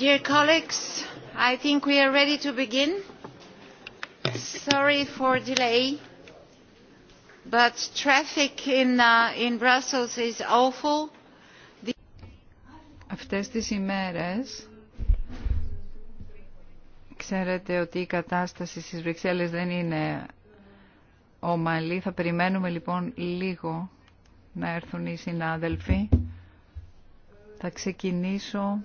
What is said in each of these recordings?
Dear colleagues, I think we are ready to begin. Sorry for delay, but traffic in, uh, in Brussels is awful. Αυτές τις ημέρες ξέρετε ότι η κατάσταση στις Βρυξέλλες δεν είναι ομαλή. Θα περιμένουμε λοιπόν λίγο να έρθουν οι συνάδελφοι. Θα ξεκινήσω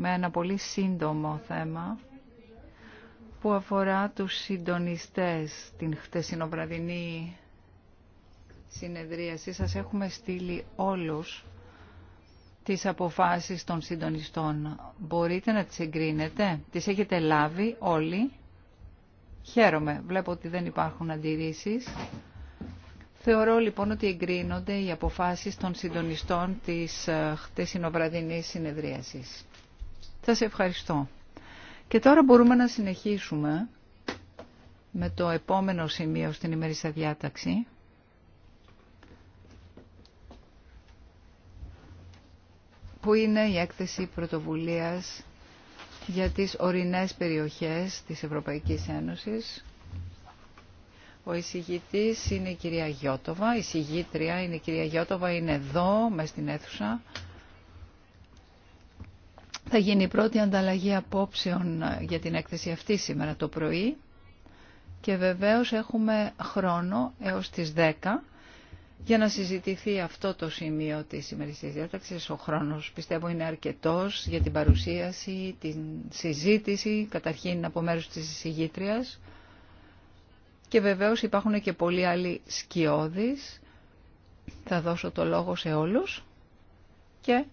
με ένα πολύ σύντομο θέμα που αφορά τους συντονιστές την χτεσινοβραδινή συνεδρίαση. Σας έχουμε στείλει όλους τις αποφάσεις των συντονιστών. Μπορείτε να τις εγκρίνετε. Τις έχετε λάβει όλοι. Χαίρομαι. Βλέπω ότι δεν υπάρχουν αντιρρήσεις. Θεωρώ λοιπόν ότι εγκρίνονται οι αποφάσεις των συντονιστών της ε, χτεσινοβραδινής συνεδρίασης. Σα ευχαριστώ. Και τώρα μπορούμε να συνεχίσουμε με το επόμενο σημείο στην ημερήσια διάταξη. που είναι η έκθεση πρωτοβουλίας για τις ορεινές περιοχές της Ευρωπαϊκής Ένωσης. Ο εισηγητή είναι η κυρία Γιώτοβα, η είναι η κυρία Γιώτοβα, είναι εδώ, με στην αίθουσα. Θα γίνει η πρώτη ανταλλαγή απόψεων ε, για την έκθεση αυτή σήμερα το πρωί και βεβαίως έχουμε χρόνο έως τις 10 για να συζητηθεί αυτό το σημείο της ημερησίας διάταξης. Ο χρόνος πιστεύω είναι αρκετός για την παρουσίαση, την συζήτηση, καταρχήν από μέρους της εισηγήτριας και βεβαίως υπάρχουν και πολλοί άλλοι σκιώδεις. Θα δώσω το λόγο σε όλους και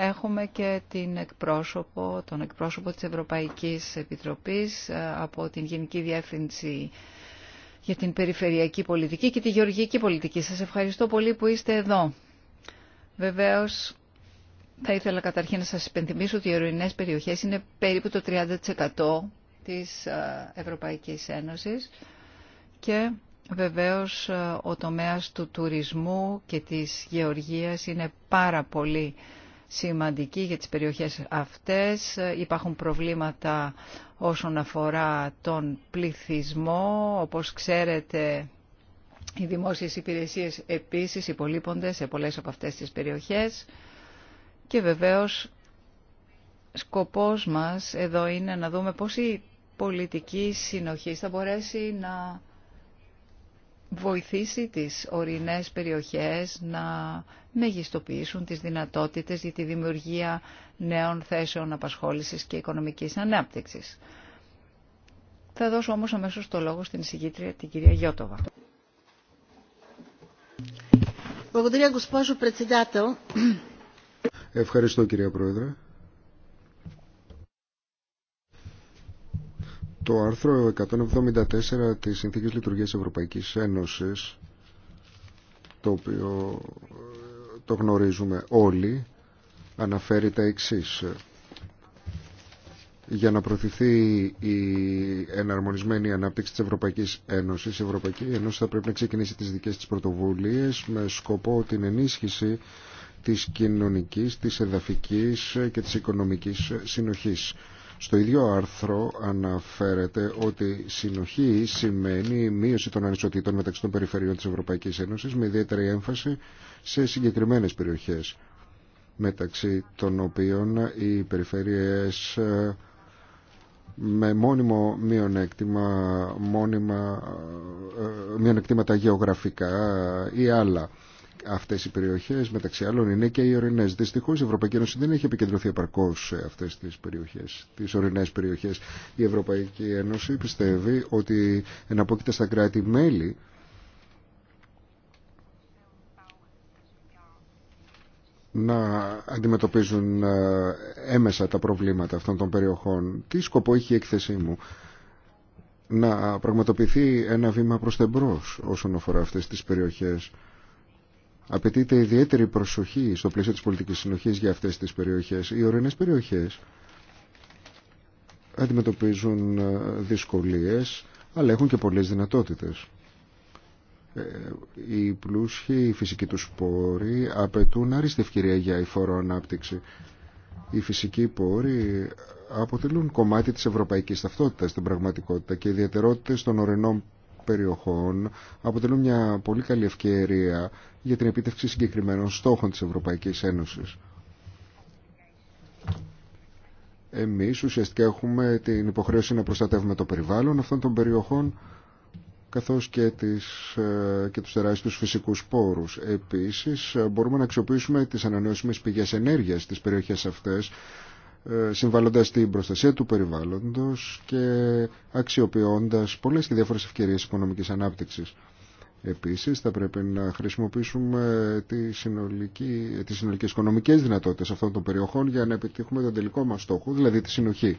Έχουμε και την εκπρόσωπο, τον εκπρόσωπο της Ευρωπαϊκής Επιτροπής ε, από την Γενική Διεύθυνση για την Περιφερειακή Πολιτική και τη Γεωργική Πολιτική. Σας ευχαριστώ πολύ που είστε εδώ. Βεβαίως, θα ήθελα καταρχήν να σας υπενθυμίσω ότι οι ερωινές περιοχές είναι περίπου το 30% της ε, Ευρωπαϊκής Ένωσης και βεβαίως ε, ο τομέας του τουρισμού και της γεωργίας είναι πάρα πολύ σημαντική για τις περιοχές αυτές. Υπάρχουν προβλήματα όσον αφορά τον πληθυσμό. Όπως ξέρετε, οι δημόσιες υπηρεσίες επίσης υπολείπονται σε πολλές από αυτές τις περιοχές. Και βεβαίως, σκοπός μας εδώ είναι να δούμε πώς η πολιτική συνοχή θα μπορέσει να βοηθήσει τις ορεινές περιοχές να μεγιστοποιήσουν τις δυνατότητες για τη δημιουργία νέων θέσεων απασχόλησης και οικονομικής ανάπτυξης. Θα δώσω όμως αμέσως το λόγο στην εισηγήτρια την κυρία Γιώτοβα. Ευχαριστώ κυρία Πρόεδρε. Το άρθρο 174 της Συνθήκης Λειτουργίας Ευρωπαϊκής Ένωσης το οποίο ε, το γνωρίζουμε όλοι αναφέρει τα εξής για να προωθηθεί η εναρμονισμένη ανάπτυξη της Ευρωπαϊκής Ένωσης η Ευρωπαϊκή Ένωση θα πρέπει να ξεκινήσει τις δικές της πρωτοβουλίες με σκοπό την ενίσχυση της κοινωνικής, της εδαφικής και της οικονομικής συνοχής στο ίδιο άρθρο αναφέρεται ότι συνοχή σημαίνει μείωση των ανισοτήτων μεταξύ των περιφερειών της Ευρωπαϊκής Ένωσης με ιδιαίτερη έμφαση σε συγκεκριμένες περιοχές μεταξύ των οποίων οι περιφερειές ε, με μόνιμο μειονέκτημα, μόνιμα, ε, μειονεκτήματα γεωγραφικά ή άλλα Αυτέ οι περιοχέ, μεταξύ άλλων, είναι και οι ορεινέ. Δυστυχώ η Ευρωπαϊκή Ένωση δεν έχει επικεντρωθεί επαρκώ σε αυτέ τι περιοχέ, τι ορεινέ περιοχέ. Η Ευρωπαϊκή Ένωση πιστεύει ότι εναπόκειται στα κράτη-μέλη να αντιμετωπίζουν ε, έμεσα τα προβλήματα αυτών των περιοχών. Τι σκοπό έχει η έκθεσή μου να πραγματοποιηθεί ένα βήμα προς τεμπρός όσον αφορά αυτές τις περιοχές. Απαιτείται ιδιαίτερη προσοχή στο πλαίσιο της πολιτικής συνοχής για αυτές τις περιοχές. Οι ορεινές περιοχές αντιμετωπίζουν ε, δυσκολίες, αλλά έχουν και πολλές δυνατότητες. Ε, οι πλούσιοι, οι φυσικοί τους πόροι απαιτούν άριστη ευκαιρία για η ανάπτυξη. Οι φυσικοί πόροι αποτελούν κομμάτι της ευρωπαϊκής ταυτότητας στην πραγματικότητα και ιδιαιτερότητες των ορεινών περιοχών αποτελούν μια πολύ καλή ευκαιρία για την επίτευξη συγκεκριμένων στόχων της Ευρωπαϊκής Ένωσης. Εμείς ουσιαστικά έχουμε την υποχρέωση να προστατεύουμε το περιβάλλον αυτών των περιοχών καθώς και, τις, ε, και τους τεράστιους φυσικούς πόρους. Επίσης, ε, μπορούμε να αξιοποιήσουμε τις ανανεώσιμες πηγές ενέργειας στις περιοχές αυτές ε, συμβάλλοντας την προστασία του περιβάλλοντος και αξιοποιώντας πολλές και διάφορες ευκαιρίες οικονομικής ανάπτυξης. Επίσης θα πρέπει να χρησιμοποιήσουμε τη συνολική, ε, τις συνολικές οικονομικές δυνατότητες αυτών των περιοχών για να επιτύχουμε τον τελικό μας στόχο, δηλαδή τη συνοχή.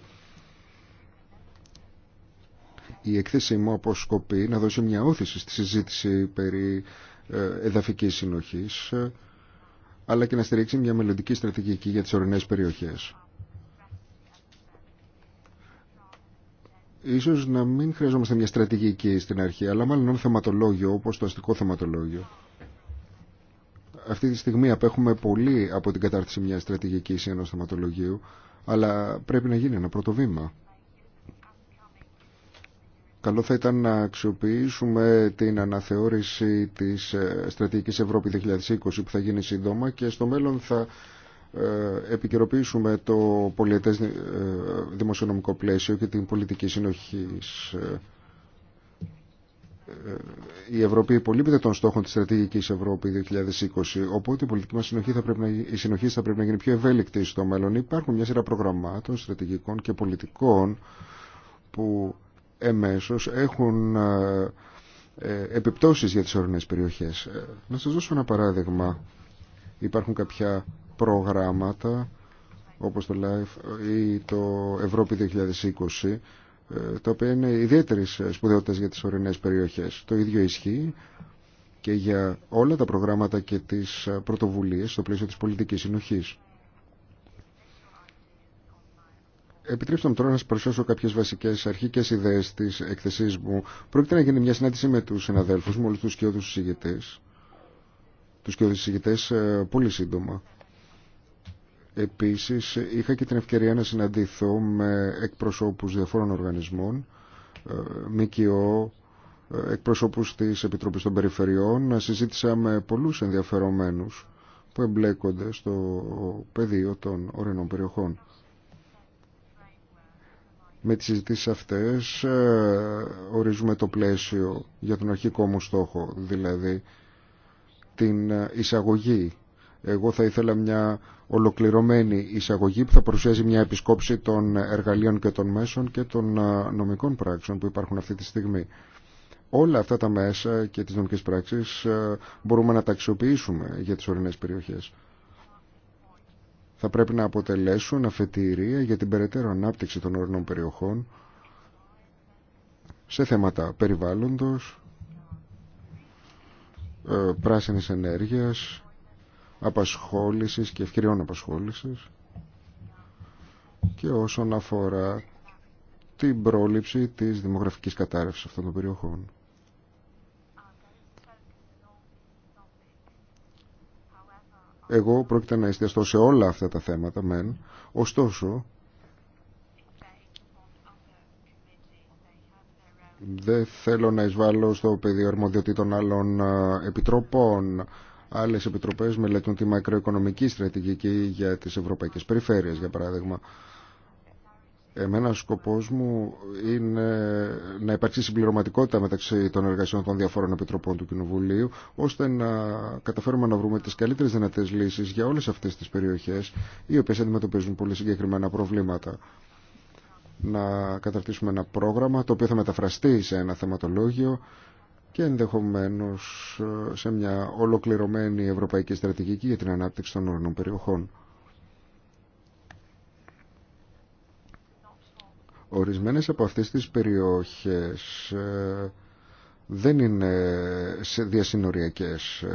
Η έκθεσή μου αποσκοπεί να δώσει μια όθηση στη συζήτηση περί ε, εδαφικής συνοχής αλλά και να στηρίξει μια μελλοντική στρατηγική για τις ορεινές περιοχές. Ίσως να μην χρειαζόμαστε μια στρατηγική στην αρχή, αλλά μάλλον ένα θεματολόγιο όπως το αστικό θεματολόγιο. Αυτή τη στιγμή απέχουμε πολύ από την κατάρτιση μια στρατηγική ή ενός θεματολογίου, αλλά πρέπει να γίνει ένα πρώτο βήμα. Καλό θα ήταν να αξιοποιήσουμε την αναθεώρηση της ε, στρατηγικής Ευρώπη 2020 που θα γίνει σύντομα και στο μέλλον θα ε, επικαιροποιήσουμε το πολιετές ε, δημοσιονομικό πλαίσιο και την πολιτική συνοχή. Ε, η Ευρώπη υπολείπεται των στόχων της στρατηγικής Ευρώπη 2020, οπότε η πολιτική μας συνοχή θα πρέπει να, η συνοχή θα πρέπει να γίνει πιο ευέλικτη στο μέλλον. Υπάρχουν μια σειρά προγραμμάτων, στρατηγικών και πολιτικών που εμέσως έχουν επιπτώσεις για τις ορεινές περιοχές. Να σας δώσω ένα παράδειγμα. Υπάρχουν κάποια προγράμματα όπως το LIFE ή το Ευρώπη 2020 ε, τα οποία είναι ιδιαίτερες σπουδαιότητες για τις ορεινές περιοχές. Το ίδιο ισχύει και για όλα τα προγράμματα και τις πρωτοβουλίες στο πλαίσιο της πολιτικής συνοχής. Επιτρέψτε μου τώρα να σα παρουσιάσω κάποιε βασικέ αρχικέ ιδέε τη εκθεσή μου. Πρόκειται να γίνει μια συνάντηση με του συναδέλφου μου, όλου του και του συζητητέ. Του και ε, πολύ σύντομα. Επίσης είχα και την ευκαιρία να συναντηθώ με εκπροσώπους διαφόρων οργανισμών, ε, ΜΚΟ, ε, εκπροσώπους της Επιτροπής των Περιφερειών, να συζήτησα με πολλούς ενδιαφερομένους που εμπλέκονται στο πεδίο των ορεινών περιοχών. Με τις συζητήσεις αυτές ε, ορίζουμε το πλαίσιο για τον αρχικό μου στόχο, δηλαδή την εισαγωγή εγώ θα ήθελα μια ολοκληρωμένη εισαγωγή που θα παρουσιάζει μια επισκόψη των εργαλείων και των μέσων και των ε, νομικών πράξεων που υπάρχουν αυτή τη στιγμή. Όλα αυτά τα μέσα και τις νομικές πράξεις ε, μπορούμε να τα αξιοποιήσουμε για τις ορεινές περιοχές. Θα πρέπει να αποτελέσουν αφετηρία για την περαιτέρω ανάπτυξη των ορεινών περιοχών σε θέματα περιβάλλοντος, ε, πράσινης ενέργειας, απασχόλησης και ευκαιριών απασχόλησης και όσον αφορά την πρόληψη της δημογραφικής κατάρρευσης αυτών των περιοχών. Εγώ πρόκειται να εστιαστώ σε όλα αυτά τα θέματα, μεν. Ωστόσο, δεν θέλω να εισβάλλω στο πεδίο αρμοδιοτήτων άλλων ε, επιτροπών. Άλλες επιτροπές μελετούν τη μακροοικονομική στρατηγική για τις ευρωπαϊκές περιφέρειες, για παράδειγμα. Εμένα ο σκοπός μου είναι να υπάρξει συμπληρωματικότητα μεταξύ των εργασιών των διαφόρων επιτροπών του Κοινοβουλίου, ώστε να καταφέρουμε να βρούμε τις καλύτερες δυνατές λύσεις για όλες αυτές τις περιοχές, οι οποίες αντιμετωπίζουν πολύ συγκεκριμένα προβλήματα. Να καταρτήσουμε ένα πρόγραμμα το οποίο θα μεταφραστεί σε ένα θεματολόγιο και ενδεχομένως ε, σε μια ολοκληρωμένη ευρωπαϊκή στρατηγική για την ανάπτυξη των ορεινών περιοχών. Ορισμένες από αυτές τις περιοχές ε, δεν είναι διασυνοριακές.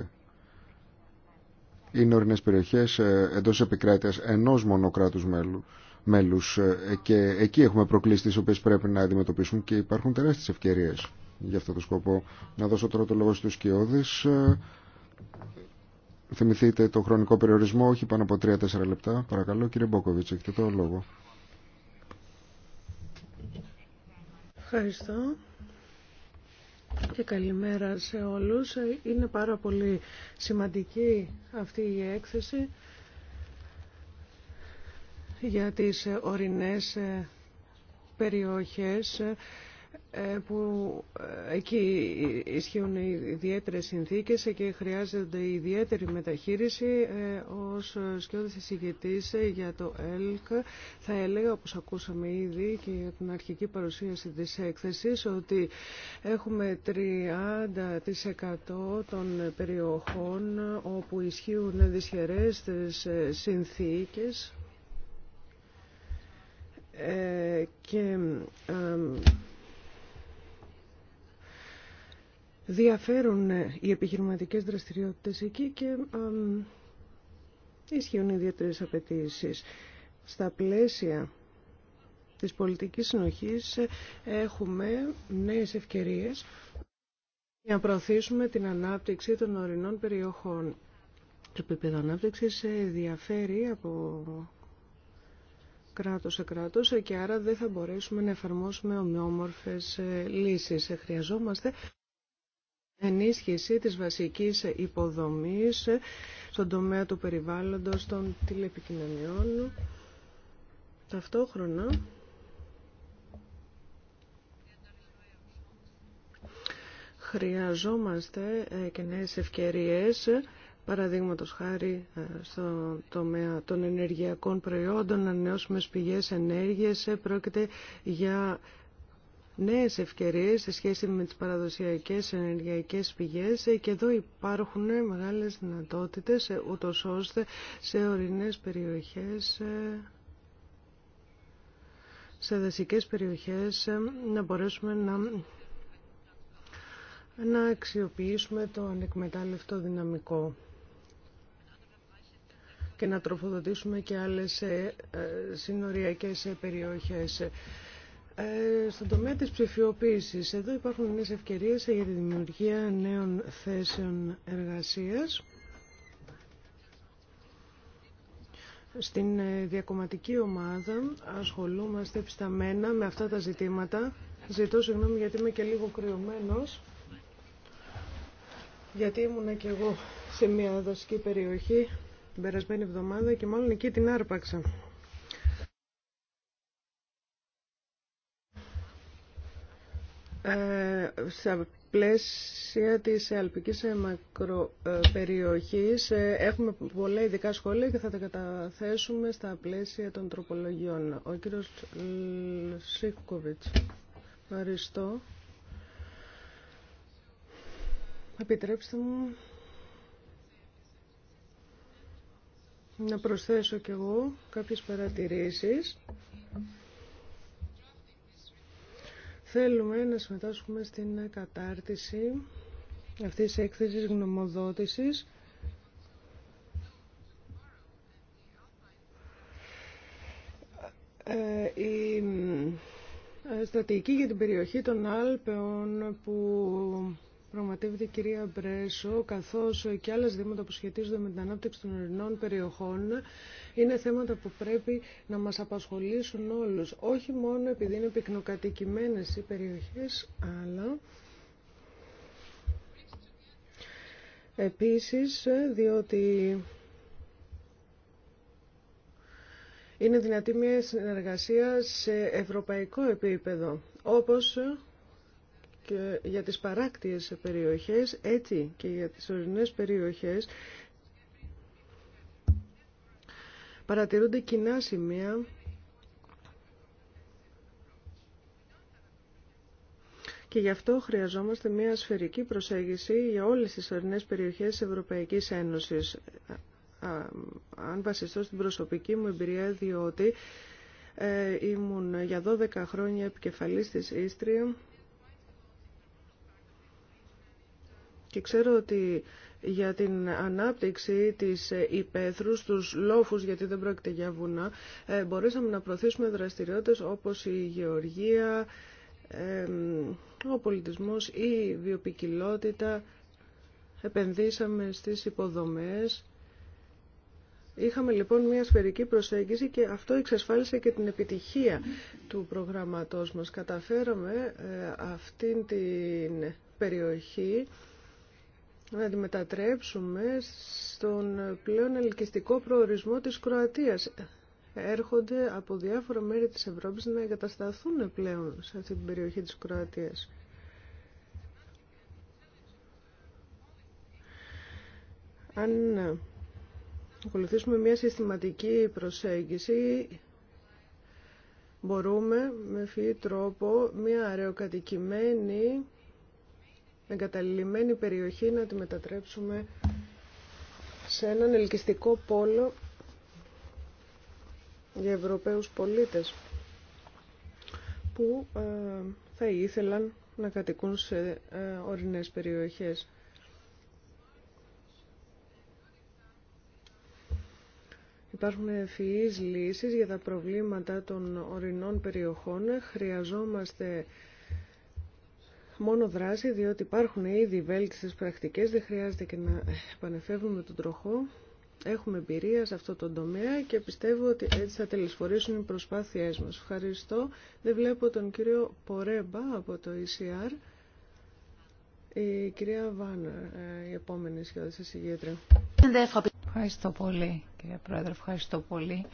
Είναι ορεινές περιοχές ε, εντός επικράτειας ενός μονοκράτους μέλου μέλους και εκεί έχουμε προκλήσεις τις πρέπει να αντιμετωπίσουν και υπάρχουν τεράστιες ευκαιρίες για αυτό το σκοπό. Να δώσω τώρα το λόγο στους Κιώδης. Ε, θυμηθείτε το χρονικό περιορισμό, όχι πάνω από 3-4 λεπτά. Παρακαλώ, κύριε Μπόκοβιτς, έχετε το λόγο. Ευχαριστώ και καλημέρα σε όλους. Είναι πάρα πολύ σημαντική αυτή η έκθεση για τις ορεινές περιοχές ε, που ε, εκεί ισχύουν ιδιαίτερε συνθήκες και χρειάζεται ιδιαίτερη μεταχείριση ε, ω της εισηγητής για το ΕΛΚ. Θα έλεγα, όπω ακούσαμε ήδη και για την αρχική παρουσίαση της έκθεση ότι έχουμε 30% των περιοχών όπου ισχύουν δυσχερέστες συνθήκες και Διαφέρουν ε, οι επιχειρηματικές δραστηριότητες εκεί και α, ισχύουν ιδιαίτερε απαιτήσει. Στα πλαίσια της πολιτικής συνοχής ε, έχουμε νέες ευκαιρίες για να προωθήσουμε την ανάπτυξη των ορεινών περιοχών. Το επίπεδο ανάπτυξης ε, διαφέρει από κράτος σε κράτος και άρα δεν θα μπορέσουμε να εφαρμόσουμε ομοιόμορφες λύσεις. Χρειαζόμαστε ενίσχυση της βασικής υποδομής στον τομέα του περιβάλλοντος των τηλεπικοινωνιών. Ταυτόχρονα χρειαζόμαστε ε, και νέες ευκαιρίες παραδείγματος χάρη ε, στο τομέα των ενεργειακών προϊόντων, ανανεώσιμες πηγές ενέργειας, πρόκειται για νέες ευκαιρίες σε σχέση με τις παραδοσιακές ενεργειακές πηγές και εδώ υπάρχουν μεγάλες δυνατότητες ε, ούτως ώστε σε ορεινές περιοχές ε, σε δασικές περιοχές ε, να μπορέσουμε να να αξιοποιήσουμε το ανεκμετάλλευτο δυναμικό και να τροφοδοτήσουμε και άλλες συνοριακές περιοχές. Ε, στον τομέα της ψηφιοποίησης, εδώ υπάρχουν νέες ευκαιρίες για τη δημιουργία νέων θέσεων εργασίας. Στην ε, διακομματική ομάδα ασχολούμαστε επισταμένα με αυτά τα ζητήματα. Ζητώ συγγνώμη γιατί είμαι και λίγο κρυωμένος, γιατί ήμουνα και εγώ σε μια δασική περιοχή την περασμένη εβδομάδα και μάλλον εκεί την άρπαξα. Ε, στα πλαίσια της αλπικής μακροπεριοχής ε, έχουμε πολλά ειδικά σχόλια και θα τα καταθέσουμε στα πλαίσια των τροπολογιών. Ο κύριος Σίκοβιτς. Ευχαριστώ. Επιτρέψτε μου να προσθέσω κι εγώ κάποιες παρατηρήσεις. Θέλουμε να συμμετάσχουμε στην κατάρτιση αυτής της έκθεσης γνωμοδότησης ε, η ε, στρατηγική για την περιοχή των Άλπαιων που πραγματεύεται η κυρία Μπρέσο, καθώς και άλλα ζητήματα που σχετίζονται με την ανάπτυξη των ορεινών περιοχών, είναι θέματα που πρέπει να μας απασχολήσουν όλους. Όχι μόνο επειδή είναι πυκνοκατοικημένες οι περιοχές, αλλά... Επίσης, διότι είναι δυνατή μια συνεργασία σε ευρωπαϊκό επίπεδο, όπως και για τις παράκτιες περιοχές, έτσι και για τις ορεινές περιοχές, παρατηρούνται κοινά σημεία και γι' αυτό χρειαζόμαστε μια σφαιρική προσέγγιση για όλες τις ορεινές περιοχές της Ευρωπαϊκής Ένωσης. Αν βασιστώ στην προσωπική μου εμπειρία, διότι ε, ήμουν για 12 χρόνια επικεφαλής της Ίστρια, Και ξέρω ότι για την ανάπτυξη της υπαίθρου τους λόφους, γιατί δεν πρόκειται για βουνά, ε, μπορέσαμε να προωθήσουμε δραστηριότητες όπως η γεωργία, ο πολιτισμός ή η βιοπικιλότητα. Επενδύσαμε στις υποδομές. Είχαμε λοιπόν μια σφαιρική προσέγγιση και αυτό εξασφάλισε και την επιτυχία του προγραμματός μας. Καταφέραμε ε, αυτήν την περιοχή να τη μετατρέψουμε στον πλέον ελκυστικό προορισμό της Κροατίας. Έρχονται από διάφορα μέρη της Ευρώπης να εγκατασταθούν πλέον σε αυτή την περιοχή της Κροατίας. Αν ακολουθήσουμε μια συστηματική προσέγγιση, μπορούμε με φύ τρόπο μια αραιοκατοικημένη εγκαταλειμμένη περιοχή να τη μετατρέψουμε σε έναν ελκυστικό πόλο για Ευρωπαίους πολίτες που ε, θα ήθελαν να κατοικούν σε ε, ορεινές περιοχές. Υπάρχουν ευφυείς λύσεις για τα προβλήματα των ορεινών περιοχών. Χρειαζόμαστε μόνο δράση, διότι υπάρχουν ήδη βέλτιστες πρακτικές, δεν χρειάζεται και να επανεφεύγουμε τον τροχό. Έχουμε εμπειρία σε αυτό το τομέα και πιστεύω ότι έτσι θα τελεσφορήσουν οι προσπάθειές μας. Ευχαριστώ. Δεν βλέπω τον κύριο Πορέμπα από το ECR. Η κυρία Βάνα, ε, η επόμενη σχεδόν τη Ευχαριστώ πολύ, κύριε Πρόεδρε. Ευχαριστώ πολύ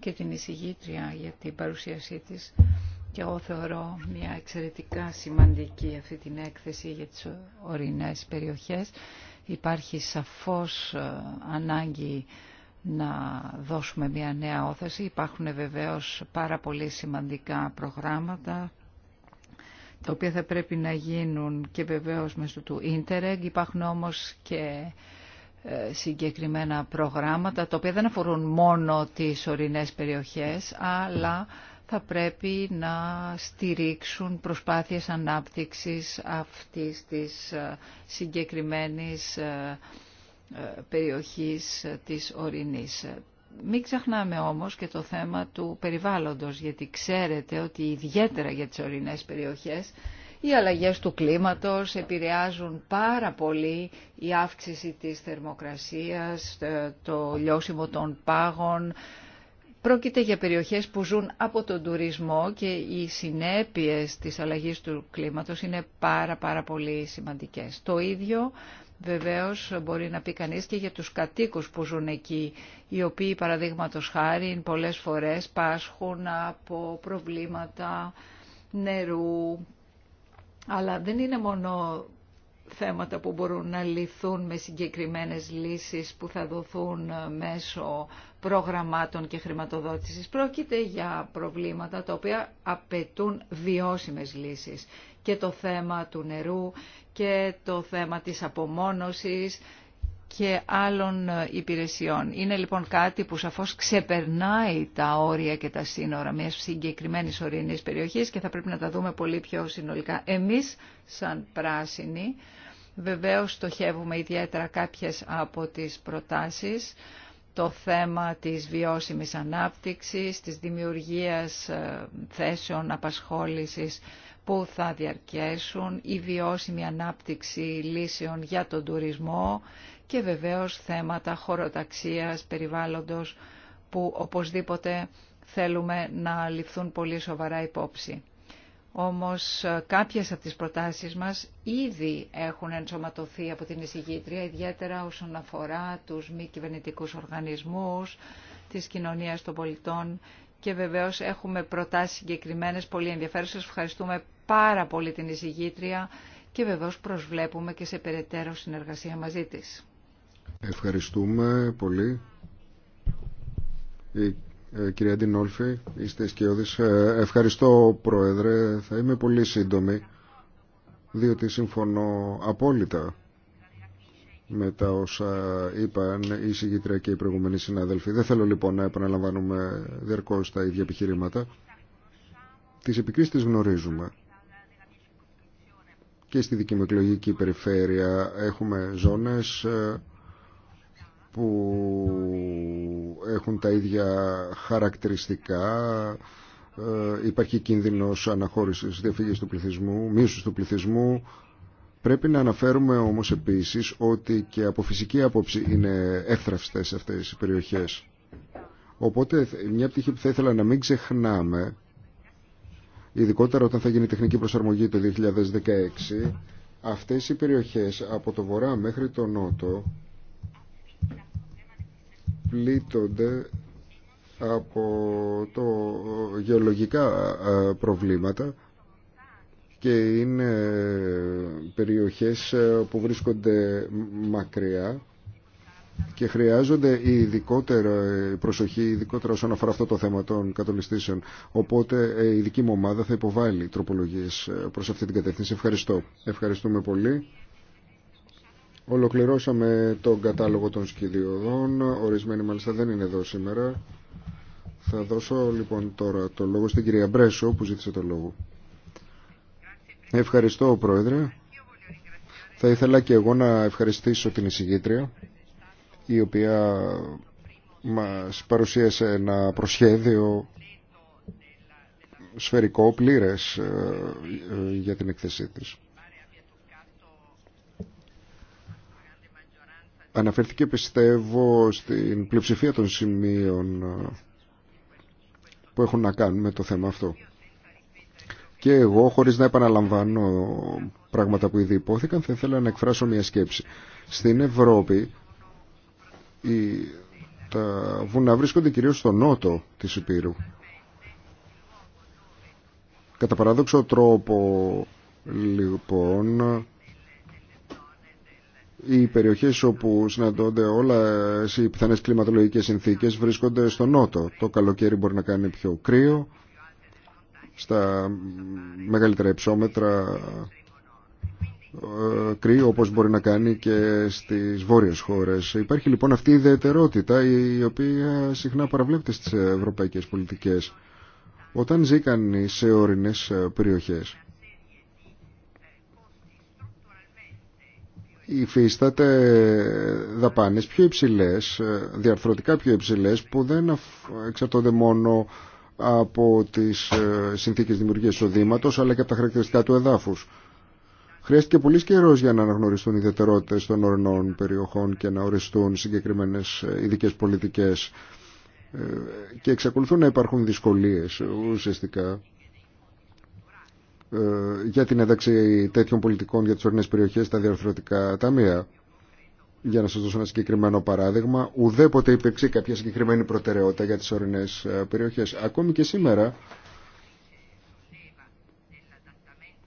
και την εισηγήτρια για την παρουσίασή της. Και εγώ θεωρώ μια εξαιρετικά σημαντική αυτή την έκθεση για τις ορεινές περιοχές. Υπάρχει σαφώς ε, ανάγκη να δώσουμε μια νέα όθεση. Υπάρχουν βεβαίως πάρα πολύ σημαντικά προγράμματα τα οποία θα πρέπει να γίνουν και βεβαίως μέσω του Ίντερεγ. Υπάρχουν όμως και ε, συγκεκριμένα προγράμματα τα οποία δεν αφορούν μόνο τις ορεινές περιοχές αλλά θα πρέπει να στηρίξουν προσπάθειες ανάπτυξης αυτής της ε, συγκεκριμένης ε, ε, περιοχής της Ορεινής. Μην ξεχνάμε όμως και το θέμα του περιβάλλοντος, γιατί ξέρετε ότι ιδιαίτερα για τις ορεινές περιοχές οι αλλαγές του κλίματος επηρεάζουν πάρα πολύ η αύξηση της θερμοκρασίας, το λιώσιμο των πάγων, Πρόκειται για περιοχές που ζουν από τον τουρισμό και οι συνέπειες της αλλαγής του κλίματος είναι πάρα πάρα πολύ σημαντικές. Το ίδιο βεβαίως μπορεί να πει κανείς και για τους κατοίκους που ζουν εκεί, οι οποίοι παραδείγματο χάρη πολλές φορές πάσχουν από προβλήματα νερού, αλλά δεν είναι μόνο θέματα που μπορούν να λυθούν με συγκεκριμένες λύσεις που θα δοθούν μέσω προγραμμάτων και χρηματοδότησης. Πρόκειται για προβλήματα τα οποία απαιτούν βιώσιμες λύσεις. Και το θέμα του νερού και το θέμα της απομόνωσης και άλλων υπηρεσιών. Είναι λοιπόν κάτι που σαφώς ξεπερνάει τα όρια και τα σύνορα μιας συγκεκριμένη ορεινής περιοχής και θα πρέπει να τα δούμε πολύ πιο συνολικά. Εμείς σαν πράσινοι βεβαίως στοχεύουμε ιδιαίτερα κάποιες από τις προτάσεις το θέμα της βιώσιμης ανάπτυξης, της δημιουργίας ε, θέσεων απασχόλησης που θα διαρκέσουν, η βιώσιμη ανάπτυξη λύσεων για τον τουρισμό και βεβαίως θέματα χωροταξίας, περιβάλλοντος που οπωσδήποτε θέλουμε να ληφθούν πολύ σοβαρά υπόψη. Όμως ε, κάποιες από τις προτάσεις μας ήδη έχουν ενσωματωθεί από την εισηγήτρια, ιδιαίτερα όσον αφορά τους μη κυβερνητικού οργανισμούς, της κοινωνίας των πολιτών και βεβαίως έχουμε προτάσεις συγκεκριμένε πολύ ενδιαφέρουσες. Ευχαριστούμε πάρα πολύ την εισηγήτρια και βεβαίως προσβλέπουμε και σε περαιτέρω συνεργασία μαζί της. Ευχαριστούμε πολύ. Ε, κυρία Αντινόλφη, είστε σκιώδης. Ε, ευχαριστώ, Πρόεδρε. Θα είμαι πολύ σύντομη, διότι συμφωνώ απόλυτα με τα όσα είπαν η συγκήτρια και οι προηγούμενοι συνάδελφοι. Δεν θέλω λοιπόν να επαναλαμβάνουμε διαρκώς τα ίδια επιχειρήματα. Τις επικρίσεις γνωρίζουμε. Και στη δική περιφέρεια έχουμε ζώνες ε, που έχουν τα ίδια χαρακτηριστικά. Ε, υπάρχει κίνδυνος αναχώρησης διαφύγης του πληθυσμού, μίσους του πληθυσμού. Πρέπει να αναφέρουμε όμως επίσης ότι και από φυσική άποψη είναι εύθραυστες αυτές οι περιοχές. Οπότε μια πτυχή που θα ήθελα να μην ξεχνάμε, ειδικότερα όταν θα γίνει η τεχνική προσαρμογή το 2016, αυτές οι περιοχές από το βορρά μέχρι το νότο πλήττονται από το γεωλογικά προβλήματα και είναι περιοχές που βρίσκονται μακριά και χρειάζονται ειδικότερα προσοχή, ειδικότερα όσον αφορά αυτό το θέμα των κατολιστήσεων. Οπότε ε, η δική μου ομάδα θα υποβάλει τροπολογίες ε, προς αυτή την κατεύθυνση. Ευχαριστώ. Ευχαριστούμε πολύ. Ολοκληρώσαμε τον κατάλογο των σκηδιωδών. Ορισμένοι μάλιστα δεν είναι εδώ σήμερα. Θα δώσω λοιπόν τώρα το λόγο στην κυρία Μπρέσο που ζήτησε το λόγο. Ευχαριστώ Πρόεδρε. Θα ήθελα και εγώ να ευχαριστήσω την εισηγήτρια η οποία μας παρουσίασε ένα προσχέδιο σφαιρικό πλήρες ε, ε, για την εκθεσή της. Αναφέρθηκε πιστεύω στην πλειοψηφία των σημείων ε, που έχουν να κάνουν με το θέμα αυτό. Και εγώ, χωρίς να επαναλαμβάνω πράγματα που ήδη υπόθηκαν, θα ήθελα να εκφράσω μια σκέψη. Στην Ευρώπη, τα βουνά βρίσκονται κυρίως στο νότο της Υπήρου. Κατά παράδοξο τρόπο, λοιπόν, οι περιοχές όπου συναντώνται όλα οι πιθανές κλιματολογικές συνθήκες βρίσκονται στο νότο. Το καλοκαίρι μπορεί να κάνει πιο κρύο, στα μεγαλύτερα υψόμετρα ε, κρύο όπως μπορεί να κάνει και στις βόρειες χώρες. Υπάρχει λοιπόν αυτή η ιδιαιτερότητα η οποία συχνά παραβλέπεται στις ευρωπαϊκές πολιτικές. Όταν ζει σε ορεινές ε, περιοχές υφίσταται δαπάνες πιο υψηλές, ε, διαρθρωτικά πιο υψηλές που δεν εξαρτώνται μόνο από τις ε, συνθήκες δημιουργίας εισοδήματος αλλά και από τα χαρακτηριστικά του εδάφους. Χρειάστηκε πολύ καιρό για να αναγνωριστούν οι ιδιαιτερότητε των ορεινών περιοχών και να οριστούν συγκεκριμένε ε, ειδικέ πολιτικέ. Και εξακολουθούν να υπάρχουν δυσκολίε ουσιαστικά ε, για την ένταξη τέτοιων πολιτικών για τις ορεινές περιοχές στα διαρθρωτικά ταμεία. Για να σας δώσω ένα συγκεκριμένο παράδειγμα, ουδέποτε υπήρξε κάποια συγκεκριμένη προτεραιότητα για τις ορεινές ε, περιοχές. Ακόμη και σήμερα,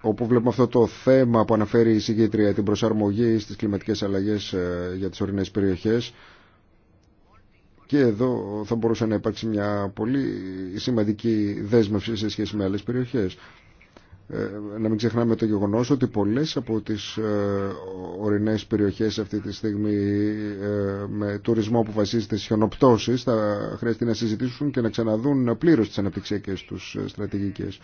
όπου βλέπουμε αυτό το θέμα που αναφέρει η συγκήτρια, την προσαρμογή στις κλιματικές αλλαγές ε, για τις ορεινές περιοχές, και εδώ θα μπορούσε να υπάρξει μια πολύ σημαντική δέσμευση σε σχέση με άλλες περιοχές. Ε, να μην ξεχνάμε το γεγονός ότι πολλές από τις ε, ορεινές περιοχές αυτή τη στιγμή ε, με τουρισμό που βασίζεται στις χιονοπτώσεις θα χρειαστεί να συζητήσουν και να ξαναδούν πλήρως τις αναπτυξιακές τους στρατηγικές.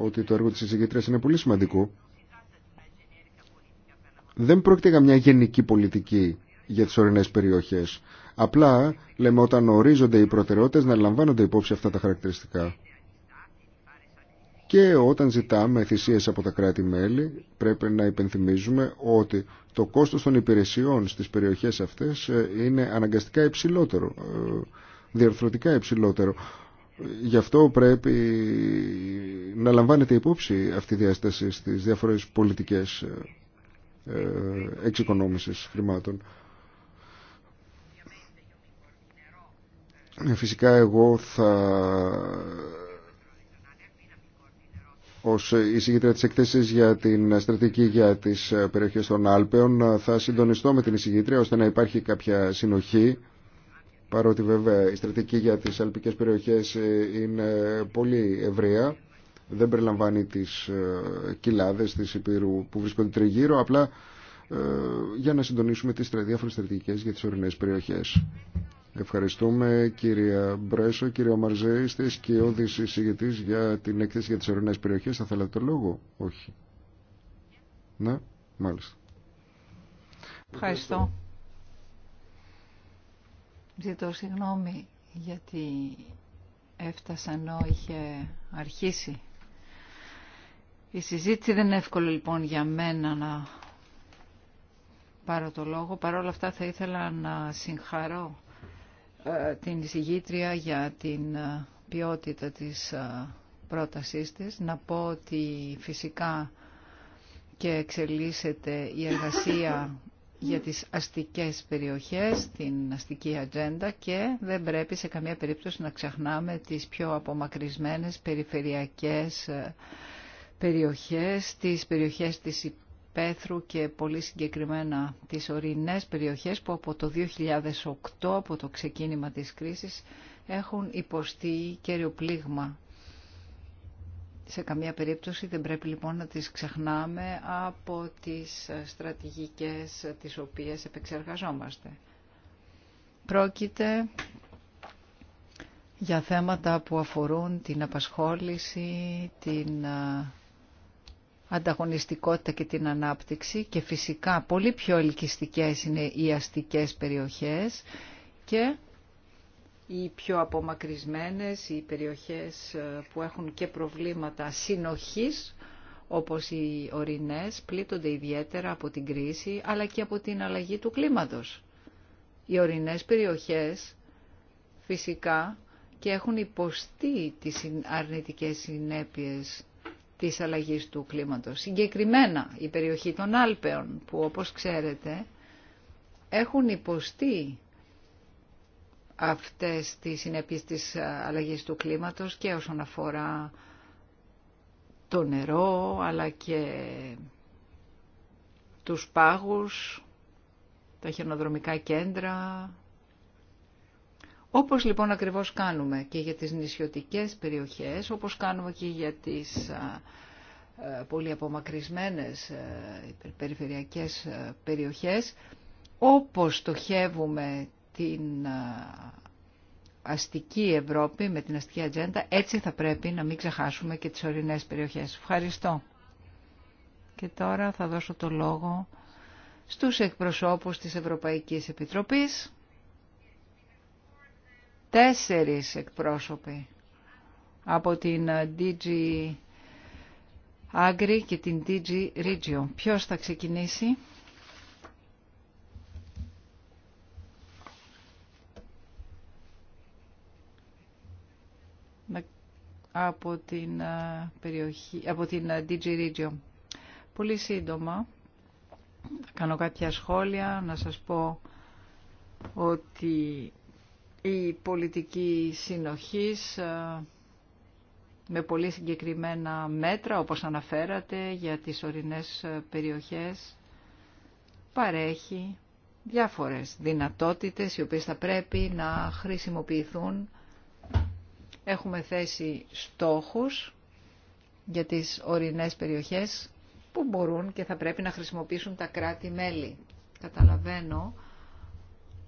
Ότι το έργο της εισηγήτριας είναι πολύ σημαντικό. Δεν πρόκειται για μια γενική πολιτική για τις ορεινές περιοχές. Απλά λέμε όταν ορίζονται οι προτεραιότητες να λαμβάνονται υπόψη αυτά τα χαρακτηριστικά. Και όταν ζητάμε θυσίε από τα κράτη-μέλη πρέπει να υπενθυμίζουμε ότι το κόστος των υπηρεσιών στις περιοχές αυτές ε, είναι αναγκαστικά υψηλότερο, ε, διαρθρωτικά υψηλότερο. Γι' αυτό πρέπει να λαμβάνεται υπόψη αυτή η διάσταση στις διαφορέ πολιτικές ε, εξοικονόμηση χρημάτων. Φυσικά εγώ θα ως εισηγήτρια της εκθέσης για την στρατηγική για τις περιοχές των Άλπαιων θα συντονιστώ με την εισηγήτρια ώστε να υπάρχει κάποια συνοχή παρότι βέβαια η στρατηγική για τις αλπικές περιοχές είναι πολύ ευρεία δεν περιλαμβάνει τις ε, κοιλάδες της Υπήρου που βρίσκονται τριγύρω απλά ε, για να συντονίσουμε τις διάφορε στρατηγικέ για τις ορεινές περιοχές. Ευχαριστούμε κυρία Μπρέσο, κύριο Μαρζέ, και ο εισηγητής για την έκθεση για τις ορεινές περιοχές. Θα θέλατε το λόγο, όχι. Ναι, μάλιστα. Ευχαριστώ. Ζητώ συγγνώμη γιατί έφτασα ενώ είχε αρχίσει. Η συζήτηση δεν είναι εύκολη λοιπόν για μένα να πάρω το λόγο. Παρ' όλα αυτά θα ήθελα να συγχαρώ ε, την εισηγήτρια για την ε, ποιότητα της ε, πρότασής της. Να πω ότι φυσικά και εξελίσσεται η εργασία για τις αστικές περιοχές, την αστική ατζέντα και δεν πρέπει σε καμία περίπτωση να ξεχνάμε τις πιο απομακρυσμένες περιφερειακές περιοχές, τις περιοχές της πέθρου και πολύ συγκεκριμένα τις ορεινές περιοχές που από το 2008, από το ξεκίνημα της κρίσης, έχουν υποστεί κέριο πλήγμα. Σε καμία περίπτωση δεν πρέπει λοιπόν να τις ξεχνάμε από τις στρατηγικές τις οποίες επεξεργαζόμαστε. Πρόκειται για θέματα που αφορούν την απασχόληση, την ανταγωνιστικότητα και την ανάπτυξη και φυσικά πολύ πιο ελκυστικές είναι οι αστικές περιοχές και οι πιο απομακρυσμένες, οι περιοχές ε, που έχουν και προβλήματα συνοχής, όπως οι ορεινές, πλήττονται ιδιαίτερα από την κρίση, αλλά και από την αλλαγή του κλίματος. Οι ορεινές περιοχές φυσικά και έχουν υποστεί τις αρνητικές συνέπειες της αλλαγής του κλίματος. Συγκεκριμένα η περιοχή των Άλπαιων που όπως ξέρετε έχουν υποστεί αυτές τις συνέπειες της αλλαγής του κλίματος και όσον αφορά το νερό αλλά και τους πάγους, τα χιονοδρομικά κέντρα, όπως λοιπόν ακριβώς κάνουμε και για τις νησιωτικές περιοχές, όπως κάνουμε και για τις πολύ απομακρυσμένες περιφερειακές περιοχές, όπως στοχεύουμε την αστική Ευρώπη με την αστική ατζέντα, έτσι θα πρέπει να μην ξεχάσουμε και τις ορεινές περιοχές. Ευχαριστώ. Και τώρα θα δώσω το λόγο στους εκπροσώπους της Ευρωπαϊκής Επιτροπής τέσσερις εκπρόσωποι από την ε, DG Agri και την DG Regio. Ποιος θα ξεκινήσει? από την, ε, περιοχή, από την ε, DG Regio. Πολύ σύντομα θα κάνω κάποια σχόλια, να σας πω ότι η πολιτική συνοχής ε, με πολύ συγκεκριμένα μέτρα, όπως αναφέρατε, για τις ορεινές ε, περιοχές, παρέχει διάφορες δυνατότητες οι οποίες θα πρέπει να χρησιμοποιηθούν. Έχουμε θέσει στόχους για τις ορεινές περιοχές που μπορούν και θα πρέπει να χρησιμοποιήσουν τα κράτη-μέλη. Καταλαβαίνω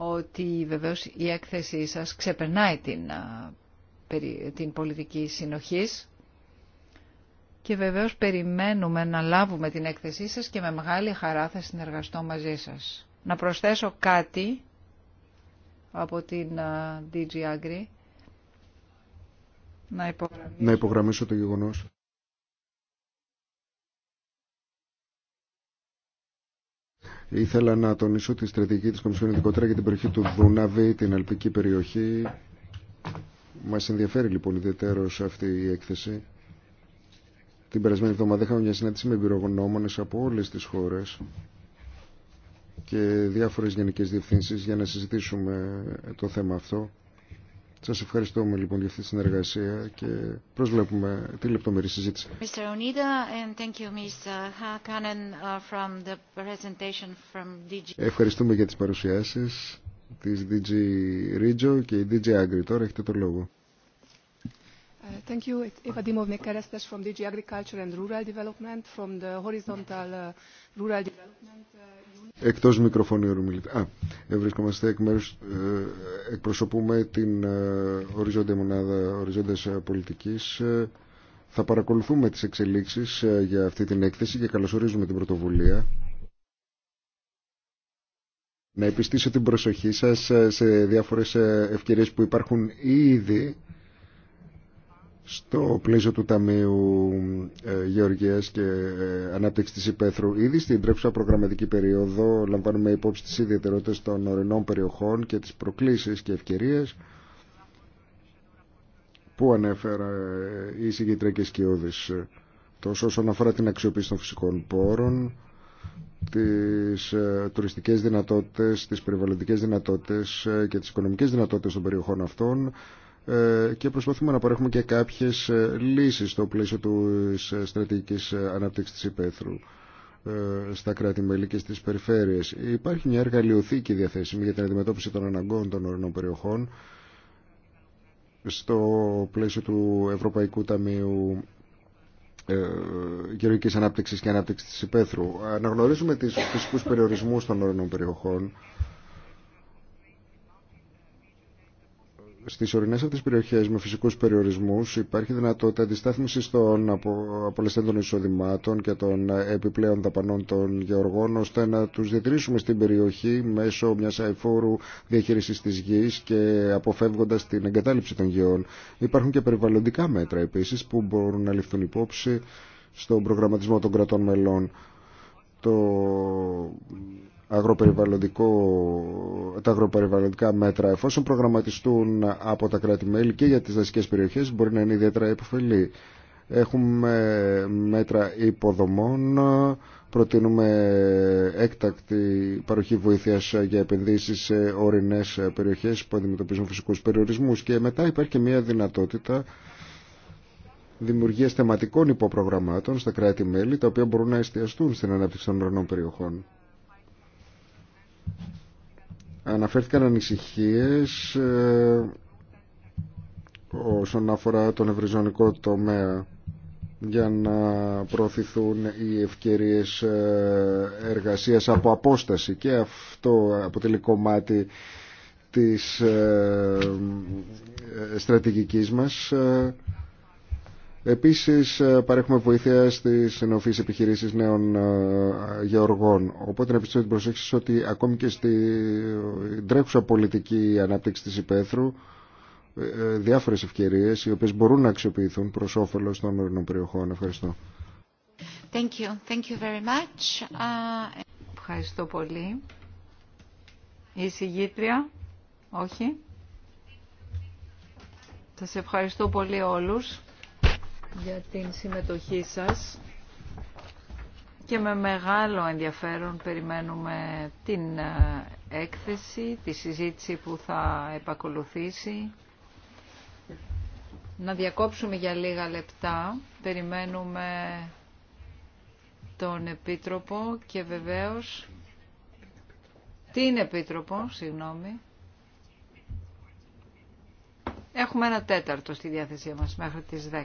ότι βεβαίως η έκθεσή σας ξεπερνάει την, την πολιτική συνοχής και βεβαίως περιμένουμε να λάβουμε την έκθεσή σας και με μεγάλη χαρά θα συνεργαστώ μαζί σας. Να προσθέσω κάτι από την DG Agri. Να υπογραμμίσω, να υπογραμμίσω το γεγονός Ήθελα να τονίσω τη στρατηγική της Κομισιόν ειδικότερα για την περιοχή του Δούναβη, την αλπική περιοχή. Μας ενδιαφέρει λοιπόν ιδιαίτερως αυτή η έκθεση. Την περασμένη εβδομάδα είχαμε μια συνάντηση με εμπειρογνώμονες από όλες τις χώρες και διάφορες γενικές διευθύνσεις για να συζητήσουμε το θέμα αυτό. Σας ευχαριστούμε λοιπόν για αυτή τη συνεργασία και προσβλέπουμε τη λεπτομερή συζήτηση. Mr. and thank you, Hakanen, uh, uh, from the presentation from DG. Ευχαριστούμε για τις παρουσιάσεις της DG Regio και η DG Agri. Τώρα έχετε το λόγο. Uh, thank you. It's Eva από from DG Agriculture and Rural Development from the Horizontal Rural uh, Εκτός μικροφωνίου Α, βρίσκομαστε εκ μέρους, ε, εκπροσωπούμε την ε, οριζόντια μονάδα οριζόντιας ε, πολιτικής. θα παρακολουθούμε τις εξελίξεις για αυτή την έκθεση και καλωσορίζουμε την πρωτοβουλία να επιστήσω την προσοχή σας σε διάφορες ευκαιρίες που υπάρχουν ήδη στο πλαίσιο του Ταμείου ε, Γεωργίας και ε, Ανάπτυξης της Υπέθρου. Ήδη στην τρέχουσα προγραμματική περίοδο λαμβάνουμε υπόψη τις ιδιαιτερότητες των ορεινών περιοχών και τις προκλήσεις και ευκαιρίες που ανέφερα η συγκεντρική και σκιώδης τόσο όσον αφορά την αξιοποίηση των φυσικών πόρων τις ε, τουριστικές δυνατότητες, τις περιβαλλοντικές δυνατότητες και τις οικονομικές δυνατότητες των περιοχών αυτών ε, και προσπαθούμε να παρέχουμε και κάποιες ε, λύσεις στο πλαίσιο της ε, στρατηγικής ανάπτυξης της υπαίθρου στα κράτη-μέλη και στις περιφέρειες. Υπάρχει μια εργαλειοθήκη διαθέσιμη για την αντιμετώπιση των αναγκών των ορεινών περιοχών στο πλαίσιο του Ευρωπαϊκού Ταμείου Γεωργικής Ανάπτυξης και Ανάπτυξης της Υπαίθρου. Αναγνωρίζουμε τις φυσικούς περιορισμούς των ορεινών περιοχών στις ορεινές αυτές περιοχές με φυσικούς περιορισμούς υπάρχει δυνατότητα αντιστάθμισης των των εισοδημάτων και των επιπλέον δαπανών των γεωργών ώστε να τους διατηρήσουμε στην περιοχή μέσω μιας αεφόρου διαχείρισης της γης και αποφεύγοντας την εγκατάλειψη των γεών. Υπάρχουν και περιβαλλοντικά μέτρα επίσης που μπορούν να ληφθούν υπόψη στον προγραμματισμό των κρατών μελών. Το τα αγροπεριβαλλοντικά μέτρα εφόσον προγραμματιστούν από τα κράτη-μέλη και για τις δασικές περιοχές μπορεί να είναι ιδιαίτερα υποφελή. Έχουμε μέτρα υποδομών, προτείνουμε έκτακτη παροχή βοήθειας για επενδύσεις σε ορεινές περιοχές που αντιμετωπίζουν φυσικούς περιορισμούς και μετά υπάρχει και μια δυνατότητα δημιουργίας θεματικών υποπρογραμμάτων στα κράτη-μέλη τα οποία μπορούν να εστιαστούν στην ανάπτυξη των ορεινών περιοχών. Αναφέρθηκαν ανησυχίες ε, όσον αφορά τον ευρυζωνικό τομέα για να προωθηθούν οι ευκαιρίες ε, εργασίας από απόσταση και αυτό αποτελεί κομμάτι της ε, στρατηγικής μας Επίσης ε, παρέχουμε βοήθεια στις νεοφύσεις επιχειρήσεις νέων ε, γεωργών. Οπότε να πιστεύω την προσέξη ότι ακόμη και στη ε, τρέχουσα πολιτική ανάπτυξη της υπαίθρου διάφορες ευκαιρίες οι οποίες μπορούν να αξιοποιηθούν προς όφελος των ορεινών περιοχών. Ευχαριστώ. Thank you. Thank you very much. Uh... Ευχαριστώ πολύ. Η συγγήτρια, όχι. Σας ευχαριστώ πολύ όλους για την συμμετοχή σας και με μεγάλο ενδιαφέρον περιμένουμε την ε, έκθεση, τη συζήτηση που θα επακολουθήσει. Να διακόψουμε για λίγα λεπτά. Περιμένουμε τον Επίτροπο και βεβαίως την Επίτροπο, συγγνώμη. Έχουμε ένα τέταρτο στη διάθεσή μας μέχρι τις 10.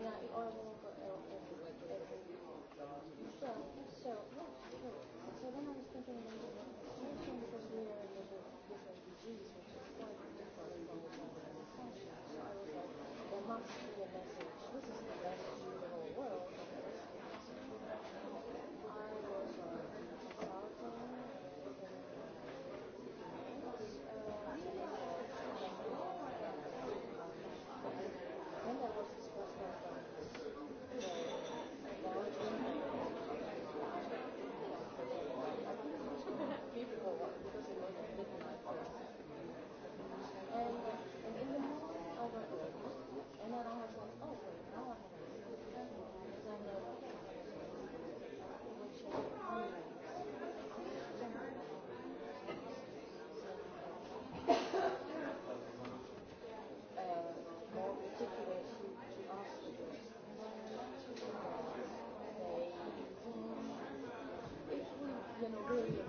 Υπότιτλοι i Thank you.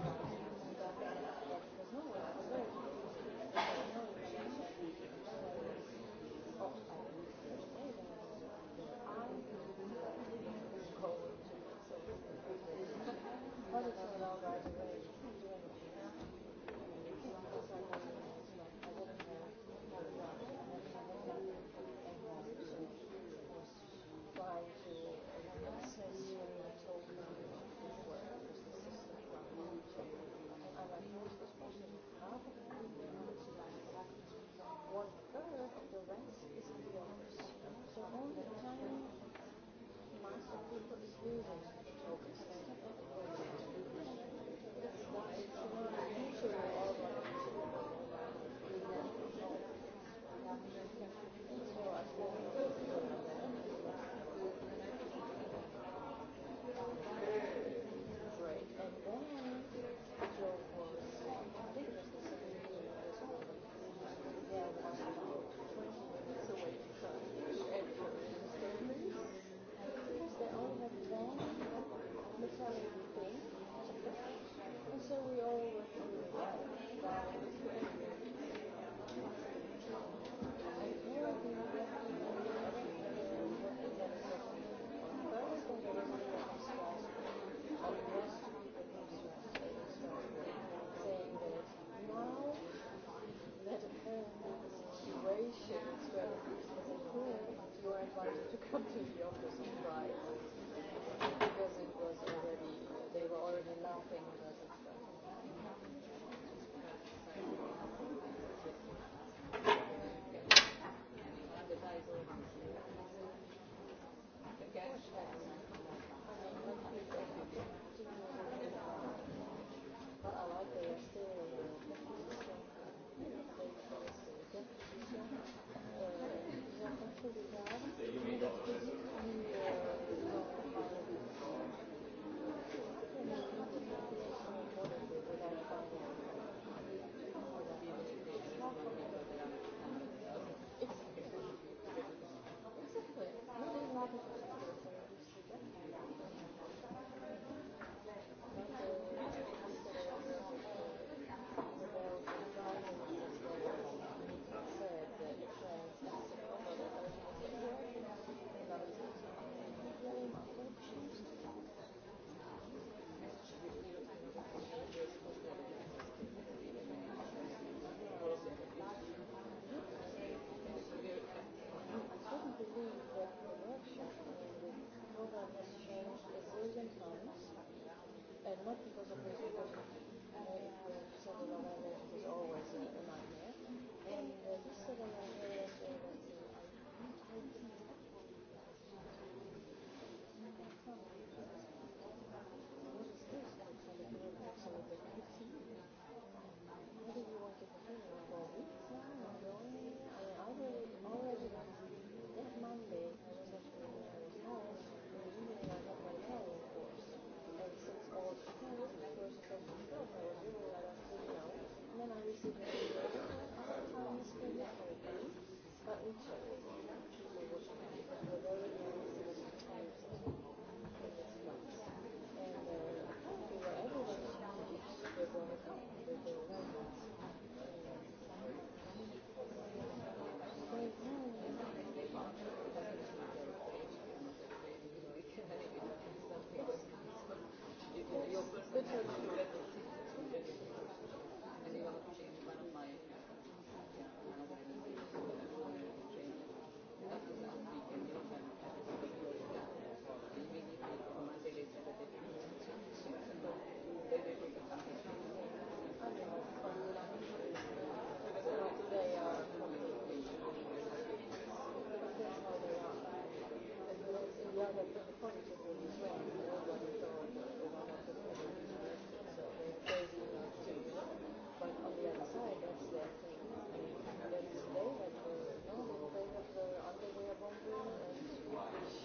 Kommt in die Office.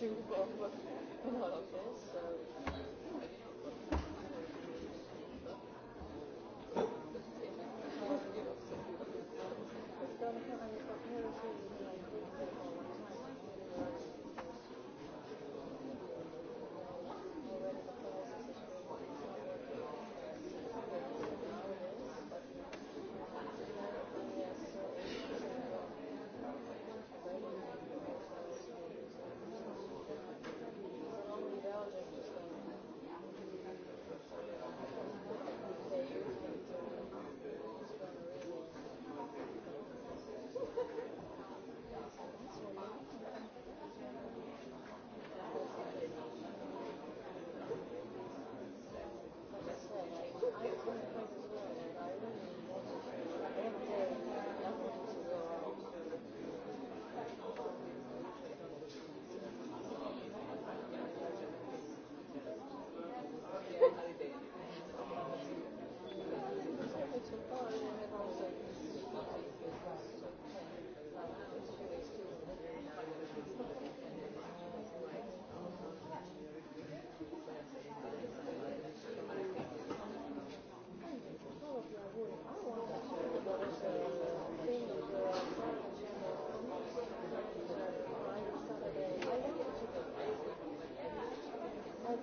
Υπότιτλοι AUTHORWAVE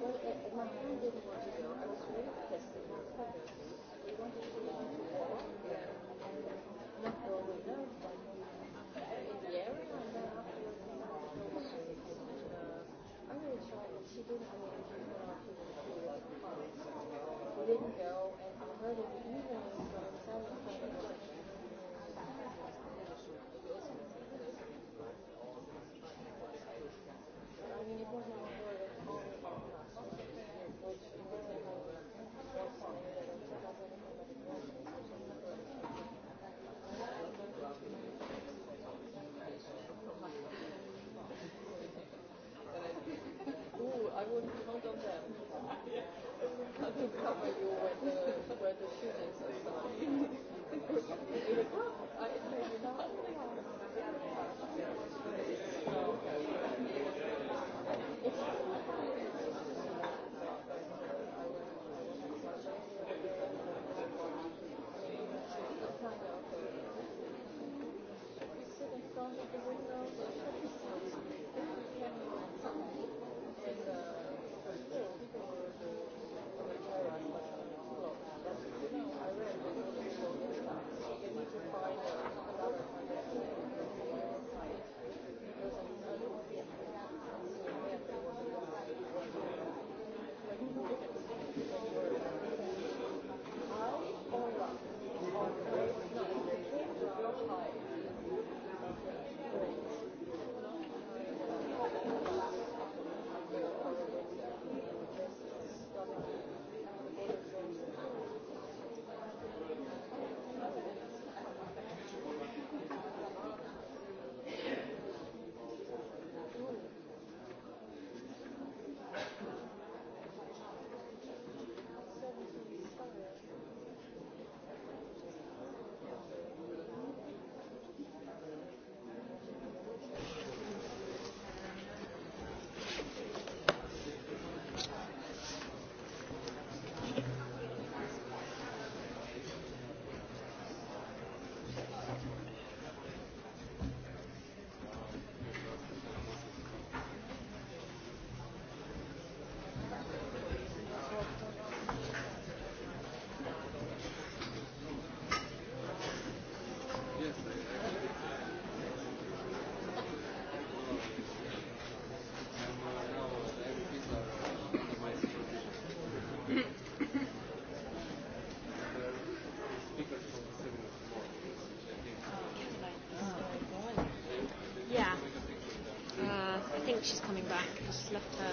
Thank you. left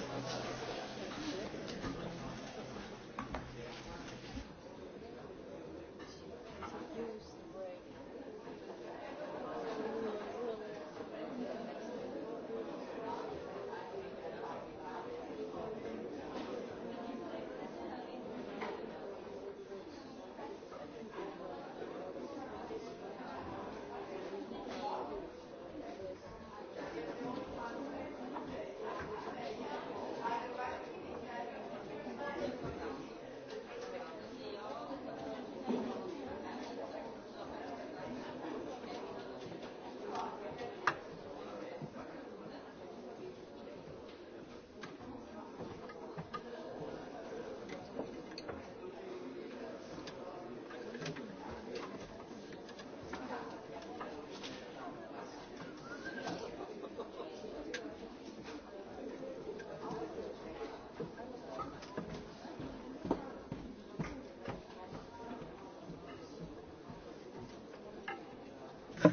Uh,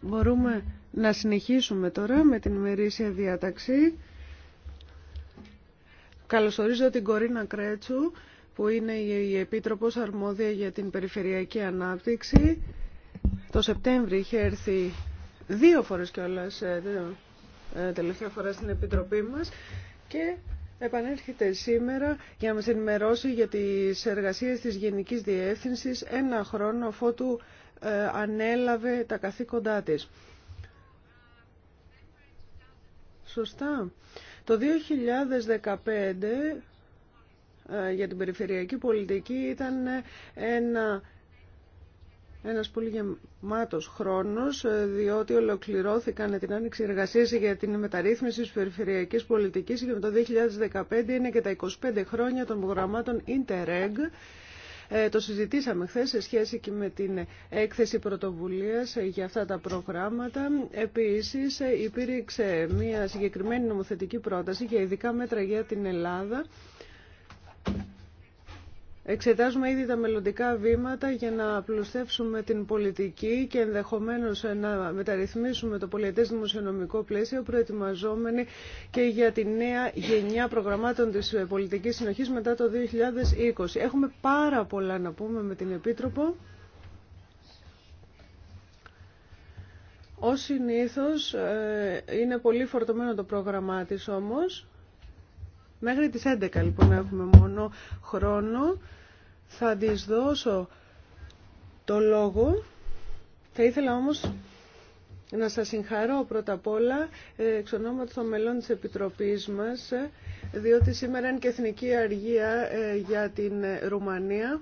Μπορούμε να συνεχίσουμε τώρα με την ημερήσια διάταξη. Καλωσορίζω την Κορίνα Κρέτσου, που είναι η Επίτροπος Αρμόδια για την Περιφερειακή Ανάπτυξη. Το Σεπτέμβριο είχε έρθει δύο φορές κιόλας, ε, ε, τελευταία φορά στην Επιτροπή μας και επανέρχεται σήμερα για να μας ενημερώσει για τις εργασίες της Γενικής Διεύθυνσης ένα χρόνο αφότου ε, ανέλαβε τα καθήκοντά της. Σωστά. Το 2015 ε, για την περιφερειακή πολιτική ήταν ένα ένας πολύ γεμάτος χρόνος, ε, διότι ολοκληρώθηκαν την άνοιξη εργασίες για την μεταρρύθμιση της περιφερειακής πολιτικής και με το 2015 είναι και τα 25 χρόνια των προγραμμάτων Interreg. Ε, το συζητήσαμε χθε σε σχέση και με την έκθεση πρωτοβουλίας για αυτά τα προγράμματα. Επίσης ε, υπήρξε μια συγκεκριμένη νομοθετική πρόταση για ειδικά μέτρα για την Ελλάδα Εξετάζουμε ήδη τα μελλοντικά βήματα για να απλουστεύσουμε την πολιτική και ενδεχομένως να μεταρρυθμίσουμε το πολιετές δημοσιονομικό πλαίσιο προετοιμαζόμενοι και για τη νέα γενιά προγραμμάτων της πολιτικής συνοχής μετά το 2020. Έχουμε πάρα πολλά να πούμε με την Επίτροπο. Ως συνήθως ε, είναι πολύ φορτωμένο το πρόγραμμά της όμως. Μέχρι τις 11 λοιπόν έχουμε μόνο χρόνο. Θα της δώσω το λόγο. Θα ήθελα όμως να σας συγχαρώ πρώτα απ' όλα εξ ονόματο των μελών της Επιτροπής μας, διότι σήμερα είναι και εθνική αργία ε, για την Ρουμανία.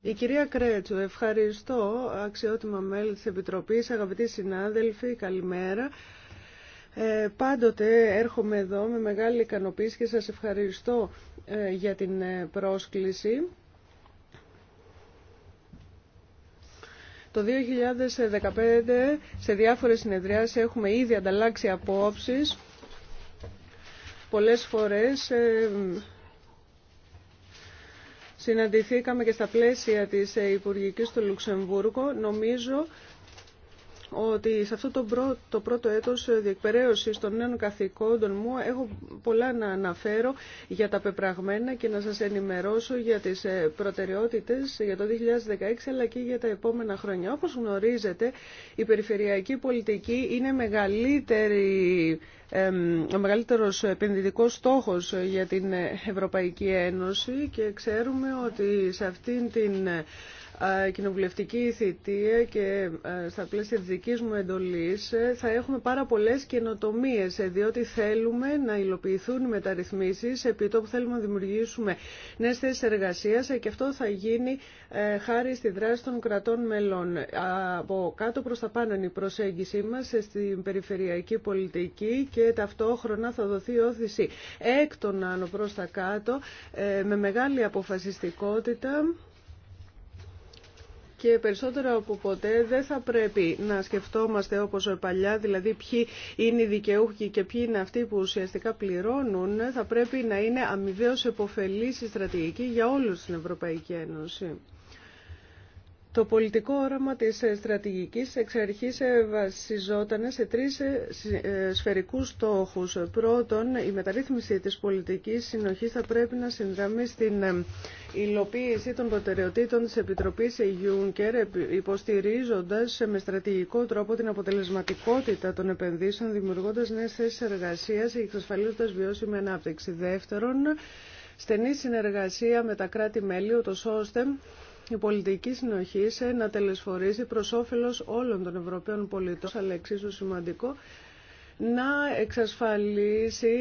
Η κυρία Κρέτσου, ευχαριστώ, αξιότιμα μέλη της Επιτροπής, αγαπητοί συνάδελφοι, καλημέρα. Ε, πάντοτε έρχομαι εδώ με μεγάλη ικανοποίηση και σας ευχαριστώ ε, για την ε, πρόσκληση. Το 2015 σε διάφορες συνεδριάσεις έχουμε ήδη ανταλλάξει απόψεις. Πολλές φορές συναντηθήκαμε και στα πλαίσια της Υπουργικής του Λουξεμβούργο. Νομίζω ότι σε αυτό το πρώτο, το πρώτο έτος διεκπαιρέωσης των νέων καθηκόντων μου έχω πολλά να αναφέρω για τα πεπραγμένα και να σας ενημερώσω για τις ε, προτεραιότητες για το 2016 αλλά και για τα επόμενα χρόνια. Όπως γνωρίζετε η περιφερειακή πολιτική είναι μεγαλύτερη ο μεγαλύτερος επενδυτικός στόχος για την Ευρωπαϊκή Ένωση και ξέρουμε ότι σε αυτήν την κοινοβουλευτική θητεία και στα πλαίσια της δικής μου εντολής ε, θα έχουμε πάρα πολλές καινοτομίες ε, διότι θέλουμε να υλοποιηθούν οι μεταρρυθμίσεις επί το που θέλουμε να δημιουργήσουμε νέες θέσεις εργασίας ε, και αυτό θα γίνει χάρη στη δράση των κρατών μελών. Από κάτω προς τα πάνω είναι η προσέγγιση μας στην περιφερειακή πολιτική και ταυτόχρονα θα δοθεί όθηση έκτονα προς τα κάτω με μεγάλη αποφασιστικότητα και περισσότερο από ποτέ δεν θα πρέπει να σκεφτόμαστε όπως παλιά, δηλαδή ποιοι είναι οι δικαιούχοι και ποιοι είναι αυτοί που ουσιαστικά πληρώνουν, θα πρέπει να είναι αμοιβαίως επωφελής η στρατηγική για όλους στην Ευρωπαϊκή Ένωση. Το πολιτικό όραμα της ε, στρατηγικής εξ αρχής ε, βασιζόταν σε τρεις ε, σφαιρικούς στόχους. Πρώτον, η μεταρρύθμιση της πολιτικής συνοχής θα πρέπει να συνδράμει στην υλοποίηση των προτεραιοτήτων της Επιτροπής Juncker, υποστηρίζοντας με στρατηγικό τρόπο την αποτελεσματικότητα των επενδύσεων, δημιουργώντας νέες θέσεις εργασίας και εξασφαλίζοντας βιώσιμη ανάπτυξη. Δεύτερον, στενή συνεργασία με τα κράτη-μέλη, ώστε η πολιτική συνοχή σε να τελεσφορήσει προ όφελο όλων των Ευρωπαίων πολιτών, αλλά εξίσου σημαντικό να εξασφαλίσει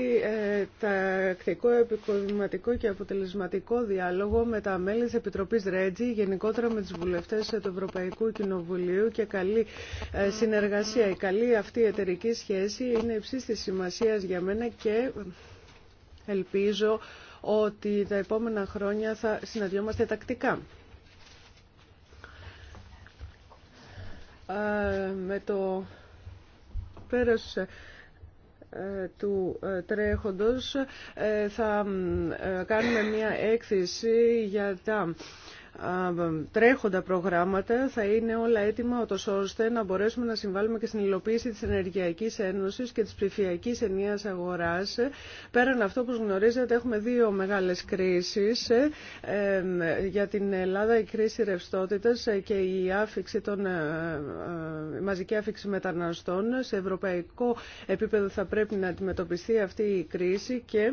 ε, τακτικό, επικοδηματικό και αποτελεσματικό διάλογο με τα μέλη της Επιτροπής Ρέτζη, γενικότερα με τις βουλευτές του Ευρωπαϊκού Κοινοβουλίου και καλή ε, συνεργασία. Η καλή αυτή εταιρική σχέση είναι υψής της σημασίας για μένα και ελπίζω ότι τα επόμενα χρόνια θα συναντιόμαστε τακτικά. με το πέρας ε, του ε, τρέχοντος ε, θα κάνουμε μια έκθεση για τα τρέχοντα προγράμματα θα είναι όλα έτοιμα ώστε να μπορέσουμε να συμβάλλουμε και στην υλοποίηση της Ενεργειακής Ένωσης και της ψηφιακής ενίας αγοράς. Πέραν αυτό που γνωρίζετε έχουμε δύο μεγάλες κρίσεις ε, για την Ελλάδα η κρίση ρευστότητα και η άφηξη των, ε, ε, μαζική άφηξη μεταναστών. Σε ευρωπαϊκό επίπεδο θα πρέπει να αντιμετωπιστεί αυτή η κρίση και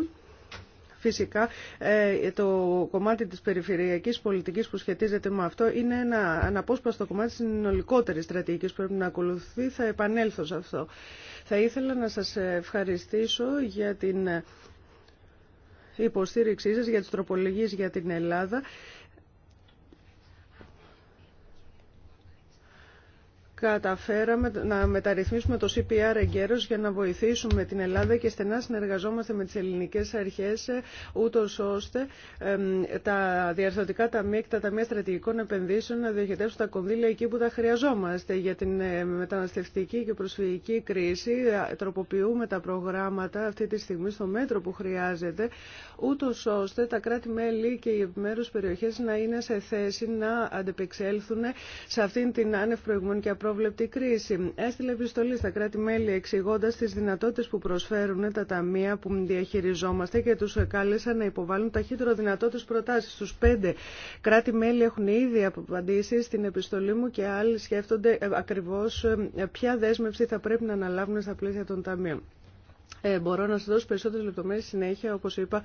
Φυσικά ε, το κομμάτι της περιφερειακής πολιτικής που σχετίζεται με αυτό είναι ένα αναπόσπαστο κομμάτι της συνολικότερης στρατηγικής που πρέπει να ακολουθεί. Θα επανέλθω σε αυτό. Θα ήθελα να σας ευχαριστήσω για την υποστήριξή σας για τις τροπολογίες για την Ελλάδα καταφέραμε να μεταρρυθμίσουμε το CPR εγκαίρως για να βοηθήσουμε την Ελλάδα και στενά συνεργαζόμαστε με τις ελληνικές αρχές ε, ούτω ώστε τα διαρθρωτικά ταμεία και τα ταμεία στρατηγικών επενδύσεων να διοχετεύσουν τα κονδύλια εκεί που τα χρειαζόμαστε για την ε, μεταναστευτική και προσφυγική κρίση. Ε, τροποποιούμε τα προγράμματα αυτή τη στιγμή στο μέτρο που χρειάζεται ούτως ώστε τα κράτη-μέλη και οι επιμέρους περιοχές να είναι σε θέση να αντεπεξέλθουν σε αυτήν την άνευ προηγούμενη προβλεπτή κρίση. Έστειλε επιστολή στα κράτη-μέλη εξηγώντα τι δυνατότητε που προσφέρουν τα ταμεία που διαχειριζόμαστε και του κάλεσαν να υποβάλουν ταχύτερο δυνατό τι προτάσει. Στου πέντε κράτη-μέλη έχουν ήδη απαντήσει στην επιστολή μου και άλλοι σκέφτονται ε, ακριβώ ε, ποια δέσμευση θα πρέπει να αναλάβουν στα πλαίσια των ταμείων. Ε, μπορώ να σας δώσω περισσότερες λεπτομέρειες συνέχεια, όπως είπα,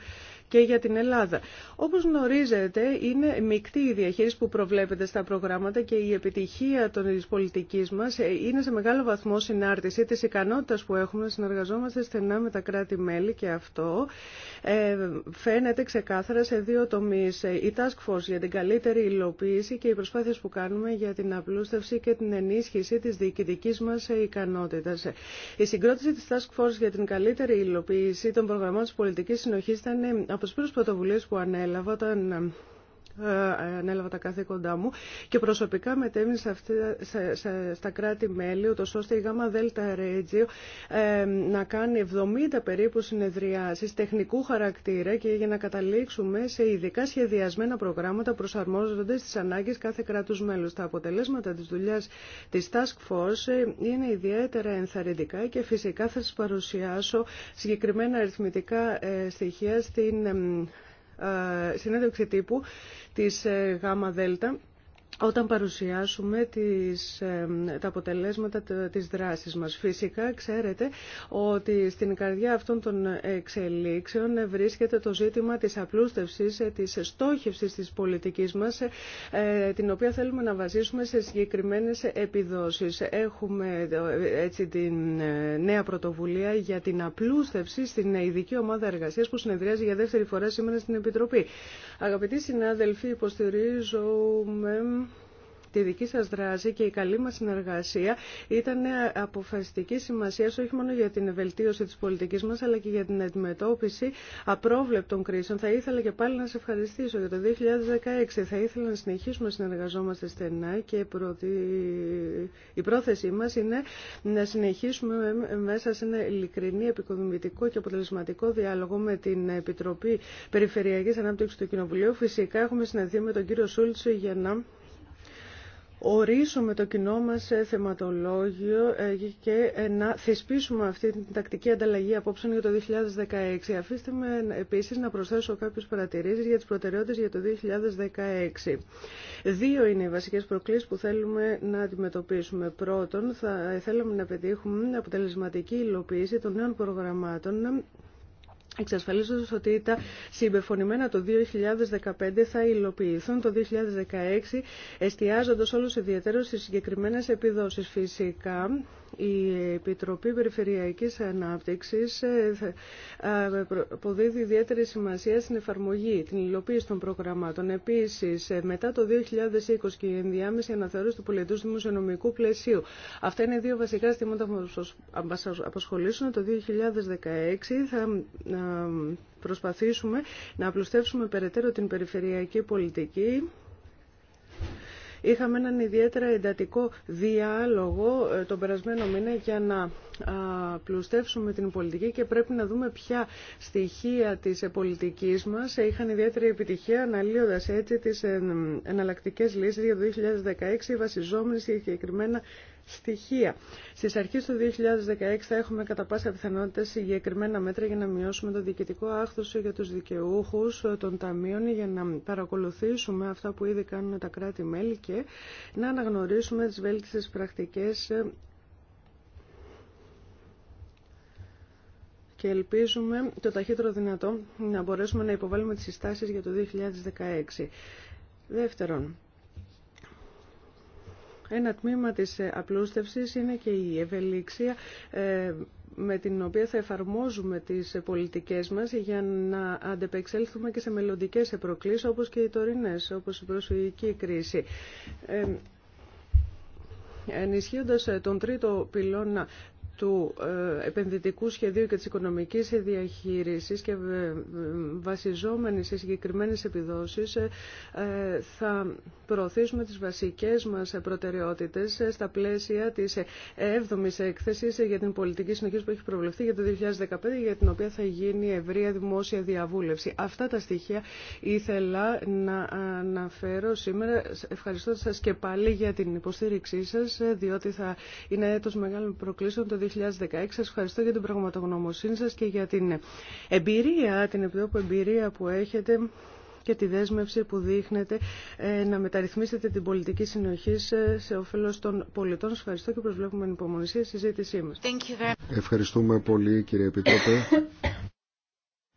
και για την Ελλάδα. Όπως γνωρίζετε, είναι μεικτή η διαχείριση που προβλέπεται στα προγράμματα και η επιτυχία των πολιτικής μας ε, είναι σε μεγάλο βαθμό συνάρτηση της ικανότητας που έχουμε να συνεργαζόμαστε στενά με τα κράτη-μέλη και αυτό ε, φαίνεται ξεκάθαρα σε δύο τομείς. Η Task Force για την καλύτερη υλοποίηση και οι προσπάθειες που κάνουμε για την απλούστευση και την ενίσχυση της διοικητικής μας ικανότητας. Η συγκρότηση της Task Force για την καλύτερη μεγαλύτερη υλοποίηση των προγραμμάτων της πολιτικής συνοχής ήταν ε, από τις πρώτες πρωτοβουλίες που ανέλαβα όταν ε, ανέλαβα τα καθήκοντά μου και προσωπικά μετέβησα στα κράτη-μέλη, ούτως ώστε η ΓΑΜΑ ΔΕΛΤΑ Ρέτζιο ε, να κάνει 70 περίπου συνεδριάσεις τεχνικού χαρακτήρα και για να καταλήξουμε σε ειδικά σχεδιασμένα προγράμματα προσαρμόζονται στις ανάγκες κάθε κράτους μέλους. Τα αποτελέσματα της δουλειάς της Task Force ε, είναι ιδιαίτερα ενθαρρυντικά και φυσικά θα σας παρουσιάσω συγκεκριμένα αριθμητικά στοιχεία στην ε, συνέντευξη τύπου της ε, ΓΔ όταν παρουσιάσουμε τα αποτελέσματα της δράσης μας. Φυσικά ξέρετε ότι στην καρδιά αυτών των εξελίξεων βρίσκεται το ζήτημα της απλούστευσης, ε, της στόχευσης της πολιτικής μας, ε, ε, την οποία θέλουμε να βασίσουμε σε συγκεκριμένες επιδόσεις. Έχουμε έτσι την νέα πρωτοβουλία για την απλούστευση στην ειδική ομάδα εργασίας που συνεδριάζει για δεύτερη φορά σήμερα στην Επιτροπή. Αγαπητοί συνάδελφοι, υποστηρίζουμε τη δική σας δράση και η καλή μας συνεργασία ήταν αποφασιστική σημασία όχι μόνο για την βελτίωση της πολιτικής μας αλλά και για την αντιμετώπιση απρόβλεπτων κρίσεων. Θα ήθελα και πάλι να σε ευχαριστήσω για το 2016. Θα ήθελα να συνεχίσουμε να συνεργαζόμαστε στενά και η πρόθεσή μας είναι να συνεχίσουμε μέσα σε ένα ειλικρινή, επικοδομητικό και αποτελεσματικό διάλογο με την Επιτροπή Περιφερειακής Ανάπτυξης του Κοινοβουλίου. Φυσικά έχουμε συναντηθεί με τον κύριο Σούλτσο για να ορίσουμε το κοινό μας ε, θεματολόγιο ε, και ε, να θεσπίσουμε αυτή την τακτική ανταλλαγή απόψεων για το 2016. Αφήστε με επίσης να προσθέσω κάποιες παρατηρήσεις για τις προτεραιότητες για το 2016. Δύο είναι οι βασικές προκλήσεις που θέλουμε να αντιμετωπίσουμε. Πρώτον, θα θέλαμε να πετύχουμε αποτελεσματική υλοποίηση των νέων προγραμμάτων εξασφαλίζοντας ότι τα συμπεφωνημένα το 2015 θα υλοποιηθούν το 2016, εστιάζοντας όλους ιδιαίτερως στις συγκεκριμένες επιδόσεις φυσικά. Η Επιτροπή Περιφερειακής Ανάπτυξης ε, αποδίδει ιδιαίτερη σημασία στην εφαρμογή, την υλοποίηση των προγραμμάτων. Επίσης, ε, μετά το 2020 και η ενδιάμεση αναθεώρηση του πολιτού δημοσιονομικού πλαισίου. Αυτά είναι δύο βασικά στήματα που μας απασχολήσουν. Το 2016 θα προσπαθήσουμε να απλουστεύσουμε περαιτέρω την περιφερειακή πολιτική Είχαμε έναν ιδιαίτερα εντατικό διάλογο ε, τον περασμένο μήνα για να πλουστεύσουμε την πολιτική και πρέπει να δούμε ποια στοιχεία της ε, πολιτικής μας είχαν ιδιαίτερη επιτυχία αναλύοντας έτσι τις ε, εναλλακτικές λύσεις για το 2016 βασιζόμενες συγκεκριμένα στοιχεία. Στις αρχές του 2016 θα έχουμε κατά πάσα πιθανότητα συγκεκριμένα μέτρα για να μειώσουμε το διοικητικό άχθος για τους δικαιούχου των ταμείων για να παρακολουθήσουμε αυτά που ήδη κάνουν τα κράτη-μέλη και να αναγνωρίσουμε τις βέλτιστες πρακτικές και ελπίζουμε το ταχύτερο δυνατό να μπορέσουμε να υποβάλουμε τις συστάσεις για το 2016. Δεύτερον, ένα τμήμα της ε, απλούστευσης είναι και η ευελίξια ε, με την οποία θα εφαρμόζουμε τις ε, πολιτικές μας για να αντεπεξέλθουμε και σε μελλοντικές προκλήσεις όπως και οι τωρινές, όπως η προσφυγική κρίση. Ενισχύοντας τον τρίτο πυλώνα του ε, επενδυτικού σχεδίου και της οικονομικής διαχείρισης και ε, βασιζόμενοι σε συγκεκριμένες επιδόσεις ε, θα προωθήσουμε τις βασικές μας προτεραιότητες στα πλαίσια της 7ης έκθεσης για την πολιτική συνοχή που έχει προβλεφθεί για το 2015 για την οποία θα γίνει ευρεία δημόσια διαβούλευση. Αυτά τα στοιχεία ήθελα να αναφέρω σήμερα. Ευχαριστώ σας και πάλι για την υποστήριξή σας διότι θα είναι έτος μεγάλων προκλήσεων το 2016. Σας ευχαριστώ για την πραγματογνωμοσύνη σας και για την εμπειρία, την εμπειρία που έχετε και τη δέσμευση που δείχνετε ε, να μεταρρυθμίσετε την πολιτική συνοχή σε όφελος των πολιτών. Σας ευχαριστώ και προσβλέπουμε υπομονησία στη συζήτησή μας. Ευχαριστούμε πολύ κύριε Επιτρόπε.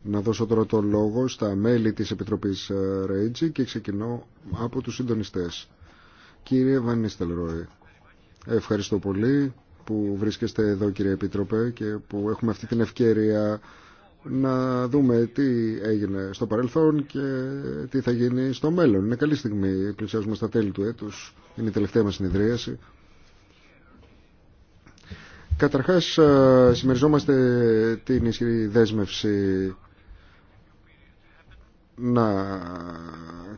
Να δώσω τώρα το λόγο στα μέλη της Επιτροπής ε, Ρέιτζη και ξεκινώ από τους συντονιστές. Κύριε Βανίστελ Ρόι, ευχαριστώ πολύ που βρίσκεστε εδώ κύριε Επίτροπε και που έχουμε αυτή την ευκαιρία να δούμε τι έγινε στο παρελθόν και τι θα γίνει στο μέλλον. Είναι καλή στιγμή, πλησιάζουμε στα τέλη του έτους, είναι η τελευταία μας συνεδρίαση. Καταρχάς, ε, συμμεριζόμαστε την ισχυρή δέσμευση να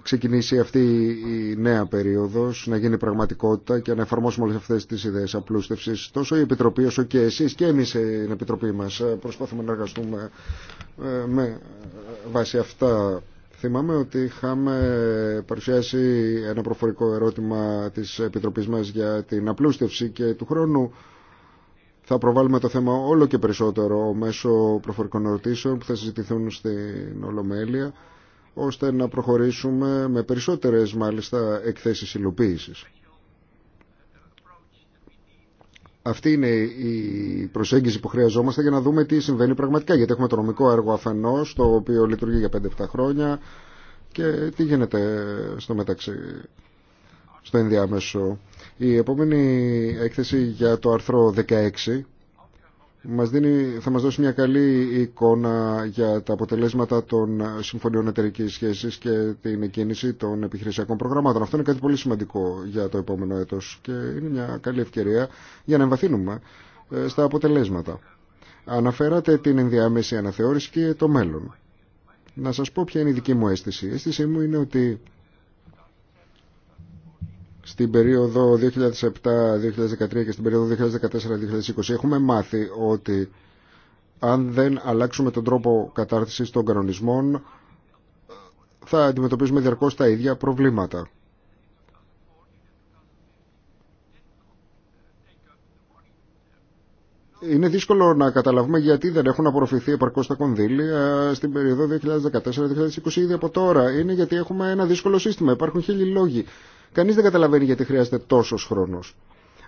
ξεκινήσει αυτή η νέα περίοδος, να γίνει πραγματικότητα και να εφαρμόσουμε όλε αυτές τις ιδέες απλούστευσης. Τόσο η Επιτροπή όσο και εσείς και εμείς στην Επιτροπή μας ε, προσπάθουμε να εργαστούμε ε, με βάση αυτά. Θυμάμαι ότι είχαμε παρουσιάσει ένα προφορικό ερώτημα της Επιτροπής μας για την απλούστευση και του χρόνου θα προβάλλουμε το θέμα όλο και περισσότερο μέσω προφορικών ερωτήσεων που θα συζητηθούν στην Ολομέλεια ώστε να προχωρήσουμε με περισσότερες μάλιστα εκθέσεις υλοποίησης. Αυτή είναι η προσέγγιση που χρειαζόμαστε για να δούμε τι συμβαίνει πραγματικά. Γιατί έχουμε το νομικό έργο αφενός, το οποίο λειτουργεί για 5-7 χρόνια και τι γίνεται στο μεταξύ, στο ενδιάμεσο. Η επόμενη έκθεση για το άρθρο 16 μας δίνει, θα μας δώσει μια καλή εικόνα για τα αποτελέσματα των συμφωνιών εταιρικής σχέσης και την εκκίνηση των επιχειρησιακών προγραμμάτων. Αυτό είναι κάτι πολύ σημαντικό για το επόμενο έτος και είναι μια καλή ευκαιρία για να εμβαθύνουμε ε, στα αποτελέσματα. Αναφέρατε την ενδιάμεση αναθεώρηση και το μέλλον. Να σας πω ποια είναι η δική μου αίσθηση. Η αίσθησή μου είναι ότι στην περίοδο 2007-2013 και στην περίοδο 2014-2020 έχουμε μάθει ότι αν δεν αλλάξουμε τον τρόπο κατάρτισης των κανονισμών θα αντιμετωπίζουμε διαρκώς τα ίδια προβλήματα. Είναι δύσκολο να καταλάβουμε γιατί δεν έχουν απορροφηθεί επαρκώ τα κονδύλια στην περίοδο 2014-2020 ήδη από τώρα. Είναι γιατί έχουμε ένα δύσκολο σύστημα. Υπάρχουν χίλιοι λόγοι. Κανείς δεν καταλαβαίνει γιατί χρειάζεται τόσος χρόνος.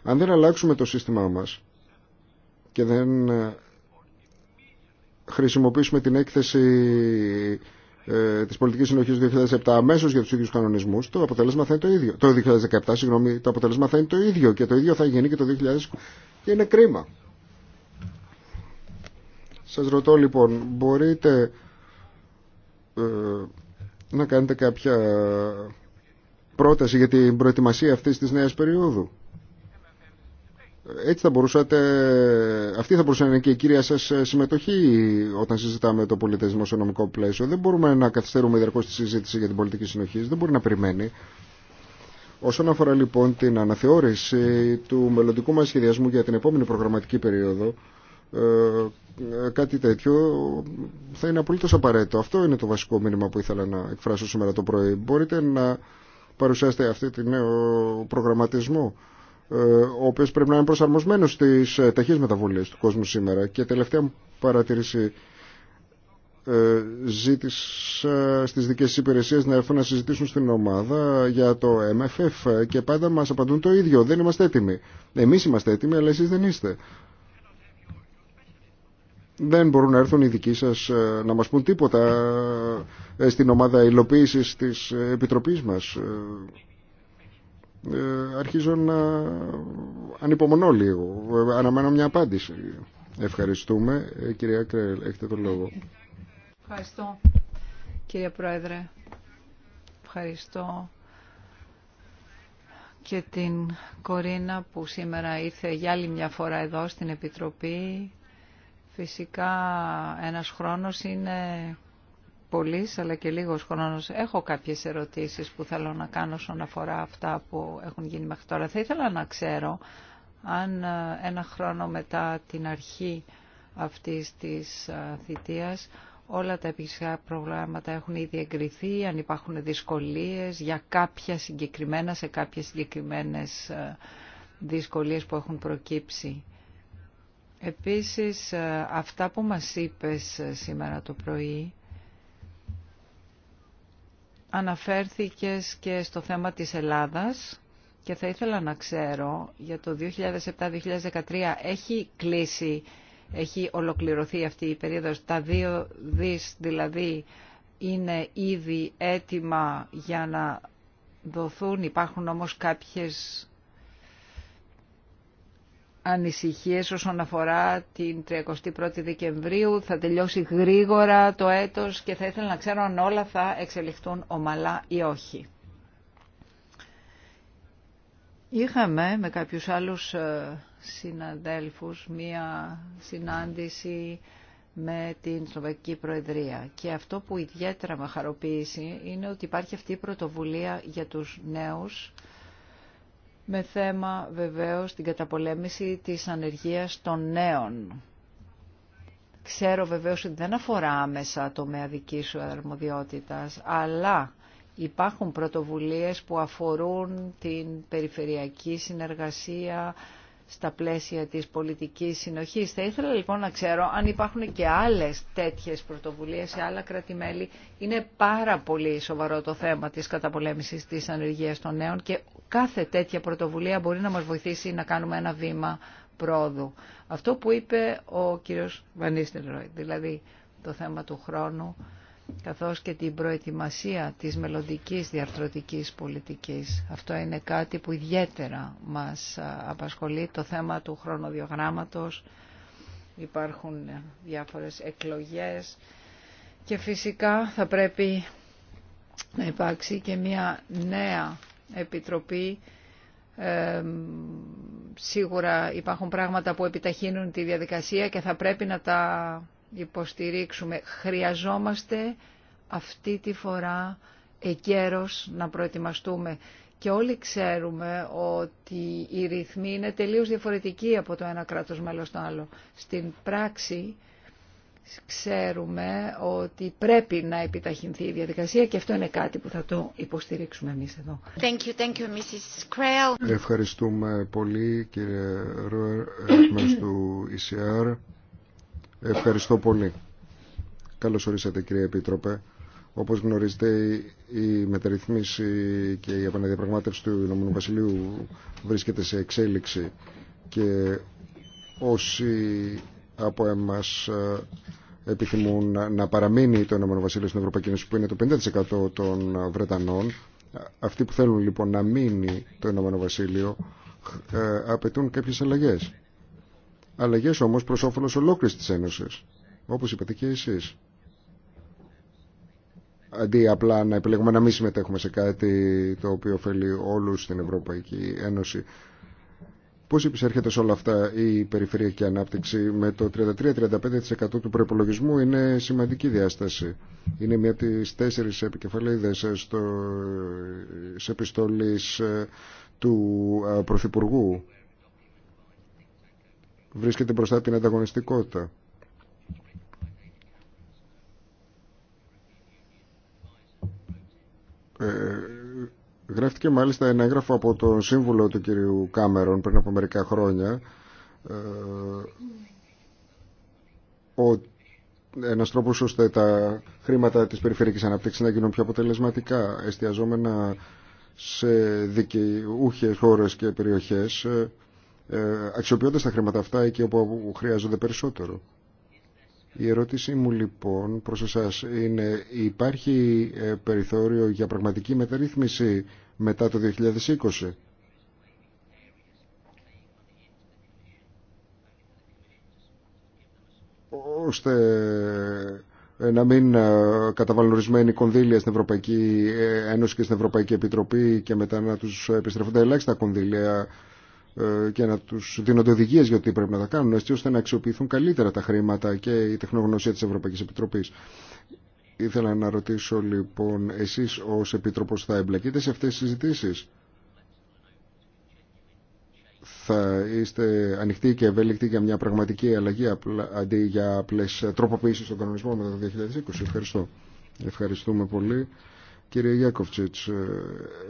Αν δεν αλλάξουμε το σύστημά μας και δεν ε, χρησιμοποιήσουμε την έκθεση ε, της πολιτικής συνοχής 2007 αμέσως για τους ίδιους κανονισμούς, το αποτέλεσμα θα είναι το ίδιο. Το 2017, συγγνώμη, το αποτέλεσμα θα είναι το ίδιο και το ίδιο θα γίνει και το 2020. Και είναι κρίμα. Σας ρωτώ λοιπόν, μπορείτε ε, να κάνετε κάποια πρόταση για την προετοιμασία αυτή τη νέα περίοδου. Έτσι θα μπορούσατε, αυτή θα μπορούσε να είναι και η κύρια σας συμμετοχή όταν συζητάμε το πολιτισμό σε νομικό πλαίσιο. Δεν μπορούμε να καθυστερούμε διαρκώ τη συζήτηση για την πολιτική συνοχή, δεν μπορεί να περιμένει. Όσον αφορά λοιπόν την αναθεώρηση του μελλοντικού μας σχεδιασμού για την επόμενη προγραμματική περίοδο, ε, ε, κάτι τέτοιο θα είναι απολύτως απαραίτητο. Αυτό είναι το βασικό μήνυμα που ήθελα να εκφράσω σήμερα το πρωί. Μπορείτε να παρουσιάσετε αυτή τη νέο προγραμματισμό ε, ο οποίος πρέπει να είναι προσαρμοσμένος στις ε, ταχύες μεταβολές του κόσμου σήμερα. Και τελευταία μου παρατηρήση ε, ζήτησα στις δικές υπηρεσίες να έρθουν να συζητήσουν στην ομάδα για το MFF και πάντα μας απαντούν το ίδιο. Δεν είμαστε έτοιμοι. Εμείς είμαστε έτοιμοι, αλλά εσείς δεν είστε δεν μπορούν να έρθουν οι δικοί σας ε, να μας πούν τίποτα ε, στην ομάδα υλοποίησης της Επιτροπής μας. Ε, αρχίζω να ανυπομονώ λίγο. Αναμένω μια απάντηση. Ευχαριστούμε. Κυρία Κρέλ, έχετε τον λόγο. Ευχαριστώ, κύριε Πρόεδρε. Ευχαριστώ και την Κορίνα που σήμερα ήρθε για άλλη μια φορά εδώ στην Επιτροπή Φυσικά ένας χρόνος είναι πολύς αλλά και λίγος χρόνος. Έχω κάποιες ερωτήσεις που θέλω να κάνω όσον αφορά αυτά που έχουν γίνει μέχρι τώρα. Θα ήθελα να ξέρω αν ε, ένα χρόνο μετά την αρχή αυτής της ε, θητείας όλα τα επιχειρησιακά προγράμματα έχουν ήδη εγκριθεί, αν υπάρχουν δυσκολίες για κάποια συγκεκριμένα, σε κάποιες συγκεκριμένες ε, δυσκολίες που έχουν προκύψει. Επίσης, ε, αυτά που μας είπες ε, σήμερα το πρωί, αναφέρθηκες και στο θέμα της Ελλάδας και θα ήθελα να ξέρω για το 2007-2013 έχει κλείσει, έχει ολοκληρωθεί αυτή η περίοδος, τα δύο δις δηλαδή είναι ήδη έτοιμα για να δοθούν, υπάρχουν όμως κάποιες ανησυχίες όσον αφορά την 31η Δεκεμβρίου. Θα τελειώσει γρήγορα το έτος και θα ήθελα να ξέρω αν όλα θα εξελιχθούν ομαλά ή όχι. Είχαμε με κάποιους άλλους ε, συναδέλφους μία συνάντηση με την Σλοβακική Προεδρία. Και αυτό που ιδιαίτερα με χαροποίησε είναι ότι υπάρχει αυτή η πρωτοβουλία για τους νέους με θέμα βεβαίως την καταπολέμηση της ανεργίας των νέων. Ξέρω βεβαίως ότι δεν αφορά άμεσα το δική σου αρμοδιότητας, αλλά υπάρχουν πρωτοβουλίες που αφορούν την περιφερειακή συνεργασία, στα πλαίσια της πολιτικής συνοχής. Θα ήθελα λοιπόν να ξέρω αν υπάρχουν και άλλες τέτοιες πρωτοβουλίες σε άλλα κράτη-μέλη. Είναι πάρα πολύ σοβαρό το θέμα της καταπολέμησης της ανεργίας των νέων και κάθε τέτοια πρωτοβουλία μπορεί να μας βοηθήσει να κάνουμε ένα βήμα πρόοδου. Αυτό που είπε ο κύριος Βανίστερ δηλαδή το θέμα του χρόνου καθώς και την προετοιμασία της μελλοντική διαρθρωτικής πολιτικής. Αυτό είναι κάτι που ιδιαίτερα μας απασχολεί, το θέμα του χρονοδιογράμματος. Υπάρχουν ε, διάφορες εκλογές και φυσικά θα πρέπει να υπάρξει και μια νέα επιτροπή. σίγουρα υπάρχουν πράγματα που επιταχύνουν τη διαδικασία και θα πρέπει να τα υποστηρίξουμε. Χρειαζόμαστε αυτή τη φορά εκέρος να προετοιμαστούμε. Και όλοι ξέρουμε ότι οι ρυθμοί είναι τελείως διαφορετικοί από το ένα κράτος μέλος στο άλλο. Στην πράξη ξέρουμε ότι πρέπει να επιταχυνθεί η διαδικασία και αυτό είναι κάτι που θα το υποστηρίξουμε εμείς εδώ. Thank you, thank you, Ευχαριστούμε πολύ κύριε Ρουερ, του ECR. Ευχαριστώ πολύ. Καλώς ορίσατε κύριε Επίτροπε. Όπως γνωρίζετε η μεταρρυθμίση και η επαναδιαπραγμάτευση του Ηνωμένου Βασιλείου βρίσκεται σε εξέλιξη και όσοι από εμάς ε, επιθυμούν να παραμείνει το Ηνωμένο Βασίλειο στην Ευρωπαϊκή Ένωση που είναι το 50% των Βρετανών αυτοί που θέλουν λοιπόν να μείνει το Ηνωμένο Βασίλειο ε, απαιτούν κάποιες αλλαγές. Αλλαγές όμως προς όφελος ολόκληρης της Ένωσης, όπως είπατε και εσείς. Αντί απλά να επιλέγουμε να μην συμμετέχουμε σε κάτι το οποίο ωφελεί όλους στην Ευρωπαϊκή Ένωση. Πώς επισέρχεται σε όλα αυτά η περιφερειακή ανάπτυξη με το 33-35% του προπολογισμού είναι σημαντική διάσταση. Είναι μία από τις τέσσερις επικεφαλίδες στο επιστολής ε, του ε, Πρωθυπουργού βρίσκεται μπροστά την ανταγωνιστικότητα. Ε, γράφτηκε μάλιστα ένα έγγραφο από τον σύμβουλο του κυρίου Κάμερον πριν από μερικά χρόνια ε, ο, ένας τρόπος ώστε τα χρήματα της περιφερειακής αναπτύξης να γίνουν πιο αποτελεσματικά εστιαζόμενα σε δικαιούχες χώρες και περιοχές ε, ε, αξιοποιώντας τα χρήματα αυτά εκεί όπου χρειάζονται περισσότερο. Η ερώτησή μου λοιπόν προς εσάς είναι υπάρχει ε, περιθώριο για πραγματική μεταρρύθμιση μετά το 2020. ώστε ε, να μην καταβάλουν ορισμένοι κονδύλια στην Ευρωπαϊκή Ένωση και στην Ευρωπαϊκή Επιτροπή και μετά να τους επιστρέφονται ελάχιστα κονδύλια ε, και να του δίνονται οδηγίε για τι πρέπει να τα κάνουν έτσι ώστε να αξιοποιηθούν καλύτερα τα χρήματα και η τεχνογνωσία τη Ευρωπαϊκή Επιτροπή. Ήθελα να ρωτήσω λοιπόν εσεί ω επίτροπο θα εμπλακείτε σε αυτέ τι συζητήσει. Θα είστε ανοιχτοί και ευέλικτοι για μια πραγματική αλλαγή αντί για απλέ τροποποιήσεις στον κανονισμό μετά το 2020. Ευχαριστώ. Ευχαριστούμε πολύ. Κύριε Γιάκοφτσιτς, ε,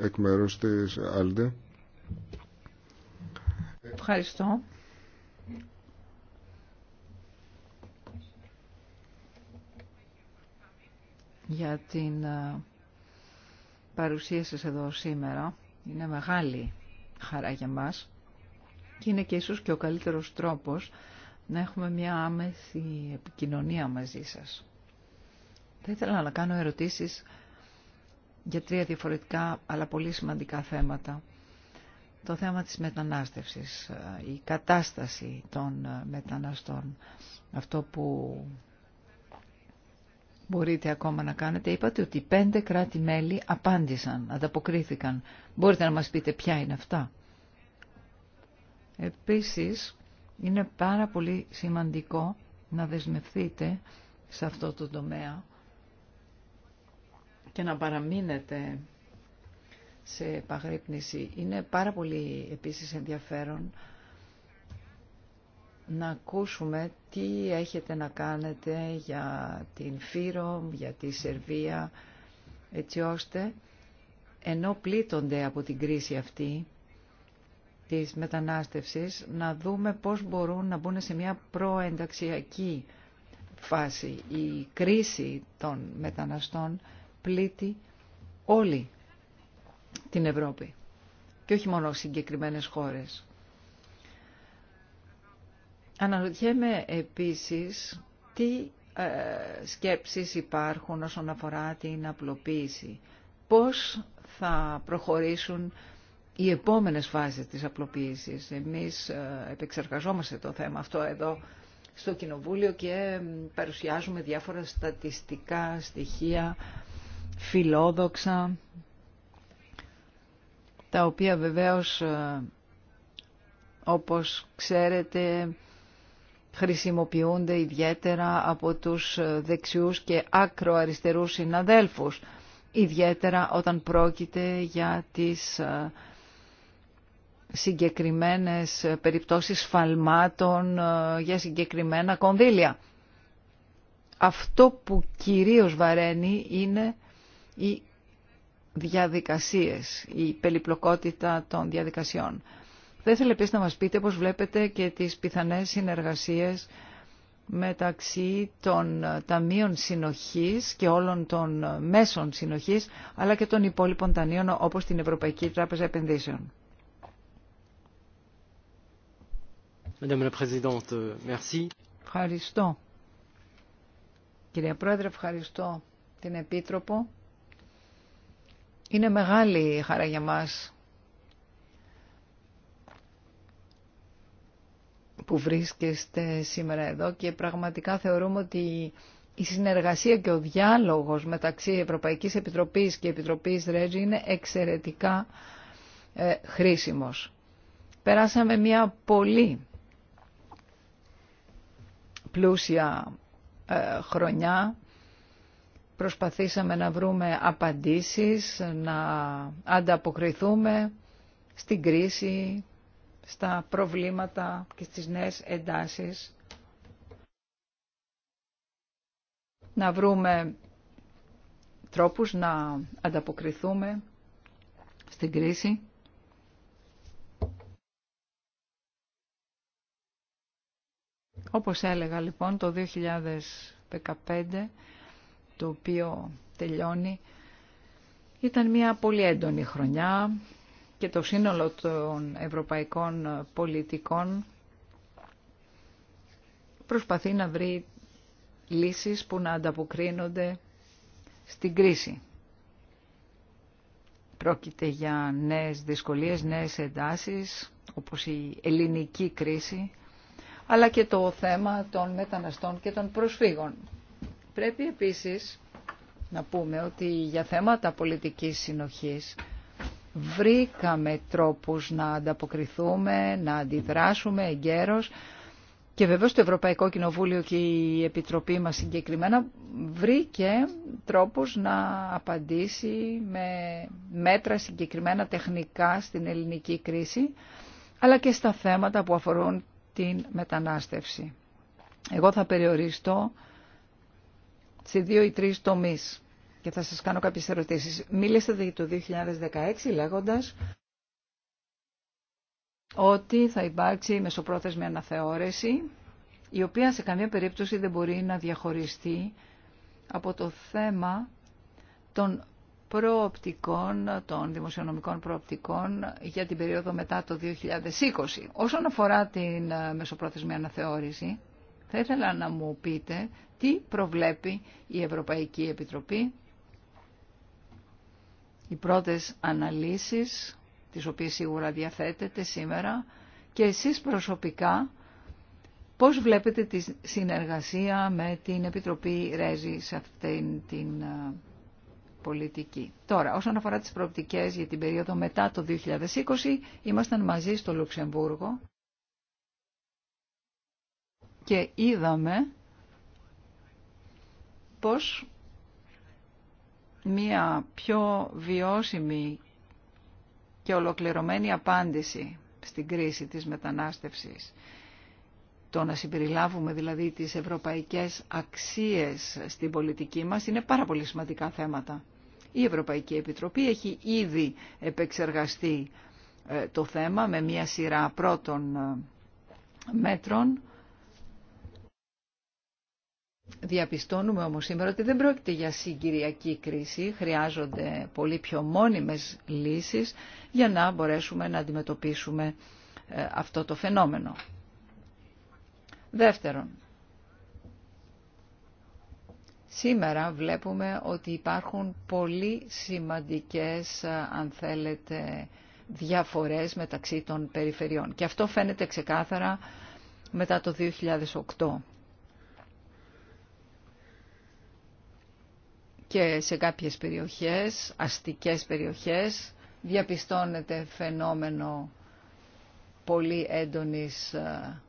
εκ μέρους της Άλντε. Ευχαριστώ. για την ε, παρουσία σας εδώ σήμερα. Είναι μεγάλη χαρά για μας και είναι και ίσως και ο καλύτερος τρόπος να έχουμε μια άμεση επικοινωνία μαζί σας. Θα ήθελα να κάνω ερωτήσεις για τρία διαφορετικά αλλά πολύ σημαντικά θέματα το θέμα της μετανάστευσης, ε, η κατάσταση των ε, μεταναστών, αυτό που μπορείτε ακόμα να κάνετε. Είπατε ότι πέντε κράτη-μέλη απάντησαν, ανταποκρίθηκαν. Μπορείτε να μας πείτε ποια είναι αυτά. Επίσης, είναι πάρα πολύ σημαντικό να δεσμευθείτε σε αυτό το τομέα και να παραμείνετε σε Είναι πάρα πολύ επίσης ενδιαφέρον να ακούσουμε τι έχετε να κάνετε για την Φύρομ, για τη Σερβία, έτσι ώστε ενώ πλήττονται από την κρίση αυτή της μετανάστευσης, να δούμε πώς μπορούν να μπουν σε μια προενταξιακή φάση. Η κρίση των μεταναστών πλήττει όλοι την Ευρώπη και όχι μόνο συγκεκριμένες χώρες. Αναρωτιέμαι επίσης τι ε, σκέψεις υπάρχουν όσον αφορά την απλοποίηση. Πώς θα προχωρήσουν οι επόμενες φάσεις της απλοποίησης. Εμείς ε, επεξεργαζόμαστε το θέμα αυτό εδώ στο Κοινοβούλιο και παρουσιάζουμε διάφορα στατιστικά στοιχεία φιλόδοξα τα οποία βεβαίως ε, όπως ξέρετε χρησιμοποιούνται ιδιαίτερα από τους ε, δεξιούς και ακροαριστερούς συναδέλφους, ιδιαίτερα όταν πρόκειται για τις ε, συγκεκριμένες περιπτώσεις φαλμάτων για συγκεκριμένα κονδύλια. Αυτό που κυρίως βαραίνει είναι η διαδικασίες, η περιπλοκότητα των διαδικασιών. Θα ήθελα επίσης να μας πείτε πώς βλέπετε και τις πιθανές συνεργασίες μεταξύ των ταμείων συνοχής και όλων των μέσων συνοχής, αλλά και των υπόλοιπων ταμείων όπως την Ευρωπαϊκή Τράπεζα Επενδύσεων. Ευχαριστώ. Κυρία Πρόεδρε, ευχαριστώ την Επίτροπο. Είναι μεγάλη χαρά για μας που βρίσκεστε σήμερα εδώ και πραγματικά θεωρούμε ότι η συνεργασία και ο διάλογος μεταξύ Ευρωπαϊκής Επιτροπής και Επιτροπής Ρέτζι είναι εξαιρετικά ε, χρήσιμος. Περάσαμε μια πολύ πλούσια ε, χρονιά Προσπαθήσαμε να βρούμε απαντήσεις, να ανταποκριθούμε στην κρίση, στα προβλήματα και στις νέες εντάσεις. Να βρούμε τρόπους να ανταποκριθούμε στην κρίση. Όπως έλεγα λοιπόν το 2015 το οποίο τελειώνει. Ήταν μια πολύ έντονη χρονιά και το σύνολο των ευρωπαϊκών πολιτικών προσπαθεί να βρει λύσεις που να ανταποκρίνονται στην κρίση. Πρόκειται για νέες δυσκολίες, νέες εντάσεις, όπως η ελληνική κρίση, αλλά και το θέμα των μεταναστών και των προσφύγων. Πρέπει επίσης να πούμε ότι για θέματα πολιτικής συνοχής βρήκαμε τρόπους να ανταποκριθούμε, να αντιδράσουμε εγκαίρως και βεβαίως το Ευρωπαϊκό Κοινοβούλιο και η Επιτροπή μας συγκεκριμένα βρήκε τρόπους να απαντήσει με μέτρα συγκεκριμένα τεχνικά στην ελληνική κρίση αλλά και στα θέματα που αφορούν την μετανάστευση. Εγώ θα περιοριστώ σε δύο ή τρεις τομείς και θα σας κάνω κάποιες ερωτήσεις. Μίλησατε για το 2016 λέγοντας ότι θα υπάρξει μεσοπρόθεσμη αναθεώρηση η οποία σε καμία περίπτωση δεν μπορεί να διαχωριστεί από το θέμα των προοπτικών, των δημοσιονομικών προοπτικών για την περίοδο μετά το 2020. Όσον αφορά την μεσοπρόθεσμη αναθεώρηση, θα ήθελα να μου πείτε τι προβλέπει η Ευρωπαϊκή Επιτροπή, οι πρώτες αναλύσεις, τις οποίες σίγουρα διαθέτετε σήμερα, και εσείς προσωπικά πώς βλέπετε τη συνεργασία με την Επιτροπή Ρέζη σε αυτήν την ε, πολιτική. Τώρα, όσον αφορά τις προοπτικές για την περίοδο μετά το 2020, ήμασταν μαζί στο Λουξεμβούργο και είδαμε πως μία πιο βιώσιμη και ολοκληρωμένη απάντηση στην κρίση της μετανάστευσης. Το να συμπεριλάβουμε δηλαδή τις ευρωπαϊκές αξίες στην πολιτική μας είναι πάρα πολύ σημαντικά θέματα. Η Ευρωπαϊκή Επιτροπή έχει ήδη επεξεργαστεί ε, το θέμα με μία σειρά πρώτων ε, μέτρων Διαπιστώνουμε όμως σήμερα ότι δεν πρόκειται για συγκυριακή κρίση, χρειάζονται πολύ πιο μόνιμες λύσεις για να μπορέσουμε να αντιμετωπίσουμε ε, αυτό το φαινόμενο. Δεύτερον, σήμερα βλέπουμε ότι υπάρχουν πολύ σημαντικές, ε, αν θέλετε, διαφορές μεταξύ των περιφερειών. Και αυτό φαίνεται ξεκάθαρα μετά το 2008. και σε κάποιες περιοχές, αστικές περιοχές, διαπιστώνεται φαινόμενο πολύ έντονης ε,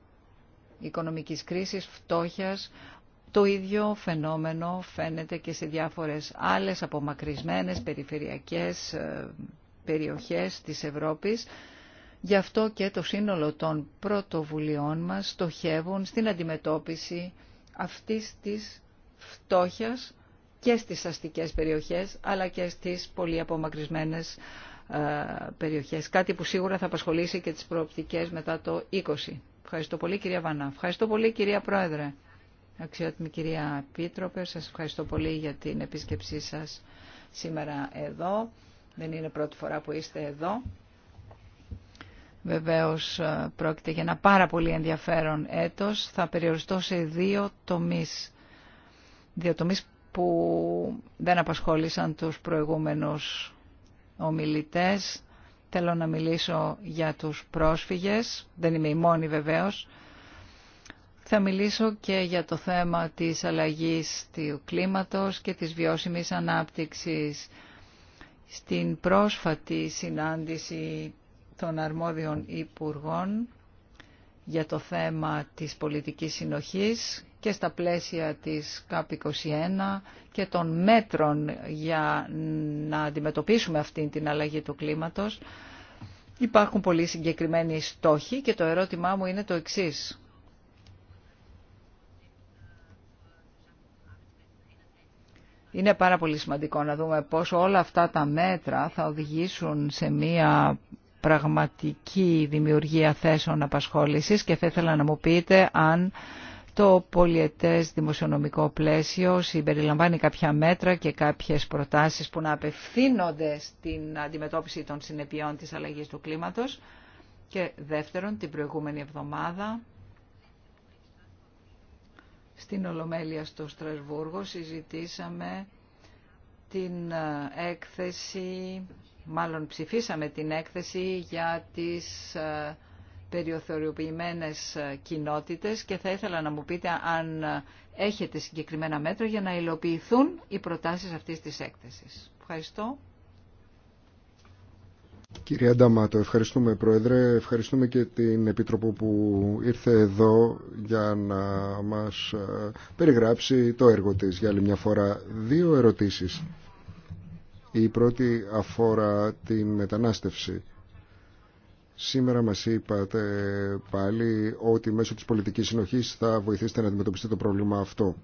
οικονομικής κρίσης, φτώχειας. Το ίδιο φαινόμενο φαίνεται και σε διάφορες άλλες απομακρυσμένες περιφερειακές ε, περιοχές της Ευρώπης. Γι' αυτό και το σύνολο των πρωτοβουλειών μας στοχεύουν στην αντιμετώπιση αυτής της φτώχειας και στις αστικές περιοχές αλλά και στις πολύ απομακρυσμένες ε, περιοχές. Κάτι που σίγουρα θα απασχολήσει και τις προοπτικές μετά το 20. Ευχαριστώ πολύ κυρία Βανά. Ευχαριστώ πολύ κυρία Πρόεδρε. Αξιότιμη κυρία Πίτροπε, σας ευχαριστώ πολύ για την επίσκεψή σας σήμερα εδώ. Δεν είναι πρώτη φορά που είστε εδώ. Βεβαίως ε, πρόκειται για ένα πάρα πολύ ενδιαφέρον έτος. Θα περιοριστώ σε δύο τομείς. Δύο που δεν απασχόλησαν τους προηγούμενους ομιλητές. Θέλω να μιλήσω για τους πρόσφυγες, δεν είμαι η μόνη βεβαίως. Θα μιλήσω και για το θέμα της αλλαγής του κλίματος και της βιώσιμης ανάπτυξης. Στην πρόσφατη συνάντηση των αρμόδιων υπουργών για το θέμα της πολιτικής συνοχής και στα πλαίσια της ΚΑΠ21 και των μέτρων για να αντιμετωπίσουμε αυτή την αλλαγή του κλίματος. Υπάρχουν πολύ συγκεκριμένοι στόχοι και το ερώτημά μου είναι το εξής. Είναι πάρα πολύ σημαντικό να δούμε πώς όλα αυτά τα μέτρα θα οδηγήσουν σε μία πραγματική δημιουργία θέσεων απασχόλησης και θα ήθελα να μου πείτε αν το πολιετές δημοσιονομικό πλαίσιο συμπεριλαμβάνει κάποια μέτρα και κάποιες προτάσεις που να απευθύνονται στην αντιμετώπιση των συνεπειών της αλλαγής του κλίματος. Και δεύτερον, την προηγούμενη εβδομάδα στην Ολομέλεια στο Στρασβούργο συζητήσαμε την έκθεση, μάλλον ψηφίσαμε την έκθεση για τις ε, περιοθεωριοποιημένες ε, κοινότητες και θα ήθελα να μου πείτε αν ε, έχετε συγκεκριμένα μέτρα για να υλοποιηθούν οι προτάσεις αυτής της έκθεσης. Ευχαριστώ. Κυρία Νταμάτο, ευχαριστούμε Πρόεδρε, ευχαριστούμε και την Επίτροπο που ήρθε εδώ για να μας ε, περιγράψει το έργο της για άλλη μια φορά. Δύο ερωτήσεις. Η πρώτη αφορά την μετανάστευση. Σήμερα μας είπατε πάλι ότι μέσω της πολιτικής συνοχής θα βοηθήσετε να αντιμετωπίσετε το πρόβλημα αυτό.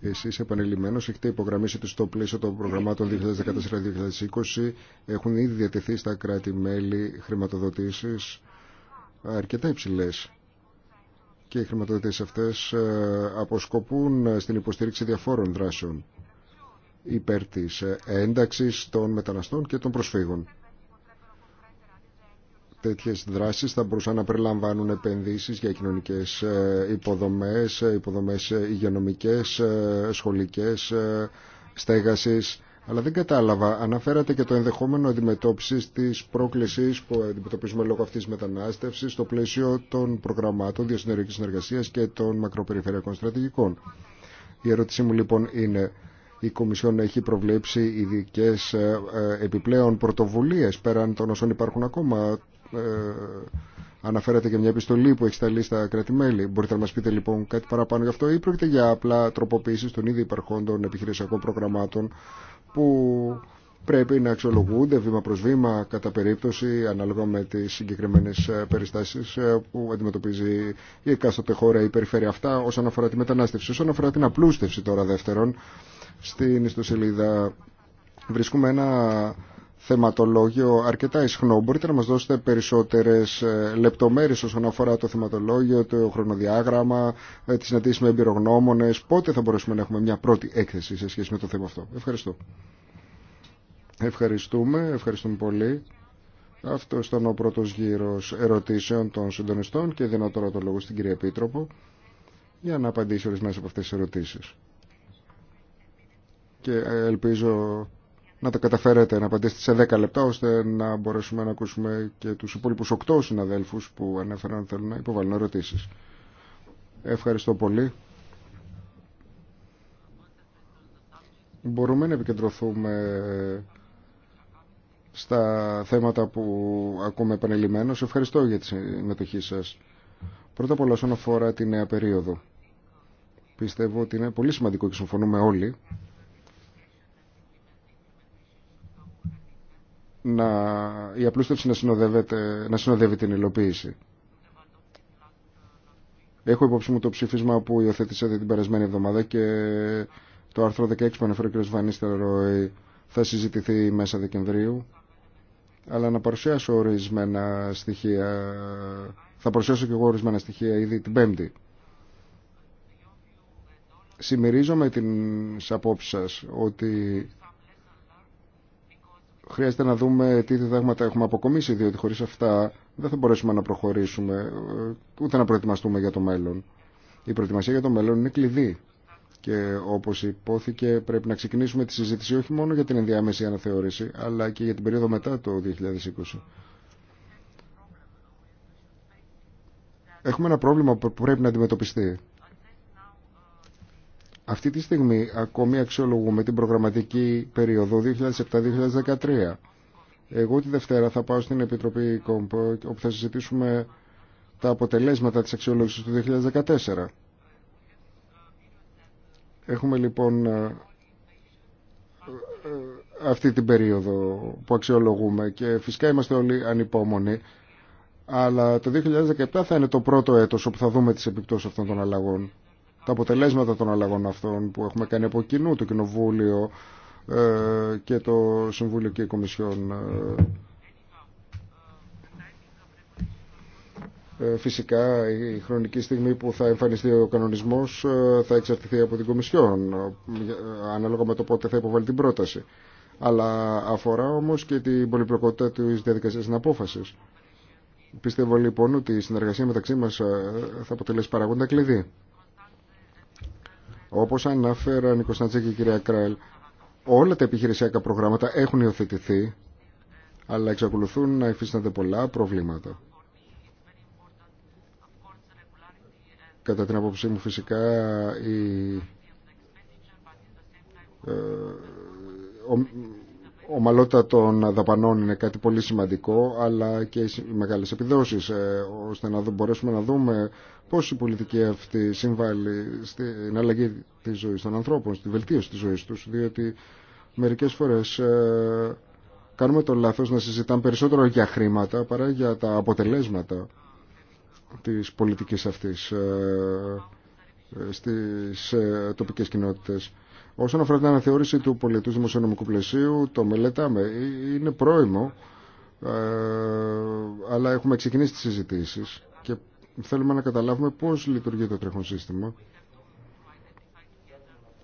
Εσείς επανειλημμένως έχετε υπογραμμίσει ότι στο πλαίσιο των προγραμμάτων 2014-2020 έχουν ήδη διατεθεί στα κράτη-μέλη χρηματοδοτήσεις αρκετά υψηλές και οι χρηματοδοτήσεις αυτές ε, αποσκοπούν στην υποστήριξη διαφόρων δράσεων υπέρ της ένταξης των μεταναστών και των προσφύγων τέτοιες δράσεις θα μπορούσαν να περιλαμβάνουν επενδύσεις για κοινωνικές ε, υποδομές, ε, υποδομές ε, υγειονομικές, σχολικές, στέγασης. Αλλά δεν κατάλαβα, αναφέρατε και το ενδεχόμενο αντιμετώπιση τη πρόκληση που αντιμετωπίζουμε λόγω αυτή τη μετανάστευση στο πλαίσιο των προγραμμάτων διασυνοριακή συνεργασία και των μακροπεριφερειακών στρατηγικών. Η ερώτησή μου λοιπόν είναι, η Κομισιόν έχει προβλέψει ειδικέ επιπλέον πρωτοβουλίε πέραν των όσων υπάρχουν ακόμα ε, αναφέρατε και μια επιστολή που έχει σταλεί στα κράτη-μέλη. Μπορείτε να μα πείτε λοιπόν κάτι παραπάνω γι' αυτό ή πρόκειται για απλά τροποποίηση των ήδη των επιχειρησιακών προγραμμάτων που πρέπει να αξιολογούνται βήμα προ βήμα κατά περίπτωση ανάλογα με τι συγκεκριμένε ε, περιστάσει ε, που αντιμετωπίζει η εκάστοτε χώρα ή η περιφέρεια αυτά όσον αφορά τη μετανάστευση. Όσον αφορά την απλούστευση τώρα δεύτερον στην ιστοσελίδα βρίσκουμε ένα θεματολόγιο αρκετά ισχνό. Μπορείτε να μας δώσετε περισσότερες ε, λεπτομέρειες όσον αφορά το θεματολόγιο, το χρονοδιάγραμμα, ε, τις συναντήσεις με εμπειρογνώμονες, πότε θα μπορέσουμε να έχουμε μια πρώτη έκθεση σε σχέση με το θέμα αυτό. Ευχαριστώ. Ευχαριστούμε, ευχαριστούμε πολύ. Αυτό ήταν ο πρώτος γύρος ερωτήσεων των συντονιστών και δίνω τώρα το λόγο στην κυρία Επίτροπο για να απαντήσει ορισμένες από αυτές τις ερωτήσεις. Και ε, ελπίζω να τα καταφέρετε να απαντήσετε σε 10 λεπτά ώστε να μπορέσουμε να ακούσουμε και τους υπόλοιπους 8 συναδέλφους που ανέφεραν να θέλουν να υποβάλουν ερωτήσεις. Ευχαριστώ πολύ. Μπορούμε να επικεντρωθούμε στα θέματα που ακούμε επανελειμμένως. Ευχαριστώ για τη συμμετοχή σας. Πρώτα απ' όλα όσον αφορά τη νέα περίοδο. Πιστεύω ότι είναι πολύ σημαντικό και συμφωνούμε όλοι να, η απλούστευση να, να συνοδεύει την υλοποίηση. Έχω υπόψη μου το ψήφισμα που υιοθέτησατε την περασμένη εβδομάδα και το άρθρο 16 που αναφέρει ο κ. Βανίστερο θα συζητηθεί μέσα Δεκεμβρίου. Αλλά να παρουσιάσω ορισμένα στοιχεία. Θα παρουσιάσω και εγώ ορισμένα στοιχεία ήδη την Πέμπτη. Συμμερίζομαι τι απόψει σα ότι χρειάζεται να δούμε τι διδάγματα έχουμε αποκομίσει, διότι χωρίς αυτά δεν θα μπορέσουμε να προχωρήσουμε, ε, ούτε να προετοιμαστούμε για το μέλλον. Η προετοιμασία για το μέλλον είναι κλειδί. Και όπως υπόθηκε πρέπει να ξεκινήσουμε τη συζήτηση όχι μόνο για την ενδιάμεση αναθεώρηση, αλλά και για την περίοδο μετά το 2020. Έχουμε ένα πρόβλημα που πρέπει να αντιμετωπιστεί. Αυτή τη στιγμή ακόμη αξιολογούμε την προγραμματική περίοδο 2007-2013. Εγώ τη Δευτέρα θα πάω στην Επιτροπή ΚΟΜΠ όπου θα συζητήσουμε τα αποτελέσματα της αξιολόγησης του 2014. Έχουμε λοιπόν ε, ε, αυτή την περίοδο που αξιολογούμε και φυσικά είμαστε όλοι ανυπόμονοι αλλά το 2017 θα είναι το πρώτο έτος όπου θα δούμε τις επιπτώσεις αυτών των αλλαγών τα αποτελέσματα των αλλαγών αυτών που έχουμε κάνει από κοινού το Κοινοβούλιο ε, και το Συμβούλιο και η Κομισιόν. Ε, ε, φυσικά η χρονική στιγμή που θα εμφανιστεί ο κανονισμός θα εξαρτηθεί από την Κομισιόν ανάλογα με το πότε θα υποβάλει την πρόταση. Αλλά αφορά όμως και την πολυπλοκότητα της διαδικασίας της απόφασης. Πιστεύω λοιπόν ότι η συνεργασία μεταξύ μας θα αποτελέσει παράγοντα κλειδί. Όπως αναφέραν η Κωνσταντζέ και η κυρία Κράελ, όλα τα επιχειρησιακά προγράμματα έχουν υιοθετηθεί, αλλά εξακολουθούν να υφίστανται πολλά προβλήματα. Κατά την άποψή μου φυσικά η... Ε, ο ομαλότητα των δαπανών είναι κάτι πολύ σημαντικό, αλλά και οι μεγάλες επιδόσεις, ε, ώστε να μπορέσουμε να δούμε πώς η πολιτική αυτή συμβάλλει στην αλλαγή της ζωής των ανθρώπων, στη βελτίωση της ζωής τους, διότι μερικές φορές ε, κάνουμε το λάθος να συζητάμε περισσότερο για χρήματα παρά για τα αποτελέσματα της πολιτικής αυτής ε, στις τοπικές κοινότητες. Όσον αφορά την αναθεώρηση του πολιτού δημοσιονομικού πλαισίου, το μελετάμε. Είναι πρόημο, ε, αλλά έχουμε ξεκινήσει τις συζητήσει και θέλουμε να καταλάβουμε πώς λειτουργεί το τρέχον σύστημα.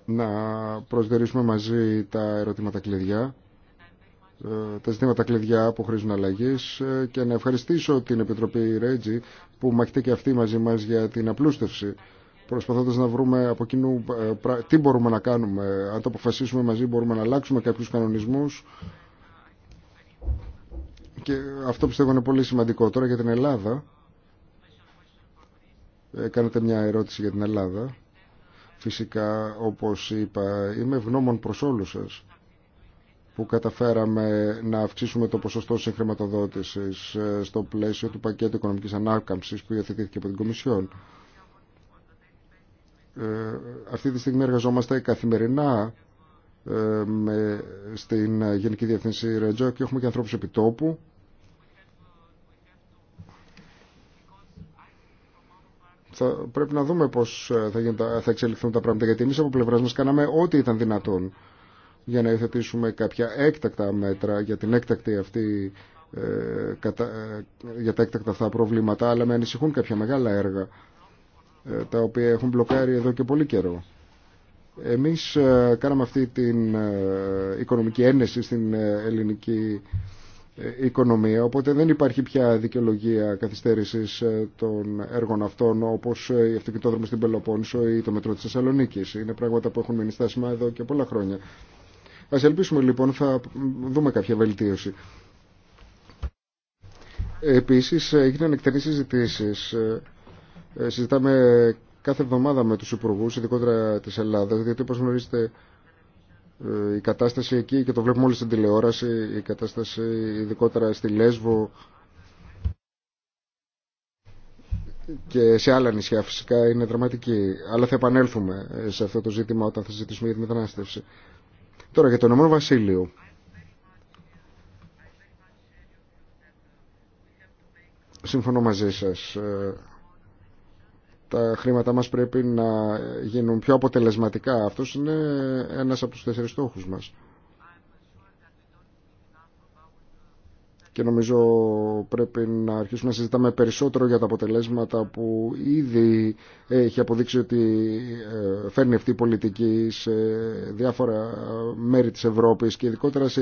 Να προσδιορίσουμε μαζί τα ερωτήματα κλειδιά, ε, τα ζητήματα κλειδιά που χρήζουν αλλαγή ε, και να ευχαριστήσω την Επιτροπή Ρέτζη που μαχτεί και αυτή μαζί μας για την απλούστευση προσπαθώντας να βρούμε από κοινού ε, τι μπορούμε να κάνουμε. Αν το αποφασίσουμε μαζί μπορούμε να αλλάξουμε κάποιους κανονισμούς. Και αυτό πιστεύω είναι πολύ σημαντικό. Τώρα για την Ελλάδα, κάνετε μια ερώτηση για την Ελλάδα. Φυσικά, όπως είπα, είμαι ευγνώμων προς όλους σας που καταφέραμε να αυξήσουμε το ποσοστό συγχρηματοδότησης ε, στο πλαίσιο του πακέτου οικονομικής ανάκαμψης που διαθετήθηκε από την Κομισιόν. Ε, αυτή τη στιγμή εργαζόμαστε καθημερινά ε, με, στην Γενική Διευθυνσή Ρέντζο και έχουμε και ανθρώπους επιτόπου. Θα, πρέπει να δούμε πώς ε, θα, γίνει, θα εξελιχθούν τα πράγματα γιατί εμείς από πλευράς μας κάναμε ό,τι ήταν δυνατόν για να υιοθετήσουμε κάποια έκτακτα μέτρα για την έκτακτη αυτή για τα έκτακτα αυτά προβλήματα αλλά με ανησυχούν κάποια μεγάλα έργα τα οποία έχουν μπλοκάρει εδώ και πολύ καιρό. Εμείς ε, κάναμε αυτή την ε, οικονομική ένεση στην ε, ελληνική οικονομία, οπότε δεν υπάρχει πια δικαιολογία καθυστέρησης των έργων αυτών όπως η αυτοκινητόδρομη στην Πελοπόννησο ή το μετρό της Θεσσαλονίκη. Είναι πράγματα που έχουν μείνει στάσιμα εδώ και πολλά χρόνια. Ας ελπίσουμε λοιπόν θα δούμε κάποια βελτίωση. Επίσης έγιναν εκτενείς συζητήσει. Ε, συζητάμε κάθε εβδομάδα με τους υπουργούς, ειδικότερα της Ελλάδας, γιατί όπως γνωρίζετε ε, η κατάσταση εκεί και το βλέπουμε όλοι στην τηλεόραση, η κατάσταση ειδικότερα στη Λέσβο και σε άλλα νησιά φυσικά είναι δραματική. Αλλά θα επανέλθουμε σε αυτό το ζήτημα όταν θα συζητήσουμε για τη μετανάστευση. Τώρα για το Ηνωμένο Βασίλειο. Συμφωνώ μαζί σας ε, τα χρήματά μας πρέπει να γίνουν πιο αποτελεσματικά. Αυτός είναι ένας από τους τέσσερις στόχους μας. Και νομίζω πρέπει να αρχίσουμε να συζητάμε περισσότερο για τα αποτελέσματα που ήδη έχει αποδείξει ότι ε, φέρνει αυτή η πολιτική σε διάφορα μέρη της Ευρώπης και ειδικότερα σε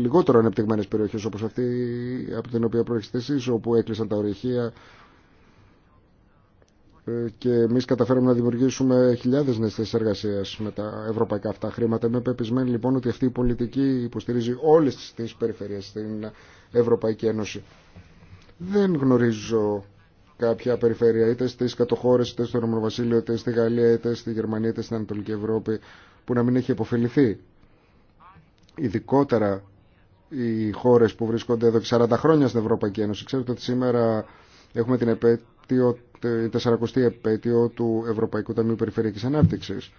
λιγότερο ανεπτυγμένες περιοχές όπως αυτή από την οποία προέρχεστε εσείς όπου έκλεισαν τα ορυχεία, ε, και εμεί καταφέραμε να δημιουργήσουμε χιλιάδε νέε θέσει εργασία με τα ευρωπαϊκά αυτά χρήματα. Είμαι πεπισμένη λοιπόν ότι αυτή η πολιτική υποστηρίζει όλε τι περιφέρειε στην Ευρωπαϊκή Ένωση. Δεν γνωρίζω κάποια περιφέρεια είτε στι κατοχώρε, είτε στο Ρωμανοβασίλειο, είτε στη Γαλλία, είτε στη Γερμανία, είτε στην Ανατολική Ευρώπη που να μην έχει υποφεληθεί. Ειδικότερα οι χώρε που βρίσκονται εδώ και 40 χρόνια στην Ευρωπαϊκή Ένωση. Ξέρετε ότι σήμερα Έχουμε την επέτειο, 40η επέτειο του Ευρωπαϊκού Ταμείου Περιφερειακής Ανάπτυξης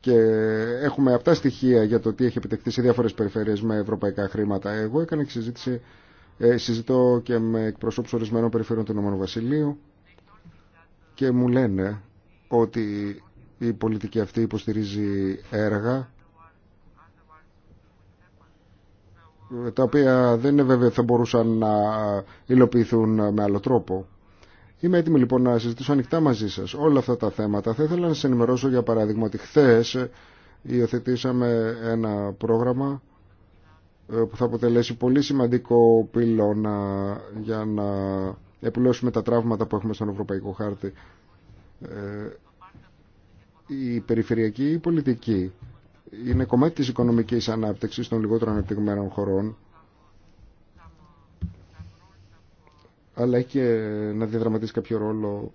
και έχουμε αυτά στοιχεία για το τι έχει επιτευχθεί σε διάφορες περιφέρειες με ευρωπαϊκά χρήματα. Εγώ έκανα και συζήτηση, ε, συζητώ και με εκπροσώπους ορισμένων περιφερειών του Ηνωμένου Βασιλείου και μου λένε ότι η πολιτική αυτή υποστηρίζει έργα τα οποία δεν είναι βέβαια θα μπορούσαν να υλοποιηθούν με άλλο τρόπο. Είμαι έτοιμη λοιπόν να συζητήσω ανοιχτά μαζί σας όλα αυτά τα θέματα. Θα ήθελα να σας ενημερώσω για παράδειγμα ότι χθε υιοθετήσαμε ένα πρόγραμμα ε, που θα αποτελέσει πολύ σημαντικό πυλώνα για να επιλώσουμε τα τραύματα που έχουμε στον Ευρωπαϊκό Χάρτη. Ε, η περιφερειακή πολιτική είναι κομμάτι της οικονομικής ανάπτυξης των λιγότερων αναπτυγμένων χωρών αλλά και να διαδραματίσει κάποιο ρόλο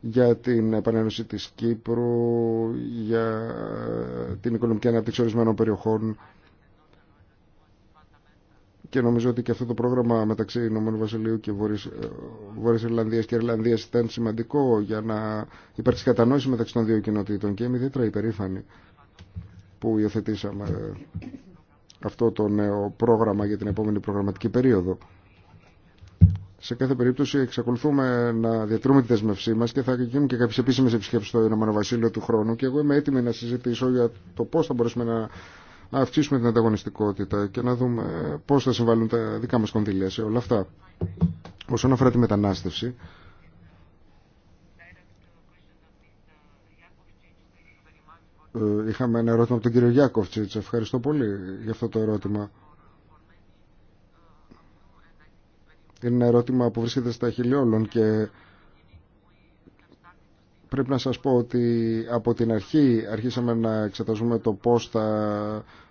για την επανένωση της Κύπρου, για την οικονομική ανάπτυξη ορισμένων περιοχών και νομίζω ότι και αυτό το πρόγραμμα μεταξύ Ηνωμένου Βασιλείου και ε, Βόρειας Ιρλανδίας και Ιρλανδίας ήταν σημαντικό για να υπάρξει κατανόηση μεταξύ των δύο κοινοτήτων και είμαι ιδιαίτερα υπερήφανη που υιοθετήσαμε ε, αυτό το νέο πρόγραμμα για την επόμενη προγραμματική περίοδο. Σε κάθε περίπτωση εξακολουθούμε να διατηρούμε τη δεσμευσή μα και θα γίνουν και κάποιε επίσημε επισκέψει στο Ηνωμένο Βασίλειο του χρόνου και εγώ είμαι έτοιμη να συζητήσω για το πώ θα μπορέσουμε να να αυξήσουμε την ανταγωνιστικότητα και να δούμε πώς θα συμβάλλουν τα δικά μας κονδύλια σε όλα αυτά. Όσον αφορά τη μετανάστευση, ε, είχαμε ένα ερώτημα από τον κύριο Γιάκοφτσιτς. Ευχαριστώ πολύ για αυτό το ερώτημα. Είναι ένα ερώτημα που βρίσκεται στα χιλιόλων και Πρέπει να σας πω ότι από την αρχή αρχίσαμε να εξεταζούμε το πώς θα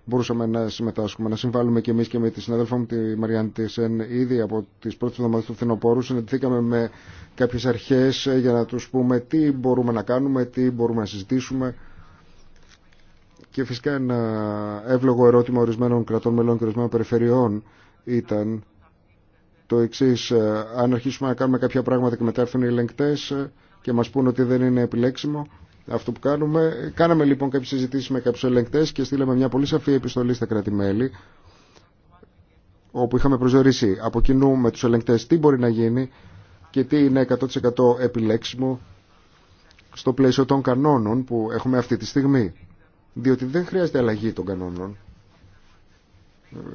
μπορούσαμε να συμμετάσχουμε, να συμβάλλουμε και εμείς και με τη συναδέλφα μου τη Μαριάννη Τισεν ήδη από τις πρώτες εβδομάδες του φθινοπόρου συναντηθήκαμε με κάποιες αρχές για να τους πούμε τι μπορούμε να κάνουμε, τι μπορούμε να συζητήσουμε και φυσικά ένα εύλογο ερώτημα ορισμένων κρατών μελών και ορισμένων περιφερειών ήταν το εξή, αν αρχίσουμε να κάνουμε κάποια πράγματα και μετά έρθουν οι ελεγκτέ, και μας πούν ότι δεν είναι επιλέξιμο αυτό που κάνουμε. Κάναμε λοιπόν κάποιες συζητήσεις με κάποιους ελεγκτές και στείλαμε μια πολύ σαφή επιστολή στα κράτη-μέλη όπου είχαμε προσδιορίσει από κοινού με τους ελεγκτές τι μπορεί να γίνει και τι είναι 100% επιλέξιμο στο πλαίσιο των κανόνων που έχουμε αυτή τη στιγμή. Διότι δεν χρειάζεται αλλαγή των κανόνων.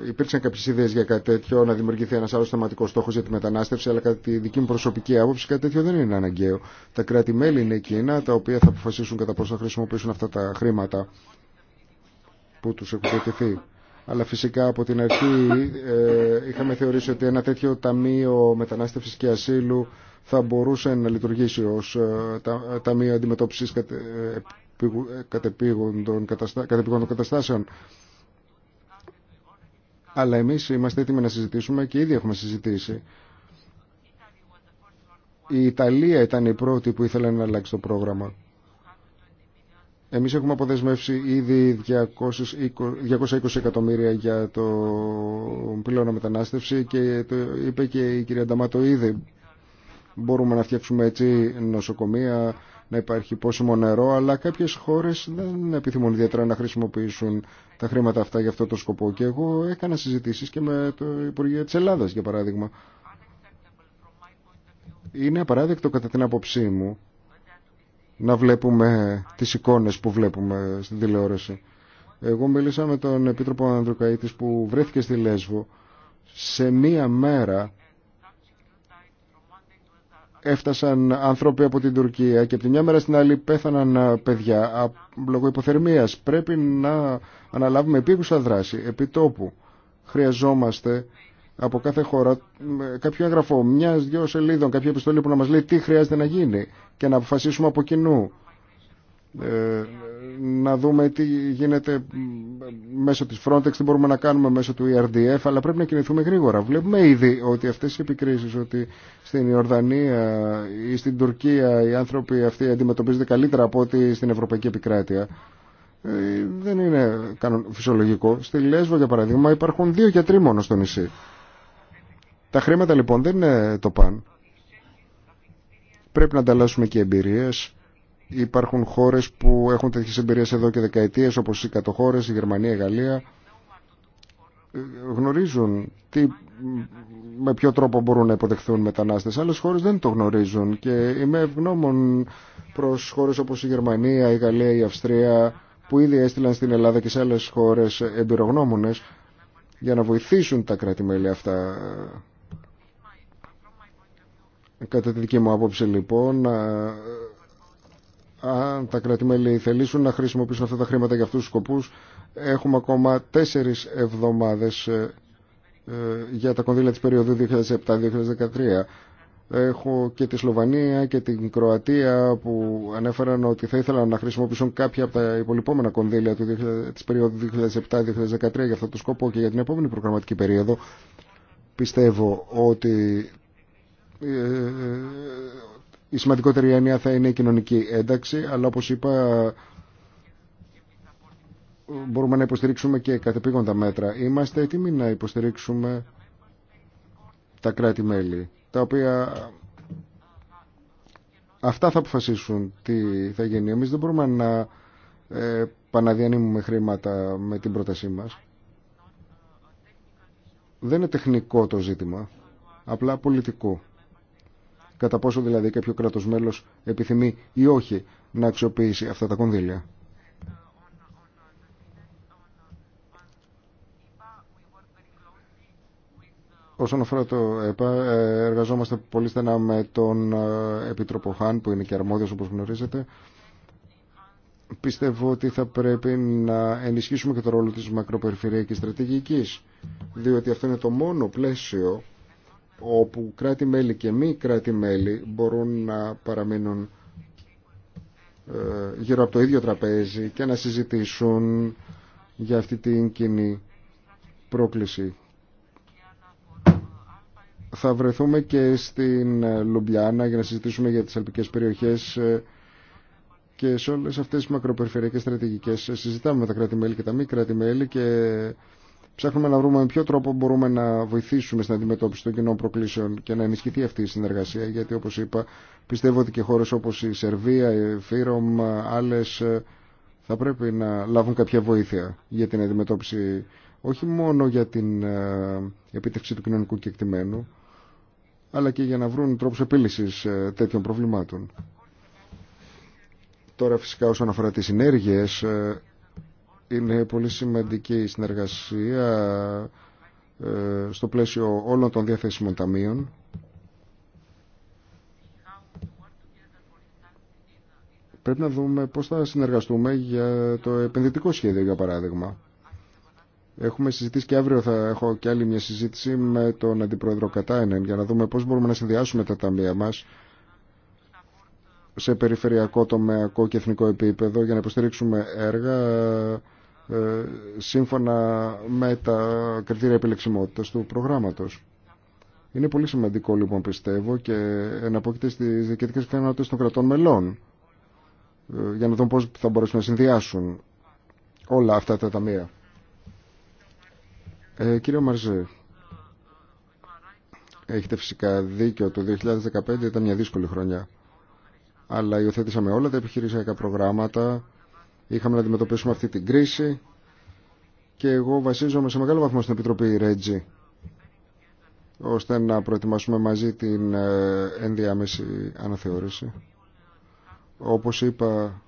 Υπήρξαν κάποιε ιδέε για κάτι τέτοιο, να δημιουργηθεί ένα άλλο θεματικό στόχο για τη μετανάστευση, αλλά κατά τη δική μου προσωπική άποψη κάτι τέτοιο δεν είναι αναγκαίο. Τα κράτη-μέλη είναι εκείνα τα οποία θα αποφασίσουν κατά πόσο θα χρησιμοποιήσουν αυτά τα χρήματα που του έχουν διατεθεί. Αλλά φυσικά από την αρχή ε, είχαμε θεωρήσει ότι ένα τέτοιο ταμείο μετανάστευση και ασύλου θα μπορούσε να λειτουργήσει ω ε, τα, ταμείο αντιμετώπιση κατε, ε, καταστάσεων αλλά εμείς είμαστε έτοιμοι να συζητήσουμε και ήδη έχουμε συζητήσει. Η Ιταλία ήταν η πρώτη που ήθελε να αλλάξει το πρόγραμμα. Εμείς έχουμε αποδεσμεύσει ήδη 220, 220 εκατομμύρια για το πυλώνα μετανάστευση και το είπε και η κυρία Νταμάτο ήδη. Μπορούμε να φτιάξουμε έτσι νοσοκομεία, να υπάρχει πόσιμο νερό, αλλά κάποιες χώρες δεν επιθυμούν ιδιαίτερα να χρησιμοποιήσουν τα χρήματα αυτά για αυτό το σκοπό. Και εγώ έκανα συζητήσεις και με το Υπουργείο της Ελλάδα, για παράδειγμα. Είναι απαράδεκτο κατά την άποψή μου να βλέπουμε τις εικόνες που βλέπουμε στην τηλεόραση. Εγώ μίλησα με τον Επίτροπο Ανδρουκαίτης που βρέθηκε στη Λέσβο σε μία μέρα έφτασαν άνθρωποι από την Τουρκία και από τη μια μέρα στην άλλη πέθαναν ε, παιδιά λόγω υποθερμίας. Πρέπει να αναλάβουμε επίγουσα δράση, επιτόπου. Χρειαζόμαστε από κάθε χώρα κάποιο έγγραφο, μια-δυο σελίδων, κάποια επιστολή που να μας λέει τι χρειάζεται να γίνει και να αποφασίσουμε από κοινού. Ε, να δούμε τι γίνεται μέσω της Frontex, δεν μπορούμε να κάνουμε μέσω του ERDF, αλλά πρέπει να κινηθούμε γρήγορα. Βλέπουμε ήδη ότι αυτές οι επικρίσεις, ότι στην Ιορδανία ή στην Τουρκία οι άνθρωποι αυτοί αντιμετωπίζονται καλύτερα από ότι στην Ευρωπαϊκή Επικράτεια. Ε, δεν είναι φυσιολογικό. Στη Λέσβο, για παράδειγμα, υπάρχουν δύο γιατροί μόνο στο νησί. Τα χρήματα λοιπόν δεν είναι το παν. Πρέπει να ανταλλάσσουμε και εμπειρίες Υπάρχουν χώρες που έχουν τέτοιες εμπειρίες εδώ και δεκαετίες όπως οι κατοχώρες, η Γερμανία, η Γαλλία γνωρίζουν τι, με ποιο τρόπο μπορούν να υποδεχθούν μετανάστες. Άλλες χώρες δεν το γνωρίζουν και είμαι ευγνώμων προς χώρες όπως η Γερμανία, η Γαλλία, η Αυστρία που ήδη έστειλαν στην Ελλάδα και σε άλλες χώρες εμπειρογνώμονες για να βοηθήσουν τα κράτη-μέλη αυτά. Κατά τη δική μου άποψη λοιπόν αν τα κρατημέλη μελη θελήσουν να χρησιμοποιήσουν αυτά τα χρήματα για αυτούς τους σκοπούς, έχουμε ακόμα τέσσερις εβδομάδες ε, ε, για τα κονδύλια της περίοδου 2007-2013. Έχω και τη Σλοβανία και την Κροατία που ανέφεραν ότι θα ήθελαν να χρησιμοποιήσουν κάποια από τα υπολοιπόμενα κονδύλια του, της περίοδου 2007-2013 για αυτό το σκοπό και για την επόμενη προγραμματική περίοδο. Πιστεύω ότι ε, η σημαντικότερη έννοια θα είναι η κοινωνική ένταξη, αλλά όπως είπα μπορούμε να υποστηρίξουμε και κατεπήγοντα μέτρα. Είμαστε έτοιμοι να υποστηρίξουμε τα κράτη-μέλη, τα οποία αυτά θα αποφασίσουν τι θα γίνει. Εμείς δεν μπορούμε να ε, παναδιανύμουμε χρήματα με την πρότασή μας. Δεν είναι τεχνικό το ζήτημα, απλά πολιτικό κατά πόσο δηλαδή κάποιο κράτος μέλος επιθυμεί ή όχι να αξιοποιήσει αυτά τα κονδύλια. Όσον αφορά το ΕΠΑ, ε, εργαζόμαστε πολύ στενά με τον ε, Επίτροπο Χάν, που είναι και αρμόδιος όπως γνωρίζετε. Πιστεύω ότι θα πρέπει να ενισχύσουμε και το ρόλο της μακροπεριφερειακής στρατηγικής, διότι αυτό είναι το μόνο πλαίσιο όπου κράτη-μέλη και μη κράτη-μέλη μπορούν να παραμείνουν ε, γύρω από το ίδιο τραπέζι και να συζητήσουν για αυτή την κοινή πρόκληση. Θα βρεθούμε και στην ε, Λουμπιάνα για να συζητήσουμε για τις αλπικές περιοχές ε, και σε όλες αυτές τις μακροπεριφερειακές στρατηγικές συζητάμε με τα κράτη-μέλη και τα μη κράτη-μέλη και Ψάχνουμε να βρούμε με ποιο τρόπο μπορούμε να βοηθήσουμε στην αντιμετώπιση των κοινών προκλήσεων και να ενισχυθεί αυτή η συνεργασία, γιατί όπως είπα πιστεύω ότι και χώρες όπως η Σερβία, η Φύρομ, άλλες ε, θα πρέπει να λάβουν κάποια βοήθεια για την αντιμετώπιση όχι μόνο για την ε, επίτευξη του κοινωνικού κεκτημένου, αλλά και για να βρουν τρόπους επίλυσης ε, τέτοιων προβλημάτων. Τώρα φυσικά όσον αφορά τι είναι πολύ σημαντική η συνεργασία ε, στο πλαίσιο όλων των διαθέσιμων ταμείων. Πρέπει να δούμε πώς θα συνεργαστούμε για το επενδυτικό σχέδιο, για παράδειγμα. Έχουμε συζητήσει και αύριο θα έχω και άλλη μια συζήτηση με τον Αντιπρόεδρο Κατάινεν για να δούμε πώς μπορούμε να συνδυάσουμε τα ταμεία μας σε περιφερειακό, τομεακό και εθνικό επίπεδο για να υποστηρίξουμε έργα ε, σύμφωνα με τα κριτήρια επιλεξιμότητας του προγράμματος. Είναι πολύ σημαντικό λοιπόν πιστεύω και εναπόκειται στις διοικητικές πιθανότητες των κρατών μελών ε, για να δούμε πώς θα μπορέσουν να συνδυάσουν όλα αυτά τα ταμεία. Ε, κύριε Μαρζέ, έχετε φυσικά δίκιο, το 2015 ήταν μια δύσκολη χρονιά. Αλλά υιοθέτησαμε όλα τα επιχειρησιακά προγράμματα είχαμε να αντιμετωπίσουμε αυτή την κρίση και εγώ βασίζομαι σε μεγάλο βαθμό στην Επιτροπή Ρέτζη ώστε να προετοιμάσουμε μαζί την ε, ενδιάμεση αναθεώρηση. Όπως είπα,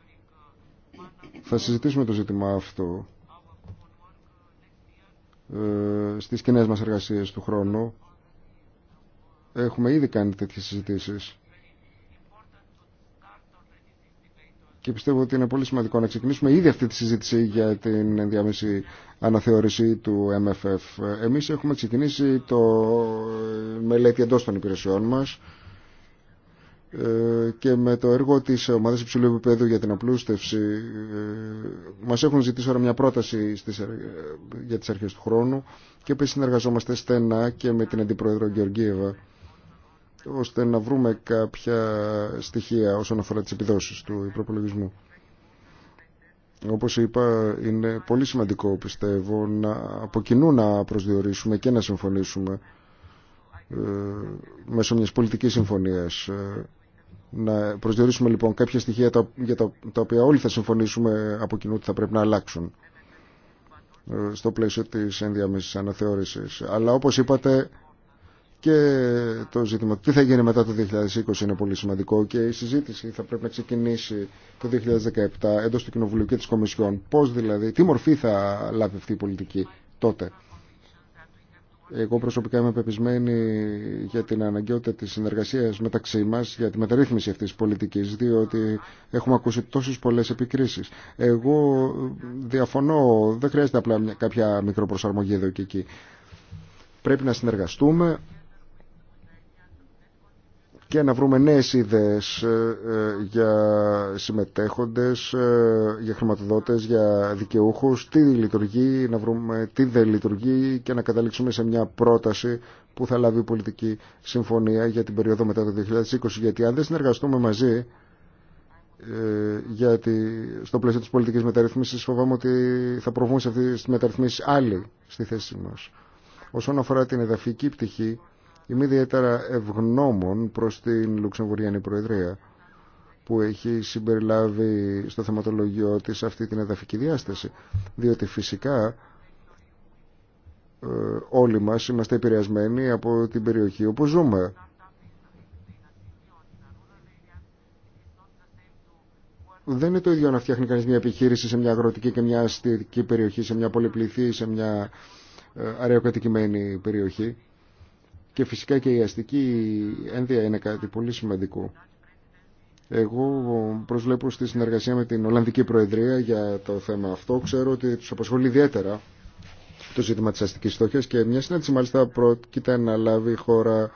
θα συζητήσουμε το ζήτημα αυτό ε, στις κοινέ μας εργασίες του χρόνου. Έχουμε ήδη κάνει τέτοιες συζητήσεις και πιστεύω ότι είναι πολύ σημαντικό να ξεκινήσουμε ήδη αυτή τη συζήτηση για την ενδιάμεση αναθεώρηση του MFF. Εμείς έχουμε ξεκινήσει το μελέτη εντός των υπηρεσιών μας ε, και με το έργο της ομάδας υψηλού επίπεδου για την απλούστευση ε, μας έχουν ζητήσει τώρα μια πρόταση ε, για τις αρχές του χρόνου και επίσης συνεργαζόμαστε στενά και με την Αντιπρόεδρο Γεωργίευα ώστε να βρούμε κάποια στοιχεία όσον αφορά τις επιδόσεις του προπολογισμού. Όπως είπα, είναι πολύ σημαντικό, πιστεύω, να από κοινού να προσδιορίσουμε και να συμφωνήσουμε ε, μέσω μιας πολιτικής συμφωνίας. Ε, να προσδιορίσουμε λοιπόν κάποια στοιχεία τα, για τα, τα οποία όλοι θα συμφωνήσουμε από κοινού ότι θα πρέπει να αλλάξουν ε, στο πλαίσιο της ενδιαμέσης αναθεώρησης. Αλλά όπως είπατε και το ζήτημα τι θα γίνει μετά το 2020 είναι πολύ σημαντικό και η συζήτηση θα πρέπει να ξεκινήσει το 2017 εντός του Κοινοβουλίου και της Κομισιόν. Πώς δηλαδή, τι μορφή θα λάβει αυτή η πολιτική τότε. Εγώ προσωπικά είμαι πεπισμένη για την αναγκαιότητα της συνεργασίας μεταξύ μας για τη μεταρρύθμιση αυτής της πολιτικής διότι έχουμε ακούσει τόσες πολλές επικρίσεις. Εγώ διαφωνώ, δεν χρειάζεται απλά κάποια μικροπροσαρμογή εδώ και εκεί. Πρέπει να συνεργαστούμε και να βρούμε νέες ιδέες ε, ε, για συμμετέχοντες, ε, για χρηματοδότες, για δικαιούχους, τι λειτουργεί, να βρούμε τι δεν λειτουργεί και να καταλήξουμε σε μια πρόταση που θα λάβει πολιτική συμφωνία για την περίοδο μετά το 2020. Γιατί αν δεν συνεργαστούμε μαζί, γιατί στο πλαίσιο της πολιτικής μεταρρύθμισης φοβάμαι ότι θα προβούν σε αυτή τη μεταρρυθμίση άλλοι στη θέση μας. Όσον αφορά την εδαφική πτυχή, Είμαι ιδιαίτερα ευγνώμων προς την Λουξεμβουριανή Προεδρία που έχει συμπεριλάβει στο θεματολογιό της αυτή την εδαφική διάσταση. Διότι φυσικά ε, όλοι μας είμαστε επηρεασμένοι από την περιοχή όπου ζούμε. Δεν είναι το ίδιο να φτιάχνει κανείς μια επιχείρηση σε μια αγροτική και μια αστική περιοχή, σε μια πολυπληθή, σε μια ε, αραιοκατοικημένη περιοχή. Και φυσικά και η αστική ένδυα είναι κάτι πολύ σημαντικό. Εγώ προσβλέπω στη συνεργασία με την Ολλανδική Προεδρία για το θέμα αυτό. Ξέρω ότι τους απασχολεί ιδιαίτερα το ζήτημα της αστικής φτώχειας και μια συνάντηση μάλιστα πρόκειται να λάβει η χώρα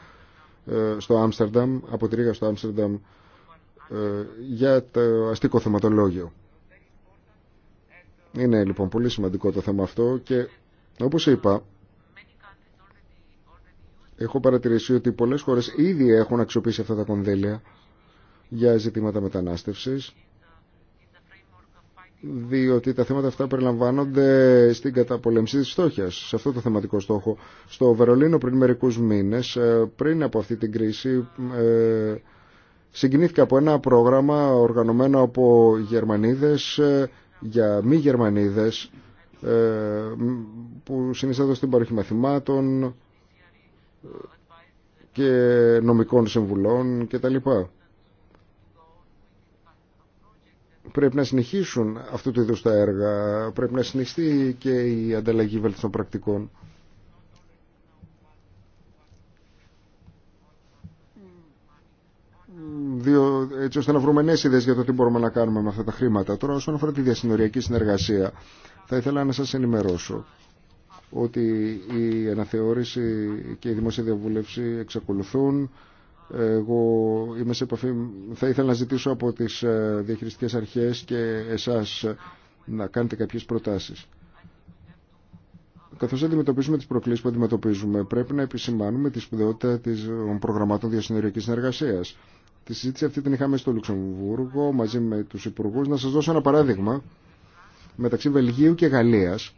ε, στο Άμστερνταμ, από τη Ρίγα στο Άμστερνταμ, ε, για το αστικό θεματολόγιο. Είναι λοιπόν πολύ σημαντικό το θέμα αυτό και όπως είπα έχω παρατηρήσει ότι πολλές χώρες ήδη έχουν αξιοποιήσει αυτά τα κονδύλια για ζητήματα μετανάστευσης διότι τα θέματα αυτά περιλαμβάνονται στην καταπολέμηση της φτώχειας, σε αυτό το θεματικό στόχο. Στο Βερολίνο πριν μερικούς μήνες, ε, πριν από αυτή την κρίση, ε, συγκινήθηκα από ένα πρόγραμμα οργανωμένο από Γερμανίδες ε, για μη Γερμανίδες, που συνιστάται στην παροχή μαθημάτων, και νομικών συμβουλών και τα λοιπά. Πρέπει να συνεχίσουν αυτού του είδους τα έργα, πρέπει να συνεχιστεί και η ανταλλαγή βελτιστών πρακτικών. Δύο, έτσι ώστε να βρούμε νέες ιδέες για το τι μπορούμε να κάνουμε με αυτά τα χρήματα. Τώρα, όσον αφορά τη διασυνοριακή συνεργασία, θα ήθελα να σας ενημερώσω ότι η αναθεώρηση και η δημόσια διαβούλευση εξακολουθούν. Εγώ είμαι σε επαφή, θα ήθελα να ζητήσω από τις ε, διαχειριστικές αρχές και εσάς να κάνετε κάποιες προτάσεις. Καθώς αντιμετωπίζουμε τις προκλήσεις που αντιμετωπίζουμε, πρέπει να επισημάνουμε τη σπουδαιότητα των προγραμμάτων διασυνοριακής συνεργασίας. Τη συζήτηση αυτή την είχαμε στο Λουξεμβούργο μαζί με τους υπουργούς. Να σας δώσω ένα παράδειγμα. Μεταξύ Βελγίου και Γαλλίας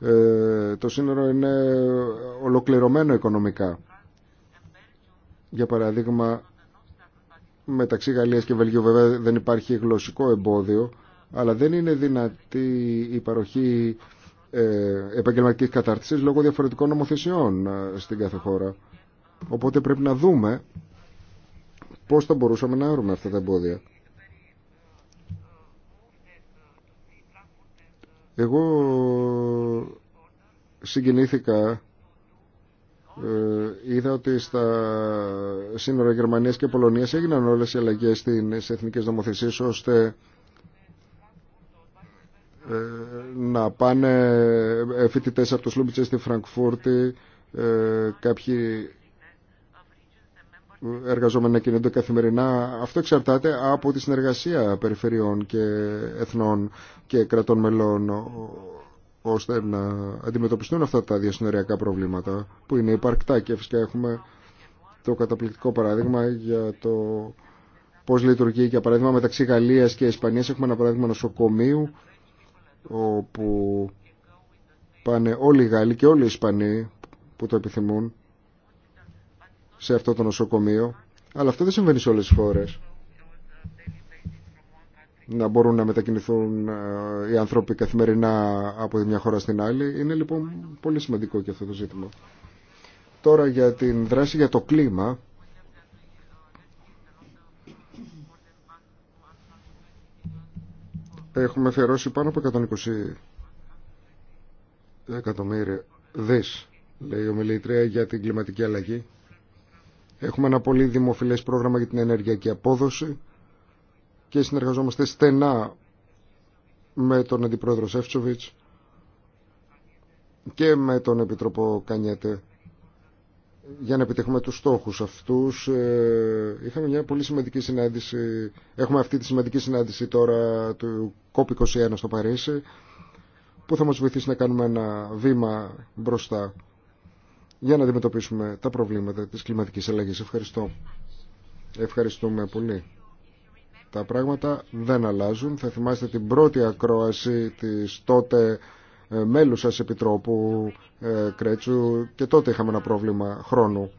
Ε, το σύνορο είναι ολοκληρωμένο οικονομικά. Για παράδειγμα, μεταξύ Γαλλίας και Βελγίου βέβαια δεν υπάρχει γλωσσικό εμπόδιο, αλλά δεν είναι δυνατή η παροχή ε, επαγγελματικής κατάρτισης λόγω διαφορετικών νομοθεσιών ε, στην κάθε χώρα. Οπότε πρέπει να δούμε πώς θα μπορούσαμε να έρουμε αυτά τα εμπόδια. Εγώ συγκινήθηκα ε, είδα ότι στα σύνορα Γερμανίας και Πολωνίας έγιναν όλες οι αλλαγές στις εθνικές νομοθεσίες ώστε ε, να πάνε ε, φοιτητές από το Σλούμπιτσε στη Φραγκφούρτη ε, κάποιοι Εργαζόμενα κινούνται καθημερινά. Αυτό εξαρτάται από τη συνεργασία περιφερειών και εθνών και κρατών μελών ώστε να αντιμετωπιστούν αυτά τα διασυνοριακά προβλήματα που είναι υπαρκτά και φυσικά έχουμε το καταπληκτικό παράδειγμα για το πώς λειτουργεί για παράδειγμα μεταξύ Γαλλίας και Ισπανίας έχουμε ένα παράδειγμα νοσοκομείου όπου πάνε όλοι οι Γάλλοι και όλοι οι Ισπανοί που το επιθυμούν σε αυτό το νοσοκομείο. Αλλά αυτό δεν συμβαίνει σε όλες τις χώρες. Να μπορούν να μετακινηθούν ε, οι άνθρωποι καθημερινά από μια χώρα στην άλλη. Είναι λοιπόν πολύ σημαντικό και αυτό το ζήτημα. Τώρα για την δράση για το κλίμα. Έχουμε αφιερώσει πάνω από 120 εκατομμύρια δις, λέει η ομιλήτρια, για την κλιματική αλλαγή. Έχουμε ένα πολύ δημοφιλές πρόγραμμα για την ενεργειακή απόδοση και συνεργαζόμαστε στενά με τον Αντιπρόεδρο Σεύτσοβιτς και με τον Επιτροπό Κανιέτε για να επιτύχουμε τους στόχους αυτούς. Ε, είχαμε μια πολύ σημαντική συνάντηση, έχουμε αυτή τη σημαντική συνάντηση τώρα του COP21 στο Παρίσι που θα μας βοηθήσει να κάνουμε ένα βήμα μπροστά για να αντιμετωπίσουμε τα προβλήματα της κλιματικής αλλαγής. Ευχαριστώ. Ευχαριστούμε πολύ. Τα πράγματα δεν αλλάζουν. Θα θυμάστε την πρώτη ακρόαση της τότε ε, μέλους σας Επιτρόπου ε, Κρέτσου και τότε είχαμε ένα πρόβλημα χρόνου.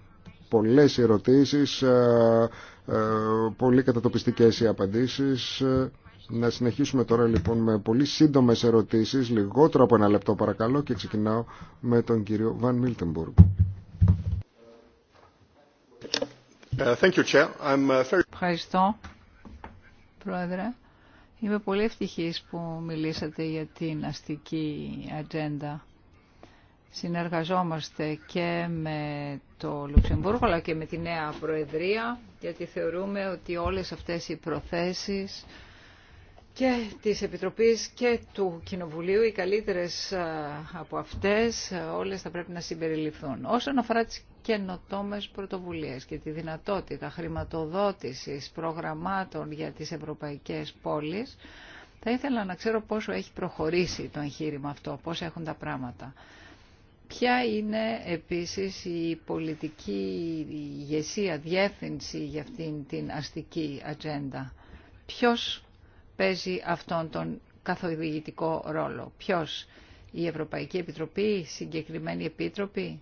Πολλές ερωτήσεις, ε, πολύ κατατοπιστικές οι απαντήσεις. Να συνεχίσουμε τώρα λοιπόν με πολύ σύντομες ερωτήσεις, λιγότερο από ένα λεπτό παρακαλώ και ξεκινάω με τον κύριο Βαν Μίλτεμπουργκ. Ε, ε, Ευχαριστώ, Πρόεδρε. Είμαι πολύ ευτυχής που μιλήσατε για την αστική ατζέντα. Συνεργαζόμαστε και με το Λουξεμβούργο αλλά και με τη νέα Προεδρία γιατί θεωρούμε ότι όλες αυτές οι προθέσεις και της Επιτροπής και του Κοινοβουλίου, οι καλύτερες από αυτές όλες θα πρέπει να συμπεριληφθούν. Όσον αφορά τις καινοτόμες πρωτοβουλίες και τη δυνατότητα χρηματοδότησης προγραμμάτων για τις ευρωπαϊκές πόλεις, θα ήθελα να ξέρω πόσο έχει προχωρήσει το εγχείρημα αυτό, πώς έχουν τα πράγματα. Ποια είναι επίσης η πολιτική ηγεσία, διεύθυνση για αυτήν την αστική ατζέντα. Ποιος παίζει αυτόν τον καθοδηγητικό ρόλο. Ποιος, η Ευρωπαϊκή Επιτροπή, συγκεκριμένοι επιτροπή,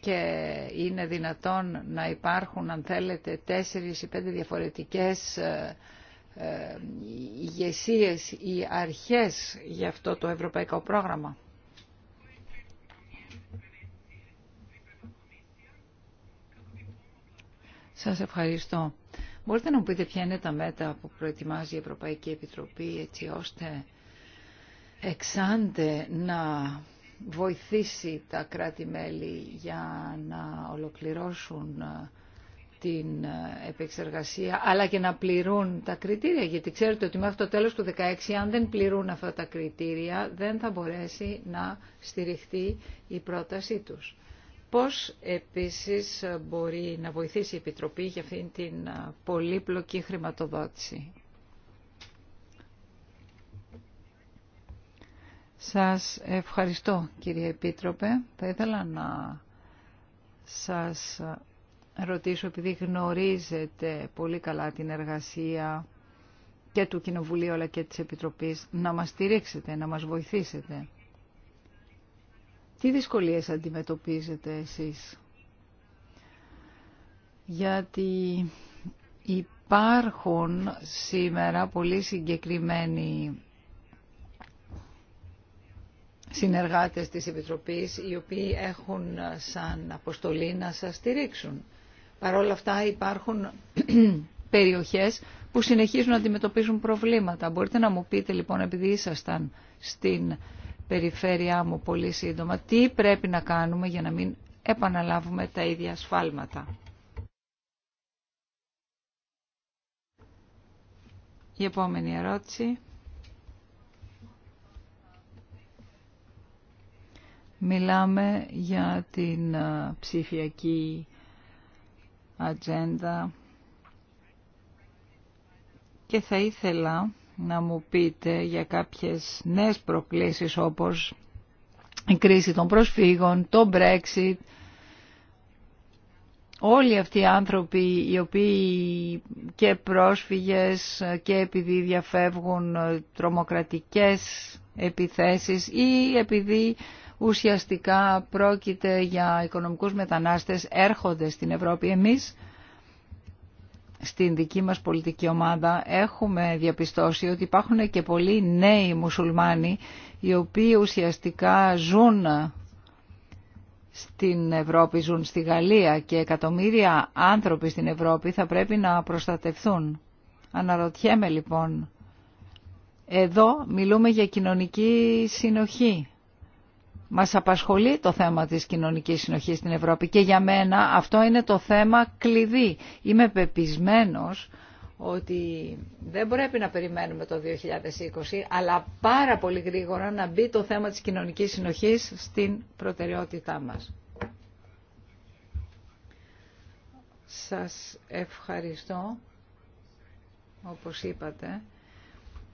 και είναι δυνατόν να υπάρχουν αν θέλετε τέσσερις ή πέντε διαφορετικές ε, ε, ηγεσίε ή αρχές για αυτό το ευρωπαϊκό πρόγραμμα. Σας ευχαριστώ. Μπορείτε να μου πείτε ποια είναι τα μέτρα που προετοιμάζει η Ευρωπαϊκή Επιτροπή έτσι ώστε εξάντε να βοηθήσει τα κράτη-μέλη για να ολοκληρώσουν ε, την ε, επεξεργασία αλλά και να πληρούν τα κριτήρια γιατί ξέρετε ότι μέχρι το τέλος του 2016 αν δεν πληρούν αυτά τα κριτήρια δεν θα μπορέσει να στηριχτεί η πρότασή τους. Πώς επίσης μπορεί να βοηθήσει η Επιτροπή για αυτήν την πολύπλοκη χρηματοδότηση. Σας ευχαριστώ κύριε Επίτροπε. Θα ήθελα να σας ρωτήσω, επειδή γνωρίζετε πολύ καλά την εργασία και του Κοινοβουλίου αλλά και της Επιτροπής, να μας στηρίξετε, να μας βοηθήσετε. Τι δυσκολίες αντιμετωπίζετε εσείς. Γιατί υπάρχουν σήμερα πολύ συγκεκριμένοι συνεργάτες της Επιτροπής οι οποίοι έχουν σαν αποστολή να σας στηρίξουν. Παρ' αυτά υπάρχουν περιοχές που συνεχίζουν να αντιμετωπίζουν προβλήματα. Μπορείτε να μου πείτε λοιπόν επειδή ήσασταν στην περιφέρειά μου πολύ σύντομα τι πρέπει να κάνουμε για να μην επαναλάβουμε τα ίδια σφάλματα. Η επόμενη ερώτηση. Μιλάμε για την ε, ψηφιακή ατζέντα και θα ήθελα να μου πείτε για κάποιες νέες προκλήσεις όπως η κρίση των προσφύγων, το Brexit. Όλοι αυτοί οι άνθρωποι οι οποίοι και πρόσφυγες και επειδή διαφεύγουν τρομοκρατικές επιθέσεις ή επειδή ουσιαστικά πρόκειται για οικονομικούς μετανάστες έρχονται στην Ευρώπη. Εμείς στην δική μας πολιτική ομάδα έχουμε διαπιστώσει ότι υπάρχουν και πολλοί νέοι μουσουλμάνοι οι οποίοι ουσιαστικά ζουν στην Ευρώπη, ζουν στη Γαλλία και εκατομμύρια άνθρωποι στην Ευρώπη θα πρέπει να προστατευθούν. Αναρωτιέμαι λοιπόν, εδώ μιλούμε για κοινωνική συνοχή. Μας απασχολεί το θέμα της κοινωνικής συνοχής στην Ευρώπη και για μένα αυτό είναι το θέμα κλειδί. Είμαι πεπισμένος ότι δεν πρέπει να περιμένουμε το 2020, αλλά πάρα πολύ γρήγορα να μπει το θέμα της κοινωνικής συνοχής στην προτεραιότητά μας. Σας ευχαριστώ, όπως είπατε.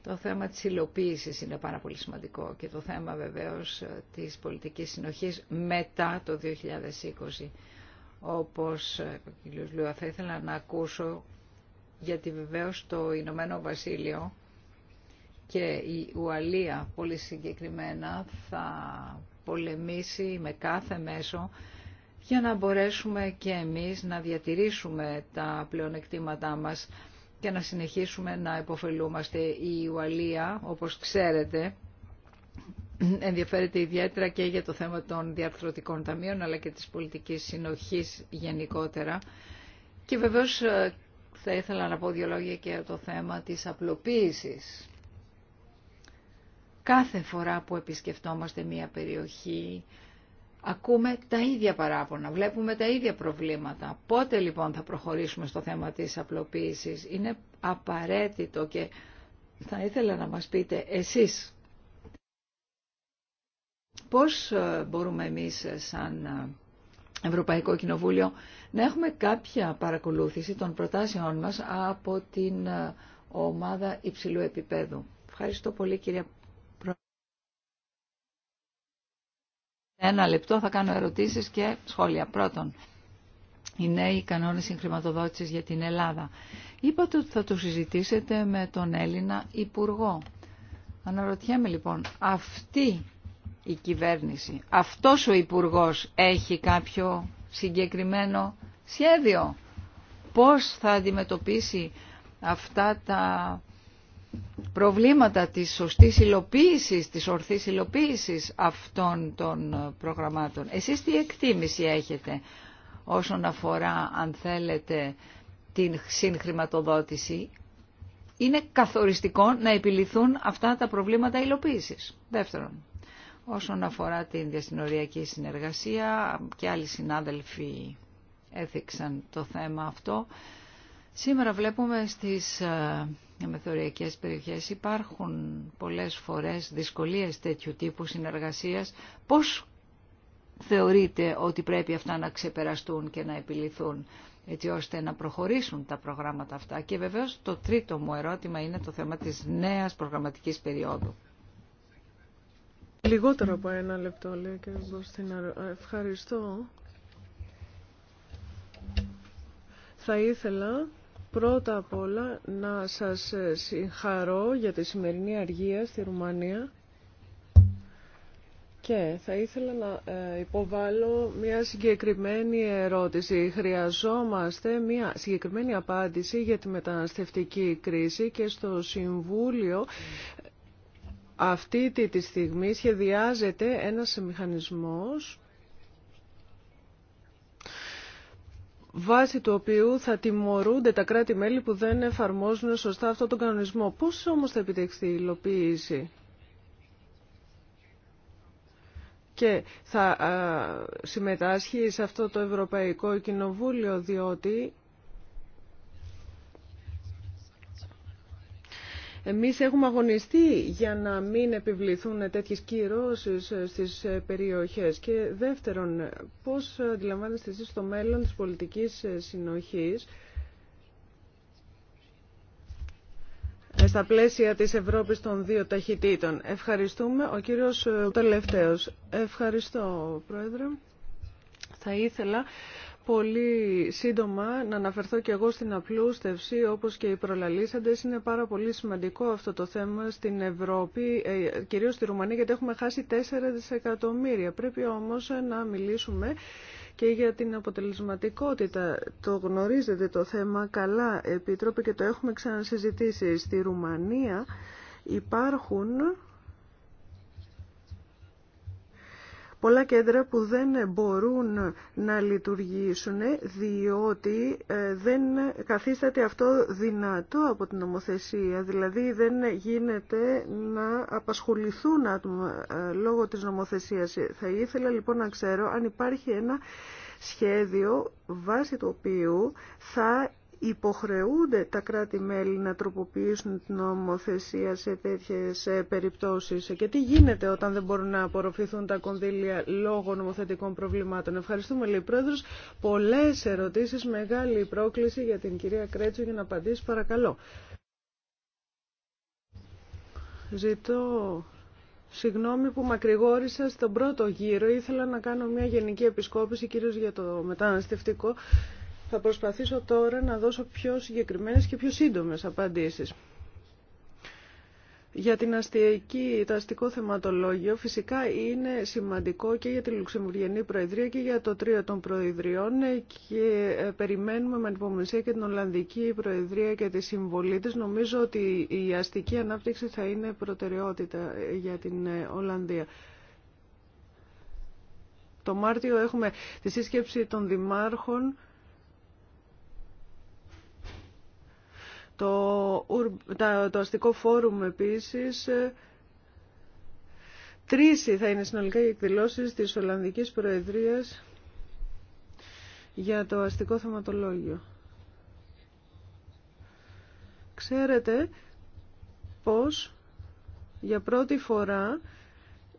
Το θέμα της υλοποίησης είναι πάρα πολύ σημαντικό και το θέμα βεβαίως ε, της πολιτικής συνοχής μετά το 2020. Όπως ε, ο κ. Λουα θα ήθελα να ακούσω γιατί βεβαίως το Ηνωμένο Βασίλειο και η Ουαλία πολύ συγκεκριμένα θα πολεμήσει με κάθε μέσο για να μπορέσουμε και εμείς να διατηρήσουμε τα πλεονεκτήματά μας και να συνεχίσουμε να υποφελούμαστε. Η Ουαλία, όπως ξέρετε, ενδιαφέρεται ιδιαίτερα και για το θέμα των διαρθρωτικών ταμείων αλλά και της πολιτικής συνοχής γενικότερα. Και βεβαίως ε, θα ήθελα να πω δύο λόγια και για το θέμα της απλοποίησης. Κάθε φορά που επισκεφτόμαστε μια περιοχή, Ακούμε τα ίδια παράπονα, βλέπουμε τα ίδια προβλήματα. Πότε λοιπόν θα προχωρήσουμε στο θέμα της απλοποίησης. Είναι απαραίτητο και θα ήθελα να μας πείτε εσείς πώς ε, μπορούμε εμείς ε, σαν ε, Ευρωπαϊκό Κοινοβούλιο να έχουμε κάποια παρακολούθηση των προτάσεών μας από την ομάδα υψηλού επίπεδου. Ευχαριστώ πολύ κυρία ένα λεπτό θα κάνω ερωτήσεις και σχόλια. Πρώτον, οι νέοι κανόνες συγχρηματοδότησης για την Ελλάδα. Είπατε ότι θα το συζητήσετε με τον Έλληνα Υπουργό. Αναρωτιέμαι λοιπόν, αυτή η κυβέρνηση, αυτός ο Υπουργός έχει κάποιο συγκεκριμένο σχέδιο. Πώς θα αντιμετωπίσει αυτά τα προβλήματα της σωστής υλοποίησης, της ορθής υλοποίησης αυτών των προγραμμάτων. Εσείς τι εκτίμηση έχετε όσον αφορά, αν θέλετε, την συγχρηματοδότηση. Είναι καθοριστικό να επιληθούν αυτά τα προβλήματα υλοποίησης. Δεύτερον, όσον αφορά την διασυνοριακή συνεργασία και άλλοι συνάδελφοι έθιξαν το θέμα αυτό, Σήμερα βλέπουμε στις ε, μεθοριακές περιοχές υπάρχουν πολλές φορές δυσκολίες τέτοιου τύπου συνεργασίας. Πώς θεωρείτε ότι πρέπει αυτά να ξεπεραστούν και να επιληθούν έτσι ώστε να προχωρήσουν τα προγράμματα αυτά. Και βεβαίως το τρίτο μου ερώτημα είναι το θέμα της νέας προγραμματικής περίοδου. Λιγότερο από ένα λεπτό, λέει και ε, Ευχαριστώ. Θα ήθελα Πρώτα απ' όλα να σας συγχαρώ για τη σημερινή αργία στη Ρουμανία και θα ήθελα να ε, υποβάλω μια συγκεκριμένη ερώτηση. Χρειαζόμαστε μια συγκεκριμένη απάντηση για τη μεταναστευτική κρίση και στο Συμβούλιο ε, αυτή τη στιγμή σχεδιάζεται ένας μηχανισμός βάσει του οποίου θα τιμωρούνται τα κράτη-μέλη που δεν εφαρμόζουν σωστά αυτόν τον κανονισμό. Πώς όμως θα επιτευχθεί η υλοποίηση και θα συμμετάσχει σε αυτό το Ευρωπαϊκό Κοινοβούλιο διότι Εμείς έχουμε αγωνιστεί για να μην επιβληθούν τέτοιες κυρώσεις στις περιοχές. Και δεύτερον, πώς αντιλαμβάνεστε εσείς το μέλλον της πολιτικής συνοχής στα πλαίσια της Ευρώπης των δύο ταχυτήτων. Ευχαριστούμε. Ο κύριος τελευταίος. Ευχαριστώ, Πρόεδρε. Θα ήθελα Πολύ σύντομα να αναφερθώ και εγώ στην απλούστευση όπως και οι προλαλήσαντες. Είναι πάρα πολύ σημαντικό αυτό το θέμα στην Ευρώπη, ε, κυρίως στη Ρουμανία γιατί έχουμε χάσει 4 δισεκατομμύρια. Πρέπει όμως να μιλήσουμε και για την αποτελεσματικότητα. Το γνωρίζετε το θέμα καλά, Επίτροπε, και το έχουμε ξανασυζητήσει στη Ρουμανία. Υπάρχουν πολλά κέντρα που δεν μπορούν να λειτουργήσουν διότι ε, δεν καθίσταται αυτό δυνατό από την νομοθεσία. Δηλαδή δεν γίνεται να απασχοληθούν άτομα ε, λόγω της νομοθεσίας. Θα ήθελα λοιπόν να ξέρω αν υπάρχει ένα σχέδιο βάσει του οποίου θα υποχρεούνται τα κράτη-μέλη να τροποποιήσουν την νομοθεσία σε τέτοιες ε, περιπτώσεις και τι γίνεται όταν δεν μπορούν να απορροφηθούν τα κονδύλια λόγω νομοθετικών προβλημάτων. Ευχαριστούμε λέει Πρόεδρος. Πολλές ερωτήσεις, μεγάλη πρόκληση για την κυρία Κρέτσο για να απαντήσει παρακαλώ. Ζητώ Συγγνώμη που μακρηγόρησα στον πρώτο γύρο. Ήθελα να κάνω μια γενική επισκόπηση κυρίως για το μεταναστευτικό θα προσπαθήσω τώρα να δώσω πιο συγκεκριμένες και πιο σύντομες απαντήσεις. Για την αστιακή, το αστικό θεματολόγιο φυσικά είναι σημαντικό και για τη Λουξεμβουργιανή Προεδρία και για το τρίο των Προεδριών και ε, περιμένουμε με ανυπομονησία και την Ολλανδική Προεδρία και τη συμβολή της. Νομίζω ότι η αστική ανάπτυξη θα είναι προτεραιότητα ε, για την ε, Ολλανδία. Το Μάρτιο έχουμε τη σύσκεψη των δημάρχων Το, το αστικό φόρουμ επίσης ε, Τρεις θα είναι συνολικά οι εκδηλώσεις της Ολλανδικής Προεδρίας για το αστικό θεματολόγιο. Ξέρετε πως για πρώτη φορά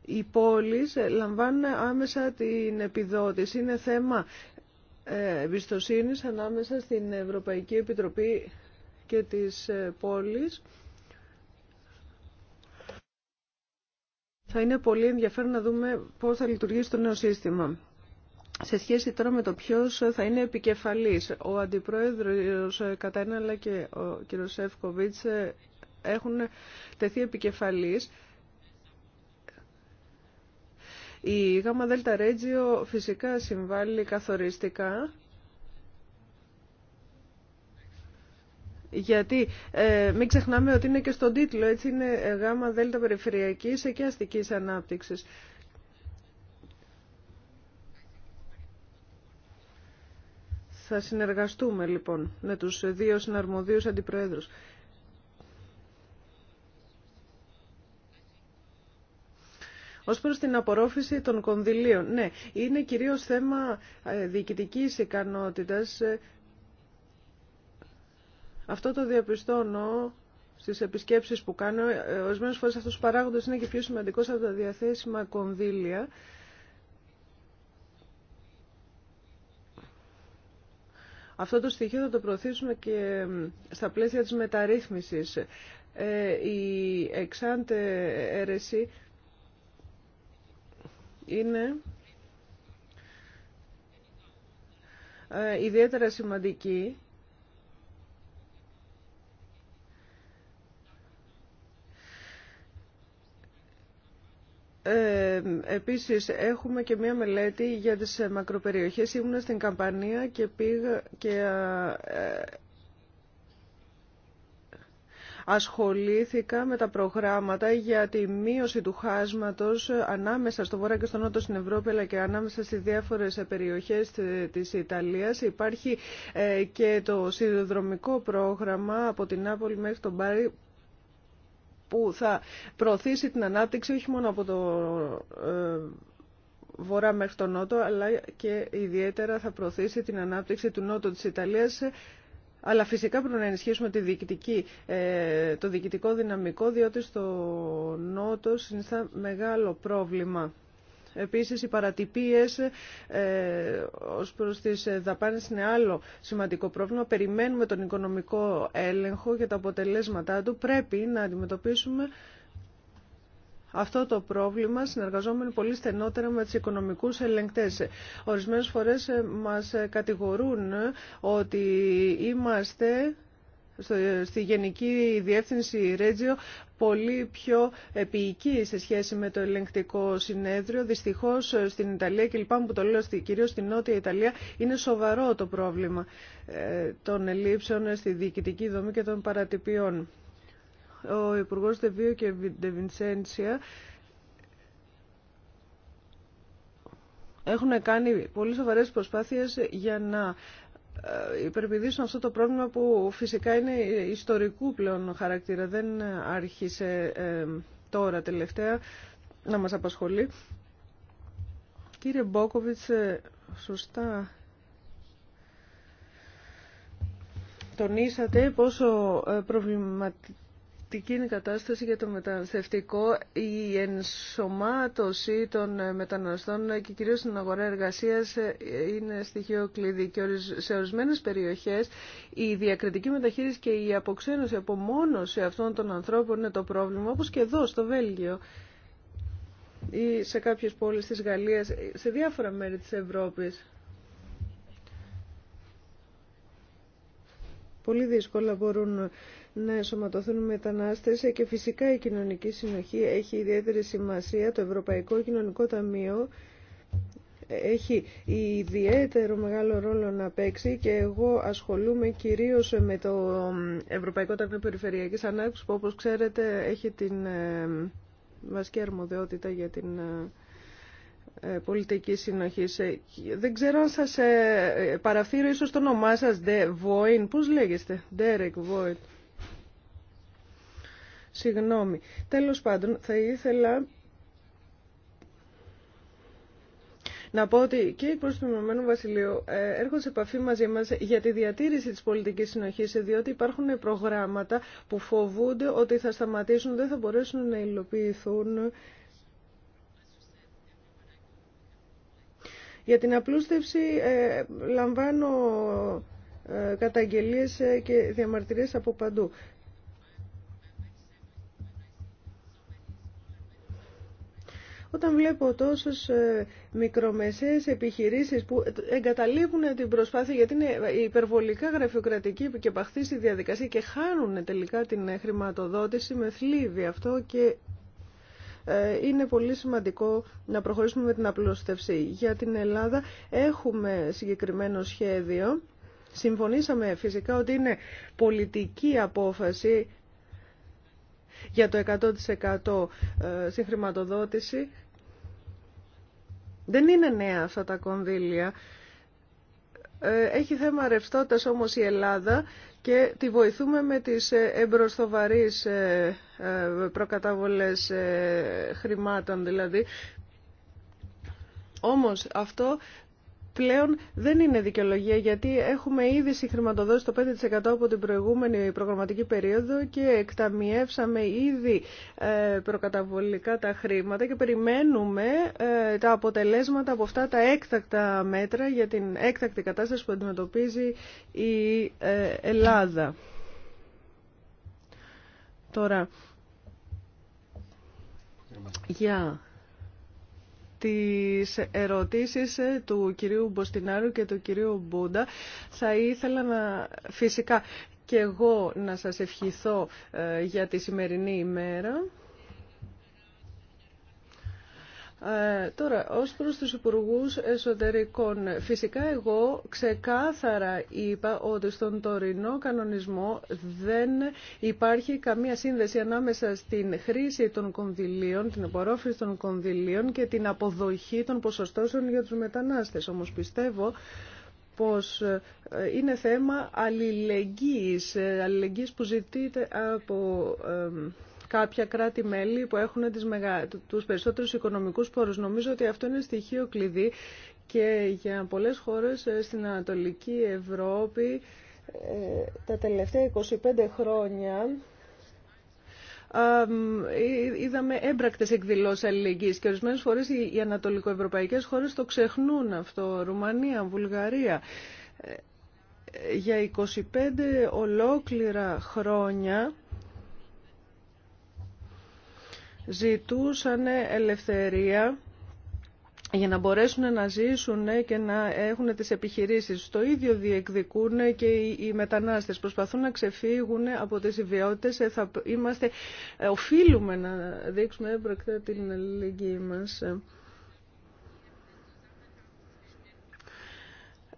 οι πόλεις λαμβάνουν άμεσα την επιδότηση. Είναι θέμα ε, εμπιστοσύνης ανάμεσα στην Ευρωπαϊκή Επιτροπή και της ε, πόλεις. Θα είναι πολύ ενδιαφέρον να δούμε πώς θα λειτουργήσει το νέο σύστημα. Σε σχέση τώρα με το ποιο θα είναι επικεφαλής, ο Αντιπρόεδρος ο ε, και ο κ. Σεύκοβιτς ε, έχουν τεθεί επικεφαλής. Η ΓΔΡ φυσικά συμβάλλει καθοριστικά γιατί ε, μην ξεχνάμε ότι είναι και στον τίτλο, έτσι είναι ε, γάμα δέλτα περιφερειακής και αστικής ανάπτυξης. Θα συνεργαστούμε λοιπόν με τους δύο συναρμοδίους αντιπροέδρους. Ω προ την απορρόφηση των κονδυλίων. Ναι, είναι κυρίω θέμα ε, διοικητική ικανότητα ε, αυτό το διαπιστώνω στις επισκέψεις που κάνω. Ε, ορισμένες φορές αυτό ο παράγοντας είναι και πιο σημαντικός από τα διαθέσιμα κονδύλια. Αυτό το στοιχείο θα το προωθήσουμε και στα πλαίσια της μεταρρύθμισης. Ε, η εξάντε αίρεση είναι ε, ιδιαίτερα σημαντική Ε, επίσης έχουμε και μία μελέτη για τις ε, μακροπεριοχές. Ήμουν στην Καμπανία και πήγα και ε, ασχολήθηκα με τα προγράμματα για τη μείωση του χάσματος ανάμεσα στο Βόρειο και στο Νότο στην Ευρώπη αλλά και ανάμεσα στις διάφορες περιοχές της Ιταλίας. Υπάρχει και το σιδηροδρομικό πρόγραμμα από την Νάπολη μέχρι τον Πάρη που θα προωθήσει την ανάπτυξη όχι μόνο από το ε, βορρά μέχρι τον νότο, αλλά και ιδιαίτερα θα προωθήσει την ανάπτυξη του νότου της Ιταλίας αλλά φυσικά πρέπει να ενισχύσουμε τη ε, το διοικητικό δυναμικό, διότι στο Νότο συνιστά μεγάλο πρόβλημα. Επίσης οι παρατυπίες ε, ως προς τις δαπάνες είναι άλλο σημαντικό πρόβλημα. Περιμένουμε τον οικονομικό έλεγχο για τα αποτελέσματά του. Πρέπει να αντιμετωπίσουμε αυτό το πρόβλημα συνεργαζόμενοι πολύ στενότερα με τους οικονομικούς ελεγκτές. Ορισμένες φορές ε, μας κατηγορούν ότι είμαστε στη Γενική Διεύθυνση Ρέτζιο πολύ πιο επίοικη σε σχέση με το ελεγκτικό συνέδριο. Δυστυχώς στην Ιταλία και λυπάμαι που το λέω κυρίως στην Νότια Ιταλία είναι σοβαρό το πρόβλημα ε, των ελλείψεων στη διοικητική δομή και των παρατυπιών. Ο υπουργό Δεβίου και Ντεβινσέντσια έχουν κάνει πολύ σοβαρές προσπάθειες για να ε, υπερπηδήσουν αυτό το πρόβλημα που φυσικά είναι ιστορικού πλέον χαρακτήρα. Δεν άρχισε ε, τώρα τελευταία να μας απασχολεί. Κύριε Μπόκοβιτς, ε, σωστά τονίσατε πόσο προβληματικό τη είναι κατάσταση για το μεταναστευτικό, η ενσωμάτωση των ε, μεταναστών και κυρίως στην αγορά εργασίας ε, είναι στοιχείο κλειδί και σε ορισμένες περιοχές η διακριτική μεταχείριση και η αποξένωση, σε αυτών των ανθρώπων είναι το πρόβλημα, όπως και εδώ στο Βέλγιο ή σε κάποιες πόλεις της Γαλλίας, ε, σε διάφορα μέρη της Ευρώπης. Πολύ δύσκολα μπορούν να ενσωματωθούν μετανάστες και φυσικά η κοινωνική συνοχή έχει ιδιαίτερη σημασία. Το Ευρωπαϊκό Κοινωνικό Ταμείο έχει ιδιαίτερο μεγάλο ρόλο να παίξει και εγώ ασχολούμαι κυρίως με το Ευρωπαϊκό Ταμείο Περιφερειακής Ανάπτυξης που όπως ξέρετε έχει την ε, βασική αρμοδιότητα για την ε, ε, πολιτική συνοχή. Δεν ξέρω αν σας παραφύρω ίσως το όνομά σας, Voin, πώς λέγεστε, Συγγνώμη. Τέλος πάντων, θα ήθελα Να πω ότι και οι πρόσωποι του Βασιλείου ε, έρχονται σε επαφή μαζί μας για τη διατήρηση τη πολιτική συνοχή, διότι υπάρχουν προγράμματα που φοβούνται ότι θα σταματήσουν, δεν θα μπορέσουν να υλοποιηθούν. Για την απλούστευση ε, λαμβάνω ε, καταγγελίες και διαμαρτυρίες από παντού. Όταν βλέπω τόσες ε, μικρομεσαίες επιχειρήσεις που εγκαταλείπουν την προσπάθεια γιατί είναι υπερβολικά γραφειοκρατική και παχθή στη διαδικασία και χάνουν τελικά την χρηματοδότηση με θλίβει αυτό και ε, είναι πολύ σημαντικό να προχωρήσουμε με την απλούστευση. Για την Ελλάδα έχουμε συγκεκριμένο σχέδιο. Συμφωνήσαμε φυσικά ότι είναι πολιτική απόφαση για το 100% ε, συγχρηματοδότηση δεν είναι νέα αυτά τα κονδύλια. Ε, έχει θέμα ρευστότητας όμως η Ελλάδα και τη βοηθούμε με τις ε, εμπροσθοβαρείς ε, προκαταβολές χρημάτων δηλαδή. Όμως αυτό πλέον δεν είναι δικαιολογία γιατί έχουμε ήδη συγχρηματοδότηση το 5% από την προηγούμενη προγραμματική περίοδο και εκταμιεύσαμε ήδη ε, προκαταβολικά τα χρήματα και περιμένουμε ε, τα αποτελέσματα από αυτά τα έκτακτα μέτρα για την έκτακτη κατάσταση που αντιμετωπίζει η ε, Ελλάδα. Τώρα, για τις ερωτήσεις ε, του κυρίου Μποστινάρου και του κυρίου Μπούντα. Θα ήθελα να φυσικά και εγώ να σας ευχηθώ ε, για τη σημερινή ημέρα. Ε, τώρα, ως προς τους Υπουργούς Εσωτερικών, φυσικά εγώ ξεκάθαρα είπα ότι στον τωρινό κανονισμό δεν υπάρχει καμία σύνδεση ανάμεσα στην χρήση των κονδυλίων, την απορρόφηση των κονδυλίων και την αποδοχή των ποσοστώσεων για τους μετανάστες. Όμως πιστεύω πως ε, είναι θέμα αλληλεγγύης, ε, αλληλεγγύης που ζητείται από κάποια κράτη-μέλη που έχουν τις μεγα... τους περισσότερους οικονομικούς πόρους. Νομίζω ότι αυτό είναι στοιχείο κλειδί και για πολλές χώρες ε, στην Ανατολική Ευρώπη ε, τα τελευταία 25 χρόνια είδαμε έμπρακτες εκδηλώσεις αλληλεγγύης και ορισμένες φορές οι ανατολικοευρωπαϊκές χώρες το ξεχνούν αυτό, Ρουμανία, Βουλγαρία. Ε, για 25 ολόκληρα χρόνια ζητούσαν ελευθερία για να μπορέσουν να ζήσουν και να έχουν τις επιχειρήσεις. Το ίδιο διεκδικούν και οι μετανάστες. Προσπαθούν να ξεφύγουν από τις ιδιότητες. Θα είμαστε, οφείλουμε να δείξουμε έμπρακτα την αλληλεγγύη μας.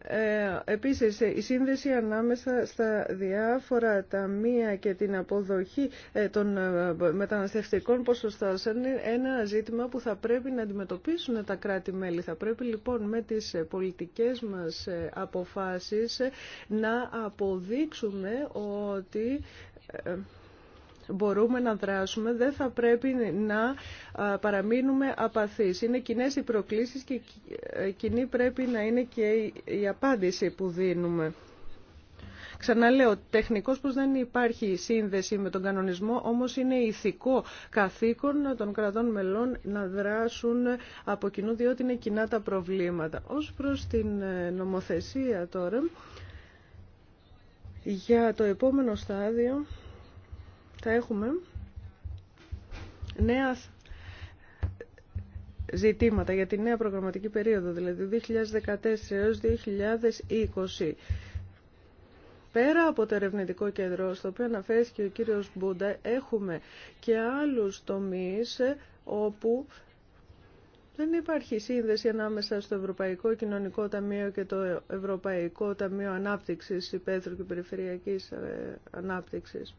Ε, επίσης, η σύνδεση ανάμεσα στα διάφορα ταμεία και την αποδοχή ε, των ε, μεταναστευτικών ποσοστάσεων είναι ένα ζήτημα που θα πρέπει να αντιμετωπίσουν τα κράτη-μέλη. Θα πρέπει λοιπόν με τις πολιτικές μας αποφάσεις να αποδείξουμε ότι μπορούμε να δράσουμε, δεν θα πρέπει να παραμείνουμε απαθείς. Είναι κοινέ οι προκλήσεις και ε, κοινή πρέπει να είναι και η απάντηση που δίνουμε. Ξαναλέω, τεχνικός πως δεν υπάρχει σύνδεση με τον κανονισμό, όμως είναι ηθικό καθήκον των κρατών μελών να δράσουν από κοινού, διότι είναι κοινά τα προβλήματα. Ως προς την ε, νομοθεσία τώρα, για το επόμενο στάδιο θα έχουμε νέα ζητήματα για τη νέα προγραμματική περίοδο, δηλαδή 2014 έως 2020. Πέρα από το ερευνητικό κέντρο, στο οποίο αναφέρθηκε ο κύριος Μπούντα, έχουμε και άλλους τομείς όπου δεν υπάρχει σύνδεση ανάμεσα στο Ευρωπαϊκό Κοινωνικό Ταμείο και το Ευρωπαϊκό Ταμείο Ανάπτυξης, Υπέθρου και Περιφερειακής ε, Ανάπτυξης.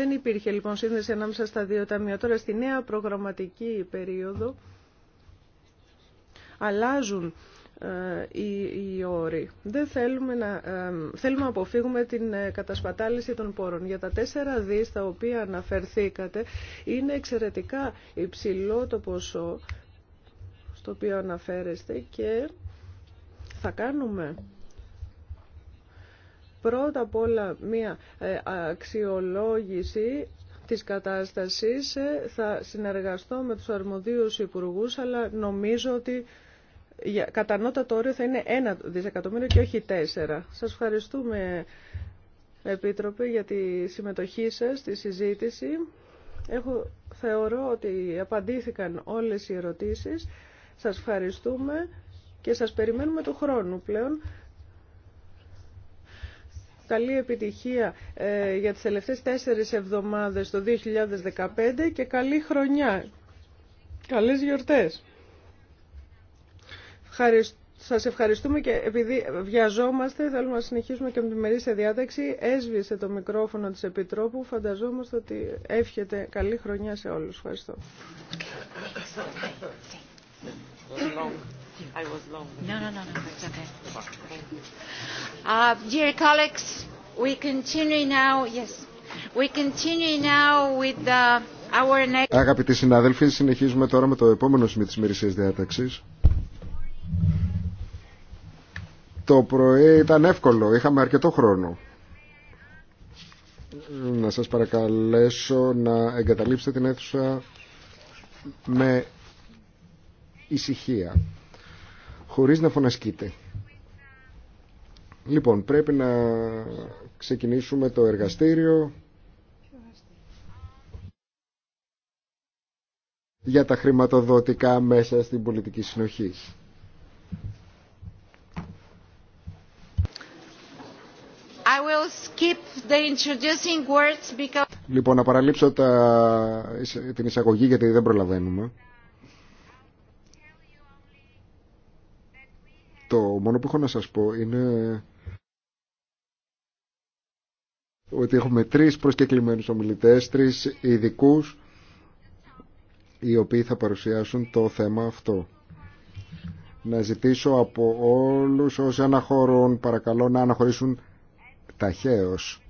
Δεν υπήρχε λοιπόν σύνδεση ανάμεσα στα δύο ταμεία. Τώρα στη νέα προγραμματική περίοδο αλλάζουν ε, οι, οι όροι. Δεν θέλουμε να, ε, θέλουμε να αποφύγουμε την ε, κατασπατάληση των πόρων. Για τα τέσσερα δις τα οποία αναφερθήκατε είναι εξαιρετικά υψηλό το ποσό στο οποίο αναφέρεστε και θα κάνουμε Πρώτα απ' όλα μία ε, αξιολόγηση της κατάστασης. Ε, θα συνεργαστώ με τους αρμοδίους υπουργούς, αλλά νομίζω ότι κατά νότα το όριο θα είναι ένα δισεκατομμύριο και όχι τέσσερα. Σας ευχαριστούμε, Επίτροπε, για τη συμμετοχή σας στη συζήτηση. Έχω, θεωρώ ότι απαντήθηκαν όλες οι ερωτήσεις. Σας ευχαριστούμε και σας περιμένουμε του χρόνου πλέον καλή επιτυχία ε, για τις τελευταίες τέσσερις εβδομάδες το 2015 και καλή χρονιά. Καλές γιορτές. Ευχαριστώ. Σας ευχαριστούμε και επειδή βιαζόμαστε, θέλουμε να συνεχίσουμε και με τη μερίσια διάταξη. Έσβησε το μικρόφωνο της Επιτρόπου. Φανταζόμαστε ότι εύχεται καλή χρονιά σε όλους. Ευχαριστώ. I was long. No, no, no, no, it's okay. Uh, dear colleagues, we continue now. Yes, we continue now with the, uh, our next. Αγαπητοί συνάδελφοι, συνεχίζουμε τώρα με το επόμενο σημείο της μερισίας διάταξης. Το πρωί ήταν εύκολο, είχαμε αρκετό χρόνο. Να σας παρακαλέσω να εγκαταλείψετε την αίθουσα με ησυχία χωρίς να φωνασκείτε. Λοιπόν, πρέπει να ξεκινήσουμε το εργαστήριο για τα χρηματοδοτικά μέσα στην πολιτική συνοχή. Λοιπόν, να παραλείψω τα... την εισαγωγή γιατί δεν προλαβαίνουμε. Το μόνο που έχω να σας πω είναι ότι έχουμε τρεις προσκεκλημένους ομιλητές, τρεις ειδικού οι οποίοι θα παρουσιάσουν το θέμα αυτό. Να ζητήσω από όλους όσοι αναχωρούν, παρακαλώ να αναχωρήσουν ταχαίως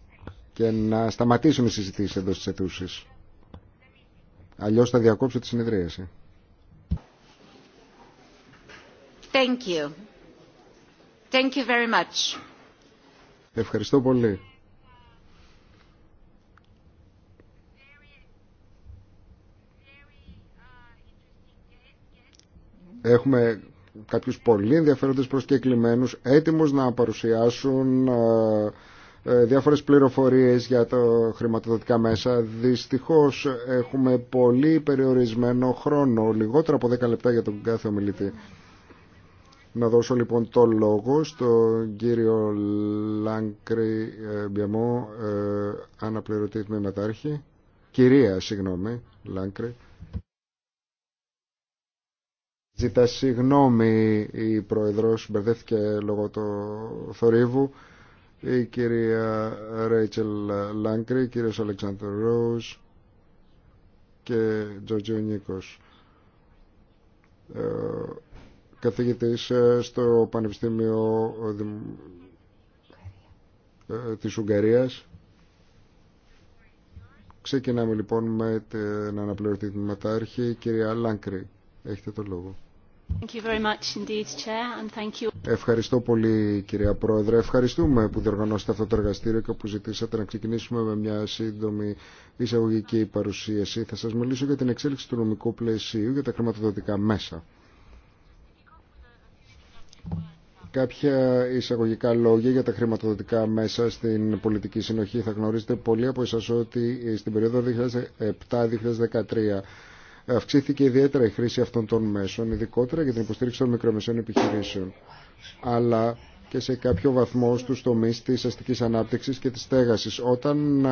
και να σταματήσουν οι συζητήσεις εδώ στις αιθούσεις. Αλλιώς θα διακόψω τη συνεδρίαση. Thank Ευχαριστώ πολύ. Έχουμε κάποιους πολύ ενδιαφέροντες προσκεκλημένους έτοιμους να παρουσιάσουν ε, ε, διάφορες πληροφορίες για τα χρηματοδοτικά μέσα. Δυστυχώς έχουμε πολύ περιορισμένο χρόνο, λιγότερο από 10 λεπτά για τον κάθε ομιλητή. Να δώσω λοιπόν το λόγο στον κύριο Λάγκρη ε, Μπιαμό, ε, αναπληρωτή τμήματάρχη, κυρία συγγνώμη, Λάγκρη. Ζητά συγγνώμη η Πρόεδρος, μπερδεύτηκε λόγω του θορύβου, η κυρία Ρέιτσελ Λάγκρη, κύριος Αλεξάνδρου Ρόους και Τζορτζιονίκος. Νίκος ε, καθηγητής ε, στο Πανεπιστήμιο ε, ε, της Ουγγαρίας. Ξεκινάμε λοιπόν με την αναπληρωτή τμήματάρχη, κυρία Λάνκρη. Έχετε το λόγο. Thank you very much indeed, Chair, and thank you. Ευχαριστώ πολύ κυρία Πρόεδρε. Ευχαριστούμε που διοργανώσατε αυτό το εργαστήριο και που ζητήσατε να ξεκινήσουμε με μια σύντομη εισαγωγική παρουσίαση. Θα σας μιλήσω για την εξέλιξη του νομικού πλαισίου για τα χρηματοδοτικά μέσα κάποια εισαγωγικά λόγια για τα χρηματοδοτικά μέσα στην πολιτική συνοχή. Θα γνωρίζετε πολλοί από εσάς ότι στην περίοδο 2007-2013 αυξήθηκε ιδιαίτερα η χρήση αυτών των μέσων, ειδικότερα για την υποστήριξη των μικρομεσαίων επιχειρήσεων, αλλά και σε κάποιο βαθμό στους τομείς της αστικής ανάπτυξης και της στέγασης. Όταν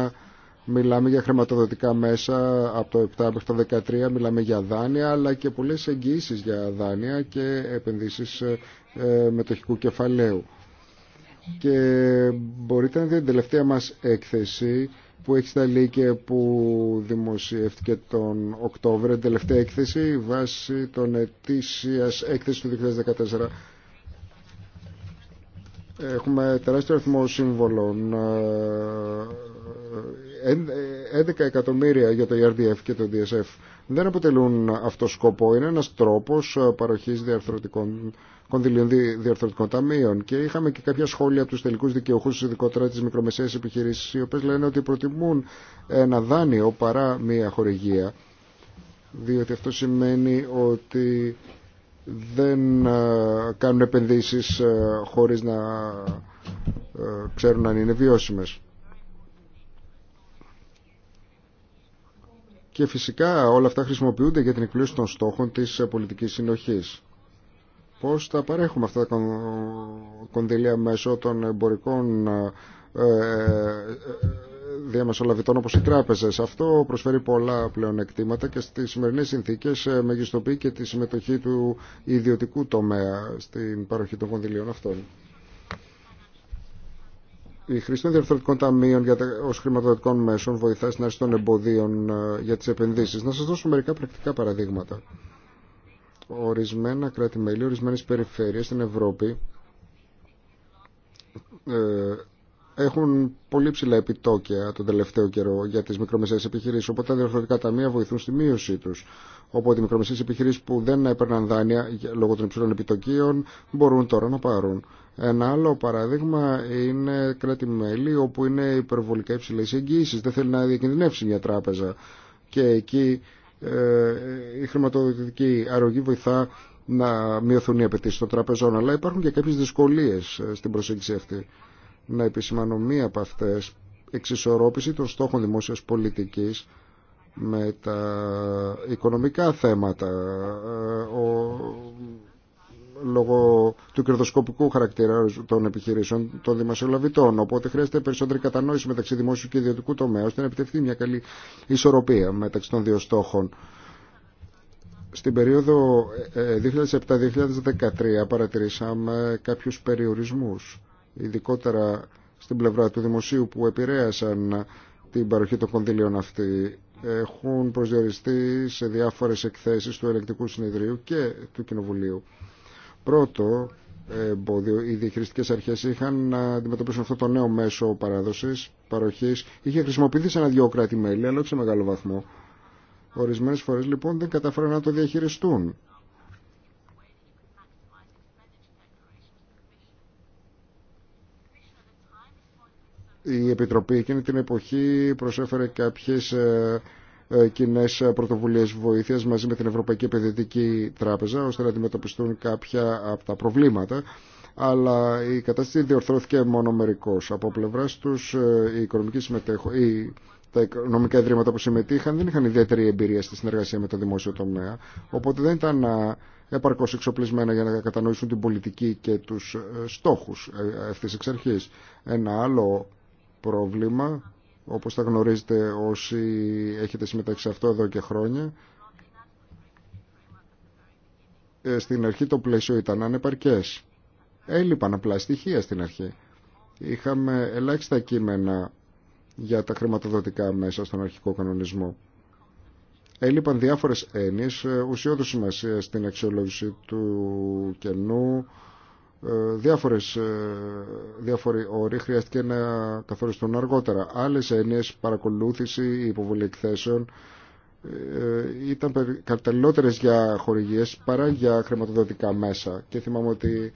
Μιλάμε για χρηματοδοτικά μέσα από το 7 μέχρι το 13, μιλάμε για δάνεια, αλλά και πολλές εγγύησεις για δάνεια και επενδύσεις ε, ε, μετοχικού κεφαλαίου. Και μπορείτε να δείτε την τελευταία μας έκθεση που έχει σταλεί και που δημοσιεύτηκε τον Οκτώβριο, την τελευταία έκθεση βάσει των ετήσιας έκθεση του 2014. Έχουμε τεράστιο αριθμό σύμβολων ε, 11 ε, εκατομμύρια για το ERDF και το DSF δεν αποτελούν αυτό σκοπό. Είναι ένας τρόπος ε, παροχής διαρθρωτικών, κονδυλίων διαρθρωτικών ταμείων. Και είχαμε και κάποια σχόλια από τους τελικούς δικαιοχούς, ειδικότερα τις μικρομεσαίες επιχειρήσεις, οι οποίες λένε ότι προτιμούν ένα δάνειο παρά μία χορηγία. Διότι αυτό σημαίνει ότι δεν ε, κάνουν επενδύσεις χωρίς να ξέρουν αν είναι βιώσιμες. Και φυσικά όλα αυτά χρησιμοποιούνται για την εκπλήρωση των στόχων της πολιτικής συνοχής. Πώς θα παρέχουμε αυτά τα κονδύλια μέσω των εμπορικών ε, ε, διαμεσολαβητών όπως οι τράπεζες. Αυτό προσφέρει πολλά πλεονεκτήματα και στις σημερινές συνθήκες ε, μεγιστοποιεί και τη συμμετοχή του ιδιωτικού τομέα στην παροχή των κονδυλίων αυτών. Η χρήση των διαρθρωτικών ταμείων για, ως χρηματοδοτικών μέσων βοηθά στην άρση των εμποδίων ε, για τις επενδύσεις. Να σας δώσω μερικά πρακτικά παραδείγματα. Ορισμένα κράτη-μέλη, ορισμένες περιφέρειες στην Ευρώπη ε, έχουν πολύ ψηλά επιτόκια τον τελευταίο καιρό για τις μικρομεσαίες επιχειρήσεις, οπότε τα διορθωτικά ταμεία βοηθούν στη μείωσή τους. Οπότε οι μικρομεσαίες επιχειρήσεις που δεν έπαιρναν δάνεια λόγω των υψηλών επιτοκίων μπορούν τώρα να πάρουν. Ένα άλλο παράδειγμα είναι κράτη-μέλη όπου είναι υπερβολικά υψηλέ οι Δεν θέλει να διακινδυνεύσει μια τράπεζα και εκεί ε, η χρηματοδοτική αρρωγή βοηθά να μειωθούν οι απαιτήσει των τραπεζών. Αλλά υπάρχουν και κάποιε δυσκολίε ε, στην προσέγγιση αυτή να επισημανώ μία από αυτές εξισορρόπηση των στόχων δημόσιας πολιτικής με τα οικονομικά θέματα ο, λόγω του κερδοσκοπικού χαρακτήρα των επιχειρήσεων των δημοσιολαβητών. Οπότε χρειάζεται περισσότερη κατανόηση μεταξύ δημόσιου και ιδιωτικού τομέα ώστε να επιτευχθεί μια καλή ισορροπία μεταξύ των δύο στόχων. Στην περίοδο 2007-2013 ε, ε, παρατηρήσαμε κάποιους περιορισμούς ειδικότερα στην πλευρά του δημοσίου που επηρέασαν την παροχή των κονδυλίων αυτή έχουν προσδιοριστεί σε διάφορες εκθέσεις του Ελεκτικού Συνεδρίου και του Κοινοβουλίου. Πρώτο οι διαχειριστικές αρχές είχαν να αντιμετωπίσουν αυτό το νέο μέσο παράδοσης, παροχής. Είχε χρησιμοποιηθεί σε ένα δυο κράτη-μέλη, αλλά όχι σε μεγάλο βαθμό. Ορισμένες φορές λοιπόν δεν καταφέραν να το διαχειριστούν η Επιτροπή εκείνη την εποχή προσέφερε κάποιες ε, ε, κοινέ πρωτοβουλίε βοήθεια μαζί με την Ευρωπαϊκή Επενδυτική Τράπεζα ώστε να αντιμετωπιστούν κάποια από τα προβλήματα. Αλλά η κατάσταση διορθώθηκε μόνο μερικώ. Από πλευρά του, ε, τα οικονομικά ιδρύματα που συμμετείχαν δεν είχαν ιδιαίτερη εμπειρία στη συνεργασία με το δημόσιο τομέα. Οπότε δεν ήταν επαρκώ εξοπλισμένα για να κατανοήσουν την πολιτική και του στόχου αυτή εξ αρχή. Ένα άλλο πρόβλημα, όπως τα γνωρίζετε όσοι έχετε συμμετάξει σε αυτό εδώ και χρόνια. Ε, στην αρχή το πλαίσιο ήταν ανεπαρκές. Έλειπαν απλά στοιχεία στην αρχή. Είχαμε ελάχιστα κείμενα για τα χρηματοδοτικά μέσα στον αρχικό κανονισμό. Έλειπαν διάφορες έννοιες ε, ουσιώδους σημασία στην αξιολόγηση του κενού, ε, διάφορες, ε, διάφοροι όροι χρειάστηκε να καθοριστούν αργότερα. Άλλες έννοιες, παρακολούθηση, υποβολή εκθέσεων ε, ήταν καταλληλότερες για χορηγίες παρά για χρηματοδοτικά μέσα και θυμάμαι ότι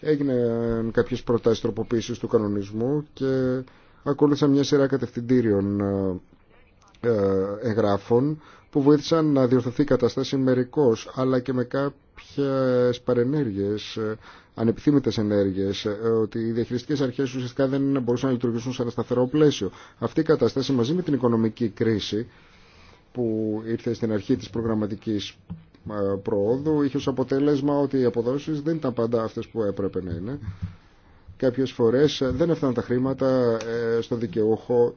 έγιναν κάποιες προτάσεις τροποποίησης του κανονισμού και ακολούθησαν μια σειρά κατευθυντήριων εγγράφων που βοήθησαν να διορθωθεί η κατάσταση μερικώς, αλλά και με κάποιες παρενέργειε, ανεπιθύμητες ενέργειες, ότι οι διαχειριστικέ αρχέ ουσιαστικά δεν μπορούσαν να λειτουργήσουν σε ένα σταθερό πλαίσιο. Αυτή η κατάσταση μαζί με την οικονομική κρίση που ήρθε στην αρχή της προγραμματικής ε, προόδου είχε ω αποτέλεσμα ότι οι αποδόσει δεν ήταν πάντα αυτέ που έπρεπε να είναι. Κάποιες φορές ε, δεν έφταναν τα χρήματα ε, στο δικαιούχο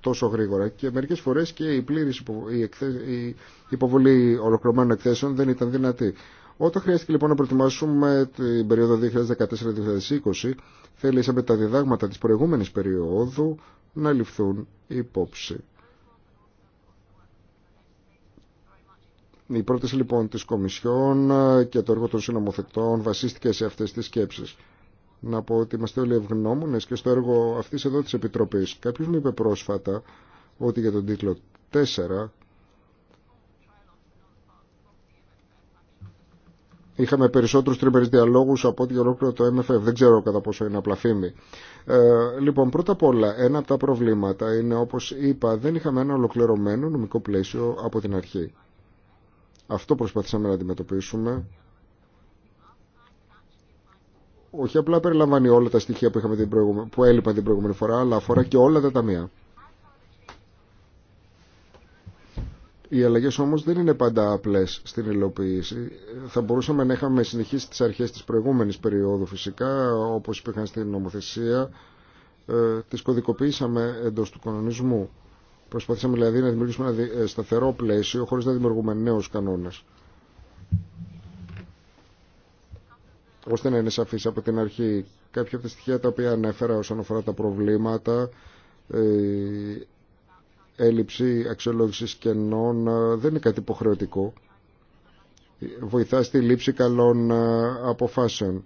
τόσο γρήγορα και μερικές φορές και η πλήρης η υποβολή ολοκληρωμένων εκθέσεων δεν ήταν δυνατή. Όταν χρειάστηκε λοιπόν να προετοιμάσουμε την περίοδο 2014-2020, θέλησαμε τα διδάγματα της προηγούμενης περίοδου να ληφθούν υπόψη. Η πρόταση λοιπόν της Κομισιόν και το έργο των συνομοθετών βασίστηκε σε αυτές τις σκέψεις να πω ότι είμαστε όλοι ευγνώμονε και στο έργο αυτή εδώ τη Επιτροπή. Κάποιο μου είπε πρόσφατα ότι για τον τίτλο 4 Είχαμε περισσότερου τριμερεί διαλόγου από ό,τι ολόκληρο το MFF. Δεν ξέρω κατά πόσο είναι απλά φήμη. Ε, λοιπόν, πρώτα απ' όλα, ένα από τα προβλήματα είναι, όπω είπα, δεν είχαμε ένα ολοκληρωμένο νομικό πλαίσιο από την αρχή. Αυτό προσπαθήσαμε να αντιμετωπίσουμε όχι απλά περιλαμβάνει όλα τα στοιχεία που, την που έλειπαν την προηγούμενη φορά, αλλά αφορά και όλα τα ταμεία. Οι αλλαγέ όμω δεν είναι πάντα απλέ στην υλοποίηση. Θα μπορούσαμε να είχαμε συνεχίσει τι αρχέ τη προηγούμενη περίοδου φυσικά, όπω υπήρχαν στην νομοθεσία. Ε, τι κωδικοποιήσαμε εντό του κανονισμού. Προσπαθήσαμε δηλαδή να δημιουργήσουμε ένα ε, σταθερό πλαίσιο χωρί να δημιουργούμε νέου κανόνε. ώστε να είναι σαφής από την αρχή. Κάποια από τα στοιχεία τα οποία ανέφερα όσον αφορά τα προβλήματα, ε, έλλειψη αξιολόγησης κενών ε, δεν είναι κάτι υποχρεωτικό. Βοηθά στη λήψη καλών ε, αποφάσεων.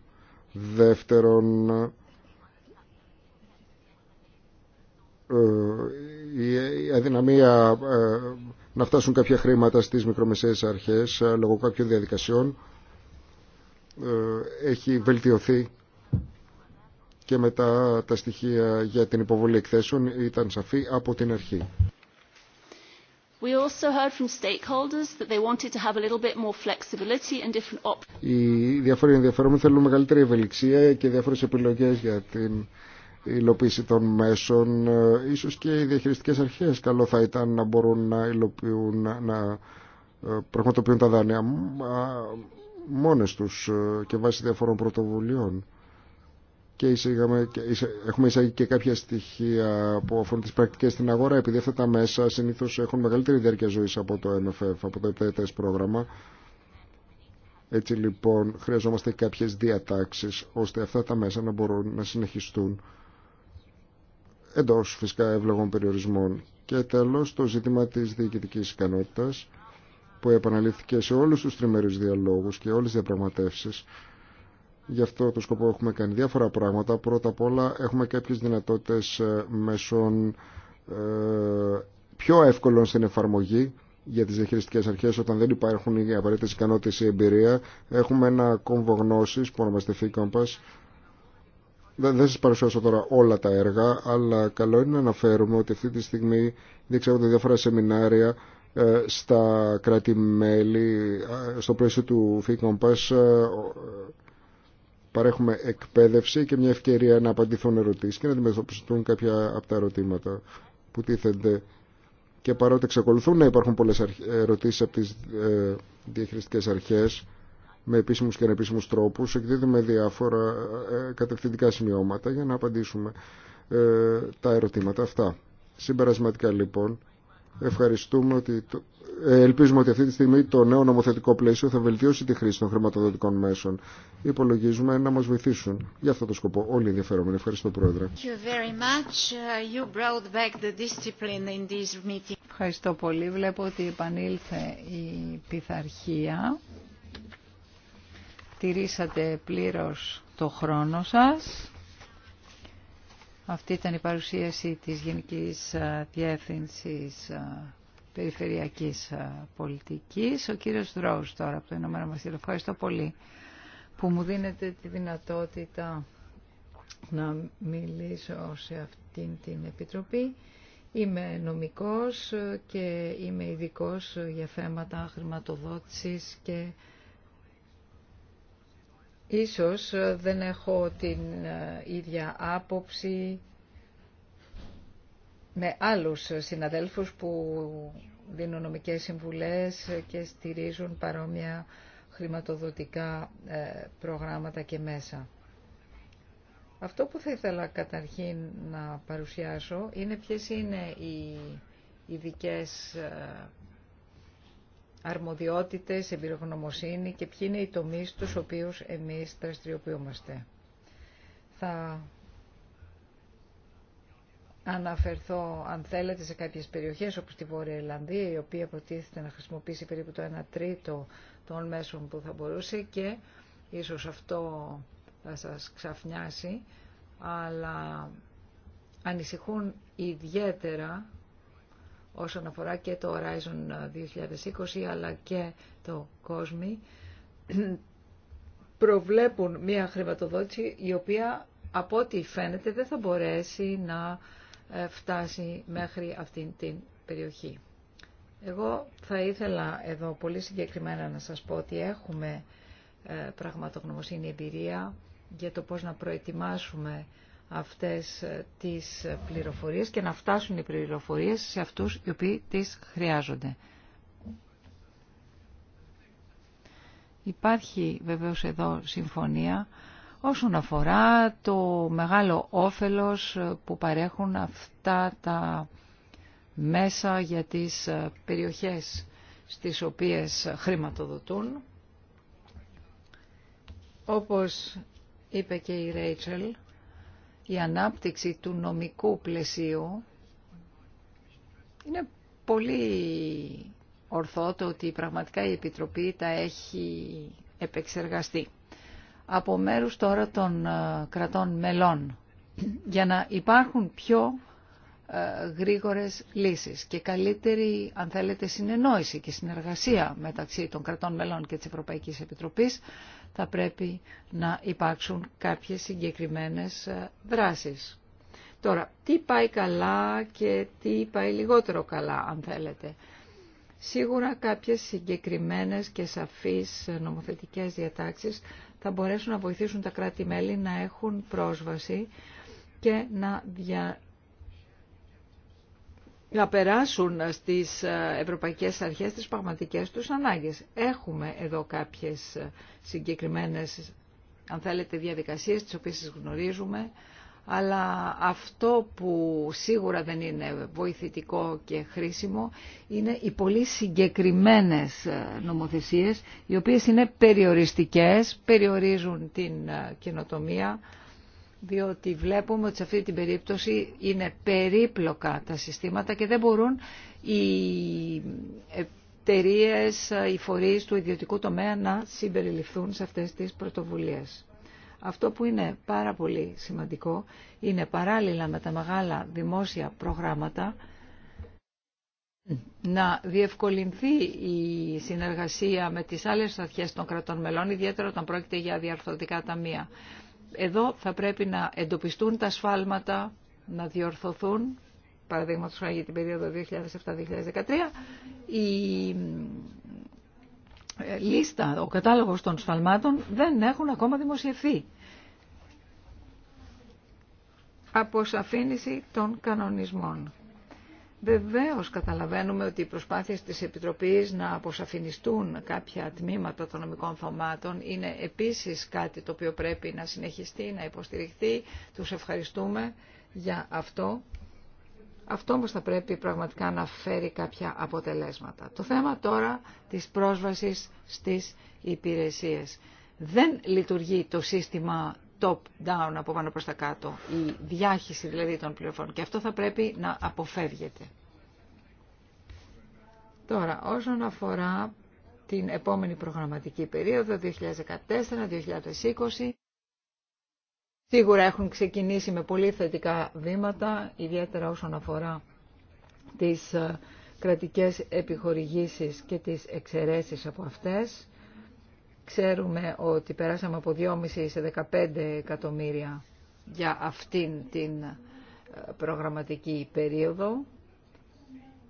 Δεύτερον, η αδυναμία να φτάσουν κάποια χρήματα στις μικρομεσαίες αρχές λόγω κάποιων διαδικασιών ε, έχει βελτιωθεί και μετά τα στοιχεία για την υποβολή εκθέσεων ήταν σαφή από την αρχή. Οι διάφοροι ενδιαφερόμενοι θέλουν μεγαλύτερη ευελιξία και διάφορες επιλογές για την υλοποίηση των μέσων. Ε, ίσως και οι διαχειριστικές αρχές καλό θα ήταν να μπορούν να υλοποιούν, να ε, πραγματοποιούν τα δάνεια μόνες τους ε, και βάσει διαφορών πρωτοβουλειών και εισήγαμε, έχουμε εισάγει και κάποια στοιχεία που αφορούν τις πρακτικές στην αγορά επειδή αυτά τα μέσα συνήθως έχουν μεγαλύτερη διάρκεια ζωής από το MFF, από το ΕΤΕΤΕΣ πρόγραμμα έτσι λοιπόν χρειαζόμαστε κάποιες διατάξεις ώστε αυτά τα μέσα να μπορούν να συνεχιστούν εντός φυσικά ευλογών περιορισμών και τέλος το ζήτημα της διοικητικής ικανότητας που επαναλήφθηκε σε όλους τους τριμερείς διαλόγους και όλες τις διαπραγματεύσεις. Γι' αυτό το σκοπό έχουμε κάνει διάφορα πράγματα. Πρώτα απ' όλα έχουμε κάποιες δυνατότητες ε, μέσων ε, πιο εύκολων στην εφαρμογή για τις διαχειριστικές αρχές όταν δεν υπάρχουν οι απαραίτητες ικανότητες ή εμπειρία. Έχουμε ένα κόμβο γνώσης που ονομαστε FICOMPAS. Δεν, δεν σας παρουσιάσω τώρα όλα τα έργα, αλλά καλό είναι να αναφέρουμε ότι αυτή τη στιγμή διεξάγονται διάφορα σεμινάρια ε, στα κράτη-μέλη. Ε, στο πλαίσιο του ΦΙΚΟΜΠΑΣ ε, παρέχουμε εκπαίδευση και μια ευκαιρία να απαντηθούν ερωτήσεις και να αντιμετωπιστούν κάποια από τα ερωτήματα που τίθενται. Και παρότι εξακολουθούν να υπάρχουν πολλές ερωτήσεις από τις διαχειριστικές αρχές, με επίσημους και ανεπίσημους τρόπους, εκδίδουμε διάφορα κατευθυντικά σημειώματα για να απαντήσουμε τα ερωτήματα αυτά. Συμπερασματικά λοιπόν, Ευχαριστούμε ότι ε, ελπίζουμε ότι αυτή τη στιγμή το νέο νομοθετικό πλαίσιο θα βελτιώσει τη χρήση των χρηματοδοτικών μέσων. Υπολογίζουμε να μας βοηθήσουν για αυτό το σκοπό όλοι οι ενδιαφερόμενοι. Ευχαριστώ Πρόεδρε. Uh, Ευχαριστώ πολύ. Βλέπω ότι επανήλθε η πειθαρχία. Τηρήσατε πλήρως το χρόνο σας. Αυτή ήταν η παρουσίαση της Γενικής ε, Διεύθυνσης ε, Περιφερειακής ε, Πολιτικής. Ο κύριος Δρόους τώρα από το Ηνωμένο Βασίλειο. Ευχαριστώ πολύ που μου δίνετε τη δυνατότητα να μιλήσω σε αυτήν την Επιτροπή. Είμαι νομικός και είμαι ειδικό για θέματα χρηματοδότησης και Ίσως ε, δεν έχω την ε, ίδια άποψη με άλλους συναδέλφους που δίνουν νομικές συμβουλές και στηρίζουν παρόμοια χρηματοδοτικά ε, προγράμματα και μέσα. Αυτό που θα ήθελα καταρχήν να παρουσιάσω είναι ποιες είναι οι ειδικέ αρμοδιότητες, εμπειρογνωμοσύνη και ποιοι είναι οι τομείς στους οποίους εμείς δραστηριοποιούμαστε. Θα αναφερθώ, αν θέλετε, σε κάποιες περιοχές όπως τη Βόρεια Ιρλανδία, η οποία προτίθεται να χρησιμοποιήσει περίπου το 1 τρίτο των μέσων που θα μπορούσε και ίσως αυτό θα σας ξαφνιάσει, αλλά ανησυχούν ιδιαίτερα όσον αφορά και το Horizon 2020 αλλά και το COSME προβλέπουν μια χρηματοδότηση η οποία από ό,τι φαίνεται δεν θα μπορέσει να ε, φτάσει μέχρι αυτήν την περιοχή. Εγώ θα ήθελα εδώ πολύ συγκεκριμένα να σας πω ότι έχουμε ε, πραγματογνωμοσύνη εμπειρία για το πώς να προετοιμάσουμε αυτές τις πληροφορίες και να φτάσουν οι πληροφορίες σε αυτούς οι οποίοι τις χρειάζονται. Υπάρχει βεβαίως εδώ συμφωνία όσον αφορά το μεγάλο όφελος που παρέχουν αυτά τα μέσα για τις περιοχές στις οποίες χρηματοδοτούν. Όπως είπε και η Ρέιτσελ, η ανάπτυξη του νομικού πλαισίου είναι πολύ ορθό το ότι πραγματικά η Επιτροπή τα έχει επεξεργαστεί. Από μέρους τώρα των ε, κρατών μελών για να υπάρχουν πιο ε, γρήγορες λύσεις και καλύτερη, αν θέλετε, συνεννόηση και συνεργασία μεταξύ των κρατών μελών και της Ευρωπαϊκής Επιτροπής, θα πρέπει να υπάρξουν κάποιες συγκεκριμένες ε, δράσεις. Τώρα, τι πάει καλά και τι πάει λιγότερο καλά, αν θέλετε. Σίγουρα κάποιες συγκεκριμένες και σαφείς ε, νομοθετικές διατάξεις θα μπορέσουν να βοηθήσουν τα κράτη-μέλη να έχουν πρόσβαση και να δια να περάσουν στις ε, ευρωπαϊκές αρχές τις πραγματικές τους ανάγκες. Έχουμε εδώ κάποιες ε, συγκεκριμένες, αν θέλετε, διαδικασίες τις οποίες γνωρίζουμε, αλλά αυτό που σίγουρα δεν είναι βοηθητικό και χρήσιμο είναι οι πολύ συγκεκριμένες ε, νομοθεσίες, οι οποίες είναι περιοριστικές, περιορίζουν την καινοτομία, διότι βλέπουμε ότι σε αυτή την περίπτωση είναι περίπλοκα τα συστήματα και δεν μπορούν οι εταιρείε, οι φορείς του ιδιωτικού τομέα να συμπεριληφθούν σε αυτές τις πρωτοβουλίες. Αυτό που είναι πάρα πολύ σημαντικό είναι παράλληλα με τα μεγάλα δημόσια προγράμματα να διευκολυνθεί η συνεργασία με τις άλλες αρχές των κρατών μελών, ιδιαίτερα όταν πρόκειται για διαρθρωτικά ταμεία. Εδώ θα πρέπει να εντοπιστούν τα σφάλματα, να διορθωθούν, παραδείγματος για την περίοδο 2007-2013, η ε, λίστα, ο κατάλογος των σφαλμάτων δεν έχουν ακόμα δημοσιευθεί. Αποσαφήνιση των κανονισμών. Βεβαίω καταλαβαίνουμε ότι οι προσπάθειες της Επιτροπής να αποσαφινιστούν κάποια τμήματα των νομικών θωμάτων είναι επίσης κάτι το οποίο πρέπει να συνεχιστεί, να υποστηριχθεί. Τους ευχαριστούμε για αυτό. Αυτό όμως θα πρέπει πραγματικά να φέρει κάποια αποτελέσματα. Το θέμα τώρα της πρόσβασης στις υπηρεσίες. Δεν λειτουργεί το σύστημα top-down, από πάνω προς τα κάτω, η διάχυση δηλαδή των πληροφοριών. Και αυτό θα πρέπει να αποφεύγεται. Τώρα, όσον αφορά την επόμενη προγραμματική περίοδο, 2014-2020, σίγουρα έχουν ξεκινήσει με πολύ θετικά βήματα, ιδιαίτερα όσον αφορά τις ε, κρατικές επιχορηγήσεις και τις εξαιρέσεις από αυτές. Ξέρουμε ότι περάσαμε από 2,5 σε 15 εκατομμύρια για αυτήν την ε, προγραμματική περίοδο.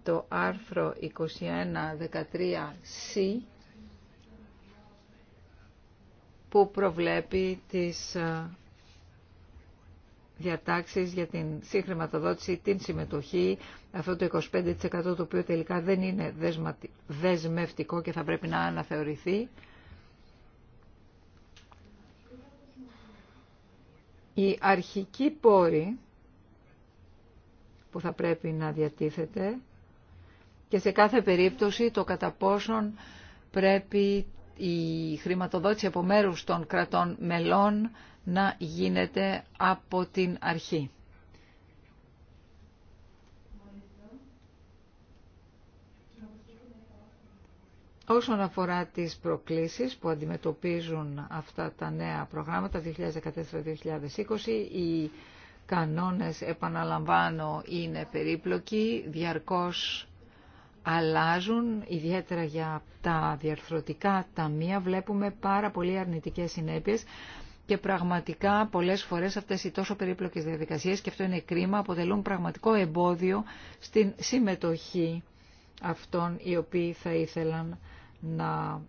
Το άρθρο 21.13c που προβλέπει τις ε, διατάξεις για την συγχρηματοδότηση, την συμμετοχή, αυτό το 25% το οποίο τελικά δεν είναι δεσμευτικό και θα πρέπει να αναθεωρηθεί. Η αρχική πόροι που θα πρέπει να διατίθεται και σε κάθε περίπτωση το κατά πόσον πρέπει η χρηματοδότηση από μέρους των κρατών μελών να γίνεται από την αρχή. Όσον αφορά τις προκλήσεις που αντιμετωπίζουν αυτά τα νέα προγράμματα 2014-2020, οι κανόνες, επαναλαμβάνω, είναι περίπλοκοι, διαρκώς αλλάζουν, ιδιαίτερα για τα διαρθρωτικά ταμεία βλέπουμε πάρα πολύ αρνητικές συνέπειες και πραγματικά πολλές φορές αυτές οι τόσο περίπλοκες διαδικασίες και αυτό είναι κρίμα αποτελούν πραγματικό εμπόδιο στην συμμετοχή αυτών οι οποίοι θα ήθελαν να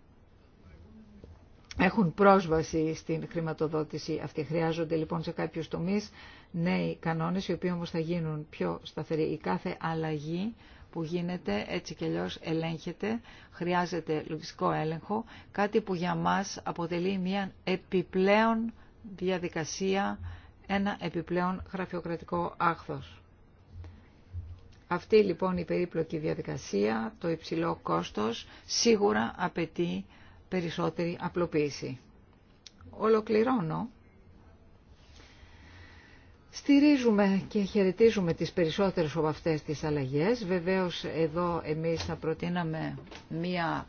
έχουν πρόσβαση στην χρηματοδότηση αυτή. Χρειάζονται λοιπόν σε κάποιους τομείς νέοι κανόνες, οι οποίοι όμως θα γίνουν πιο σταθεροί. Η κάθε αλλαγή που γίνεται έτσι κι αλλιώ ελέγχεται, χρειάζεται λογιστικό έλεγχο, κάτι που για μας αποτελεί μια επιπλέον διαδικασία, ένα επιπλέον γραφειοκρατικό άχθος. Αυτή λοιπόν η περίπλοκη διαδικασία, το υψηλό κόστος, σίγουρα απαιτεί περισσότερη απλοποίηση. Ολοκληρώνω. Στηρίζουμε και χαιρετίζουμε τις περισσότερες από αυτές τις αλλαγές. Βεβαίως εδώ εμείς θα προτείναμε μία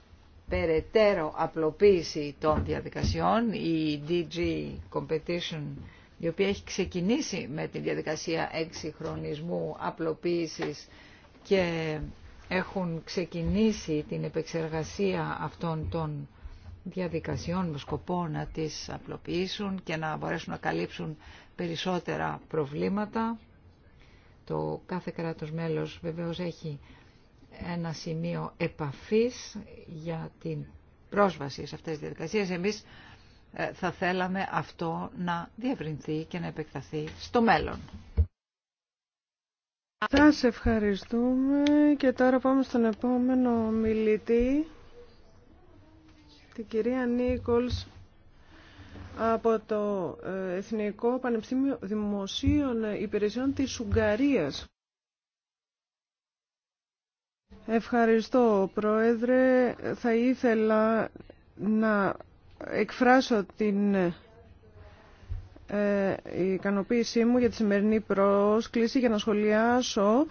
περαιτέρω απλοποίηση των διαδικασιών. Η DG Competition η οποία έχει ξεκινήσει με τη διαδικασία εξυγχρονισμού, απλοποίησης και έχουν ξεκινήσει την επεξεργασία αυτών των διαδικασιών με σκοπό να τις απλοποιήσουν και να μπορέσουν να καλύψουν περισσότερα προβλήματα. Το κάθε κράτος μέλος βεβαίως έχει ένα σημείο επαφής για την πρόσβαση σε αυτές τις διαδικασίες. Εμείς ε, θα θέλαμε αυτό να διευρυνθεί και να επεκταθεί στο μέλλον. σε ευχαριστούμε και τώρα πάμε στον επόμενο μιλητή, την κυρία Νίκολς από το ε, Εθνικό Πανεπιστήμιο Δημοσίων Υπηρεσιών της Ουγγαρίας. Ευχαριστώ, Πρόεδρε. Θα ήθελα να εκφράσω την η ε, ικανοποίησή μου για τη σημερινή πρόσκληση για να σχολιάσω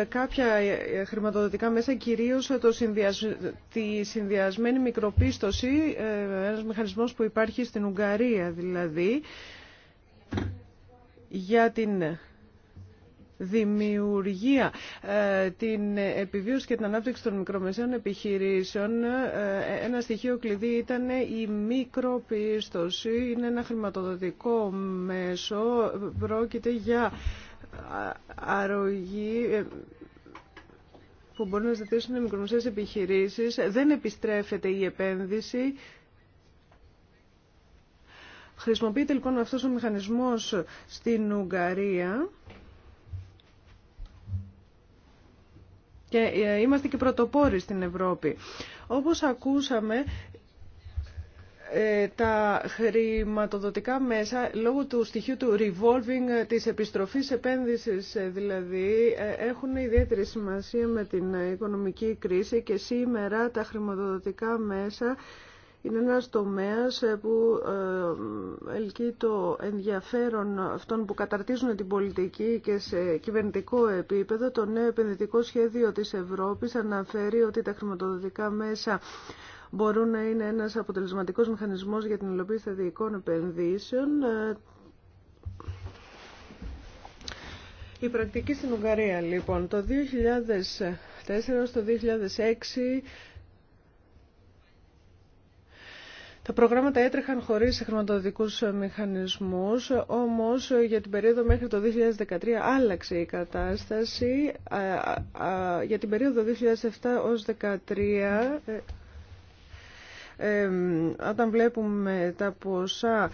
ε, κάποια ε, χρηματοδοτικά μέσα, κυρίως το τη συνδυασμένη μικροπίστωση, ένας μηχανισμός που υπάρχει στην Ουγγαρία δηλαδή, για την δημιουργία, ε, την επιβίωση και την ανάπτυξη των μικρομεσαίων επιχειρήσεων, ε, ένα στοιχείο κλειδί ήταν η μικροπίστωση. Είναι ένα χρηματοδοτικό μέσο. Πρόκειται για αρρωγή ε, που μπορεί να ζητήσουν οι μικρομεσαίες επιχειρήσεις. Δεν επιστρέφεται η επένδυση. Χρησιμοποιείται λοιπόν αυτός ο μηχανισμός στην Ουγγαρία. και ε, είμαστε και πρωτοπόροι στην Ευρώπη. Όπως ακούσαμε, ε, τα χρηματοδοτικά μέσα λόγω του στοιχείου του revolving ε, της επιστροφής επένδυσης δηλαδή έχουν ιδιαίτερη σημασία με την οικονομική κρίση και σήμερα τα χρηματοδοτικά μέσα είναι ένας τομέας ε, που ε, ελκύει το ενδιαφέρον αυτών που καταρτίζουν την πολιτική και σε κυβερνητικό επίπεδο. Το νέο επενδυτικό σχέδιο της Ευρώπης αναφέρει ότι τα χρηματοδοτικά μέσα μπορούν να είναι ένας αποτελεσματικός μηχανισμός για την υλοποίηση σταδιακών επενδύσεων. Η πρακτική στην Ουγγαρία, λοιπόν, το 2004 στο 2006 Τα προγράμματα έτρεχαν χωρίς χρηματοδοτικούς μηχανισμούς, όμως για την περίοδο μέχρι το 2013 άλλαξε η κατάσταση. Για την περίοδο 2007 2013 ε, όταν βλέπουμε τα ποσά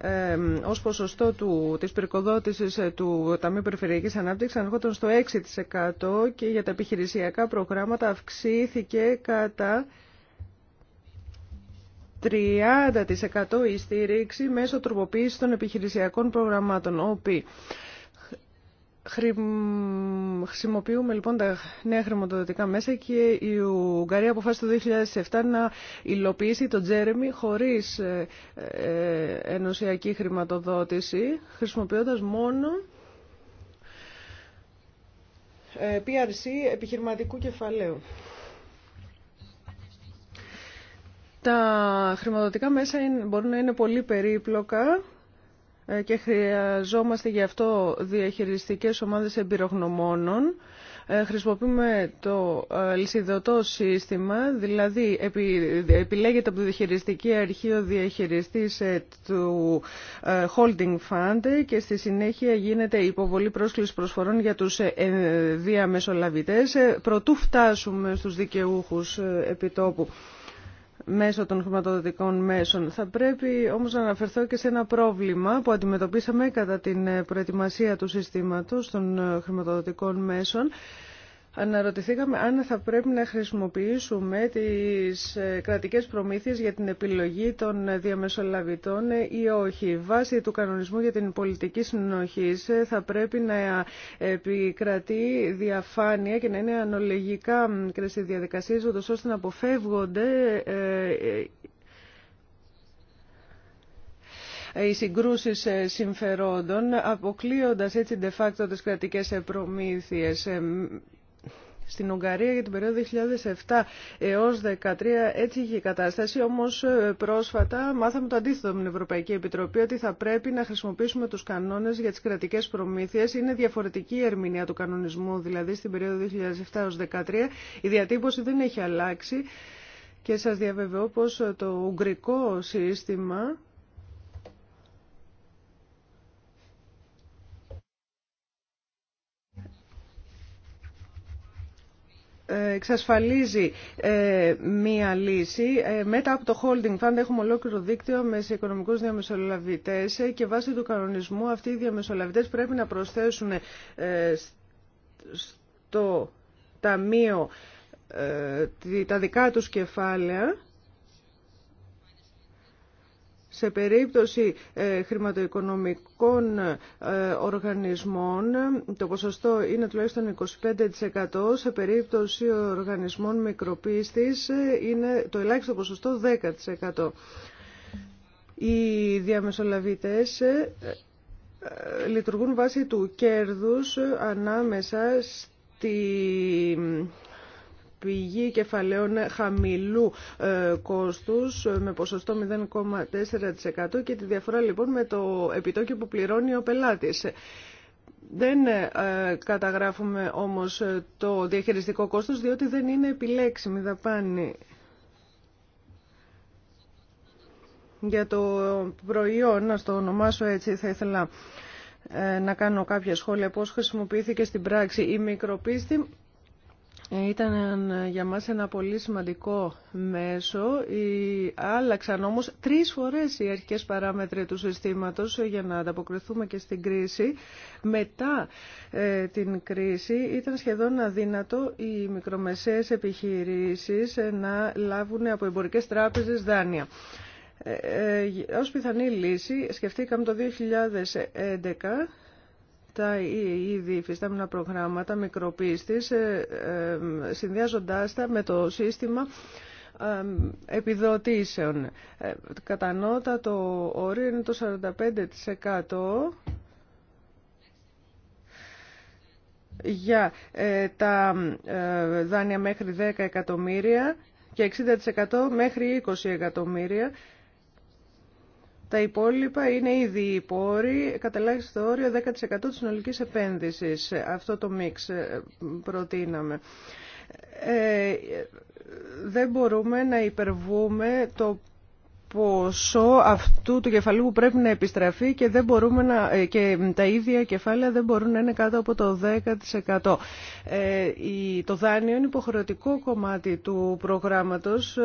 ε, ως ποσοστό του, της περικοδότησης ε, του Ταμείου Περιφερειακής Ανάπτυξης ανερχόταν στο 6% και για τα επιχειρησιακά προγράμματα αυξήθηκε κατά 30% η στήριξη μέσω τροποποίηση των επιχειρησιακών προγραμμάτων, όπου Χρησιμοποιούμε λοιπόν τα νέα χρηματοδοτικά μέσα και η Ουγγαρία αποφάσισε το 2007 να υλοποιήσει το Τζέρεμι χωρίς ε, ε, ενωσιακή χρηματοδότηση, χρησιμοποιώντας μόνο ε, PRC επιχειρηματικού κεφαλαίου. Τα χρηματοδοτικά μέσα μπορούν να είναι πολύ περίπλοκα ε, και χρειαζόμαστε γι' αυτό διαχειριστικές ομάδες εμπειρογνωμόνων. Ε, χρησιμοποιούμε το ε, λυσιδωτό σύστημα, δηλαδή επιλέγεται από το διαχειριστική αρχή ο διαχειριστής του holding fund και στη συνέχεια γίνεται υποβολή πρόσκλησης προσφορών για τους διαμεσολαβητές. Προτού φτάσουμε στους δικαιούχους επιτόπου μέσω των χρηματοδοτικών μέσων. Θα πρέπει όμως να αναφερθώ και σε ένα πρόβλημα που αντιμετωπίσαμε κατά την προετοιμασία του συστήματος των ε, χρηματοδοτικών μέσων αναρωτηθήκαμε αν θα πρέπει να χρησιμοποιήσουμε τις ε, κρατικές προμήθειες για την επιλογή των διαμεσολαβητών ή όχι. Βάσει του κανονισμού για την πολιτική συνοχή ε, θα πρέπει να επικρατεί διαφάνεια και να είναι ανολογικά οι διαδικασίες ώστε να αποφεύγονται ε, οι συγκρούσει συμφερόντων, αποκλείοντας έτσι de facto τις κρατικές προμήθειες στην Ουγγαρία για την περίοδο 2007 έως 2013 έτσι είχε η κατάσταση, όμως ε, πρόσφατα μάθαμε το αντίθετο με την Ευρωπαϊκή Επιτροπή ότι θα πρέπει να χρησιμοποιήσουμε τους κανόνες για τις κρατικές προμήθειες. Είναι διαφορετική η ερμηνεία του κανονισμού, δηλαδή στην περίοδο 2007 έως 2013 η διατύπωση δεν έχει αλλάξει και σας διαβεβαιώ πως το ουγγρικό σύστημα εξασφαλίζει ε, μία λύση. Ε, μετά από το holding fund έχουμε ολόκληρο δίκτυο με σε οικονομικούς διαμεσολαβητές και βάσει του κανονισμού αυτοί οι διαμεσολαβητές πρέπει να προσθέσουν ε, στο ταμείο τα δικά τους κεφάλαια σε περίπτωση ε, χρηματοοικονομικών ε, οργανισμών το ποσοστό είναι τουλάχιστον 25%. Σε περίπτωση οργανισμών μικροπίστης ε, είναι το ελάχιστο ποσοστό 10%. Οι διαμεσολαβητές λειτουργούν βάσει του κέρδους ανάμεσα στη πηγή κεφαλαίων χαμηλού ε, κόστους ε, με ποσοστό 0,4% και τη διαφορά λοιπόν με το επιτόκιο που πληρώνει ο πελάτης. Δεν ε, καταγράφουμε όμως το διαχειριστικό κόστος διότι δεν είναι επιλέξιμη δαπάνη. Για το προϊόν, να το ονομάσω έτσι, θα ήθελα να κάνω κάποια σχόλια πώς χρησιμοποιήθηκε στην πράξη η μικροπίστη ήταν ε, για μας ένα πολύ σημαντικό μέσο. Άλλαξαν όμως τρεις φορές οι αρχικές παράμετροι του συστήματος για να ανταποκριθούμε και στην κρίση. Μετά ε, την κρίση ήταν σχεδόν αδύνατο οι μικρομεσαίες επιχειρήσεις ε, να λάβουν από εμπορικές τράπεζες δάνεια. Ως πιθανή λύση σκεφτήκαμε το 2011 τα ήδη υφιστάμενα προγράμματα μικροπίστης ε, ε, συνδυάζοντάς τα με το σύστημα ε, επιδοτήσεων. Κατανότα το όριο είναι το 45% για τα δάνεια μέχρι 10 εκατομμύρια και 60% μέχρι 20 εκατομμύρια τα υπόλοιπα είναι ήδη οι πόροι, το όριο 10% της συνολικής επένδυσης. Αυτό το μίξ ε, προτείναμε. Ε, δεν μπορούμε να υπερβούμε το ποσό αυτού του κεφαλού που πρέπει να επιστραφεί και, δεν μπορούμε να, ε, και τα ίδια κεφάλαια δεν μπορούν να είναι κάτω από το 10%. το δάνειο είναι υποχρεωτικό κομμάτι του προγράμματος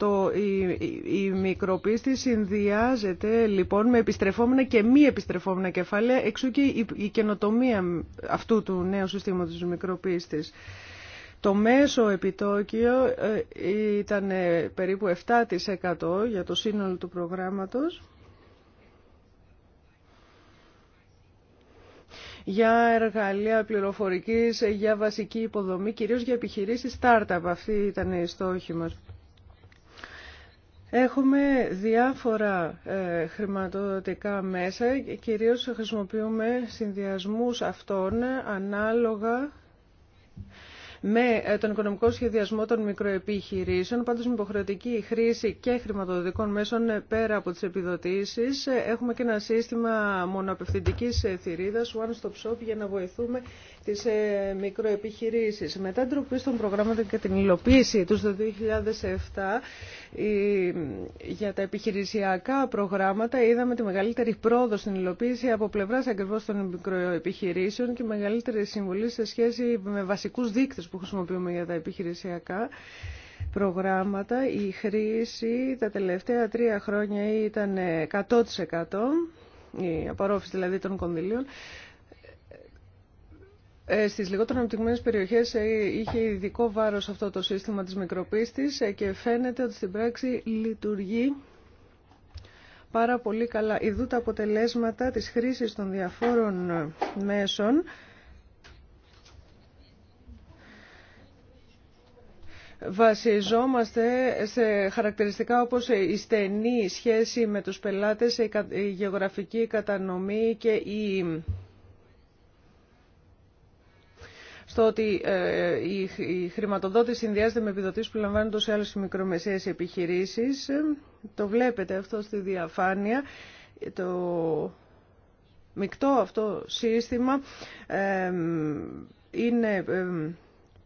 το, η, η, μικροπίστη συνδυάζεται λοιπόν με επιστρεφόμενα και μη επιστρεφόμενα κεφάλαια, εξού και η, η καινοτομία αυτού του νέου συστήματος της μικροπίστης. Το μέσο επιτόκιο ε, ήταν ε, περίπου 7% για το σύνολο του προγράμματος. για εργαλεία πληροφορικής, για βασική υποδομή, κυρίως για επιχειρήσεις startup. Αυτή ήταν η στόχη μας. Έχουμε διάφορα ε, χρηματοδοτικά μέσα και κυρίως χρησιμοποιούμε συνδυασμούς αυτών ανάλογα με ε, τον οικονομικό σχεδιασμό των μικροεπιχειρήσεων. Πάντως με υποχρεωτική χρήση και χρηματοδοτικών μέσων ε, πέρα από τις επιδοτήσεις. Ε, έχουμε και ένα σύστημα μονοαπευθυντικής θηρίδας, One Stop Shop, για να βοηθούμε τις μικροεπιχειρήσεις. Μετά την τροπή των προγράμματων και την υλοποίησή του το 2007 για τα επιχειρησιακά προγράμματα είδαμε τη μεγαλύτερη πρόοδο στην υλοποίηση από πλευράς ακριβώ των μικροεπιχειρήσεων και μεγαλύτερη συμβολή σε σχέση με βασικούς δείκτες που χρησιμοποιούμε για τα επιχειρησιακά προγράμματα. Η χρήση τα τελευταία τρία χρόνια ήταν 100%, ε, η απορρόφηση δηλαδή των κονδυλίων. Ε, στις λιγότερο αναπτυγμένες περιοχές ε, είχε ειδικό βάρος αυτό το σύστημα της μικροπίστης και φαίνεται ότι στην πράξη λειτουργεί πάρα πολύ καλά. Ιδού τα αποτελέσματα της χρήσης των διαφόρων μέσων βασιζόμαστε σε χαρακτηριστικά όπως η στενή σχέση με τους πελάτες, η γεωγραφική κατανομή και η στο ότι ε, η χρηματοδότηση συνδυάζεται με επιδοτήσεις που λαμβάνουν σε άλλες μικρομεσαίες επιχειρήσεις. Το βλέπετε αυτό στη διαφάνεια. Το μεικτό αυτό σύστημα είναι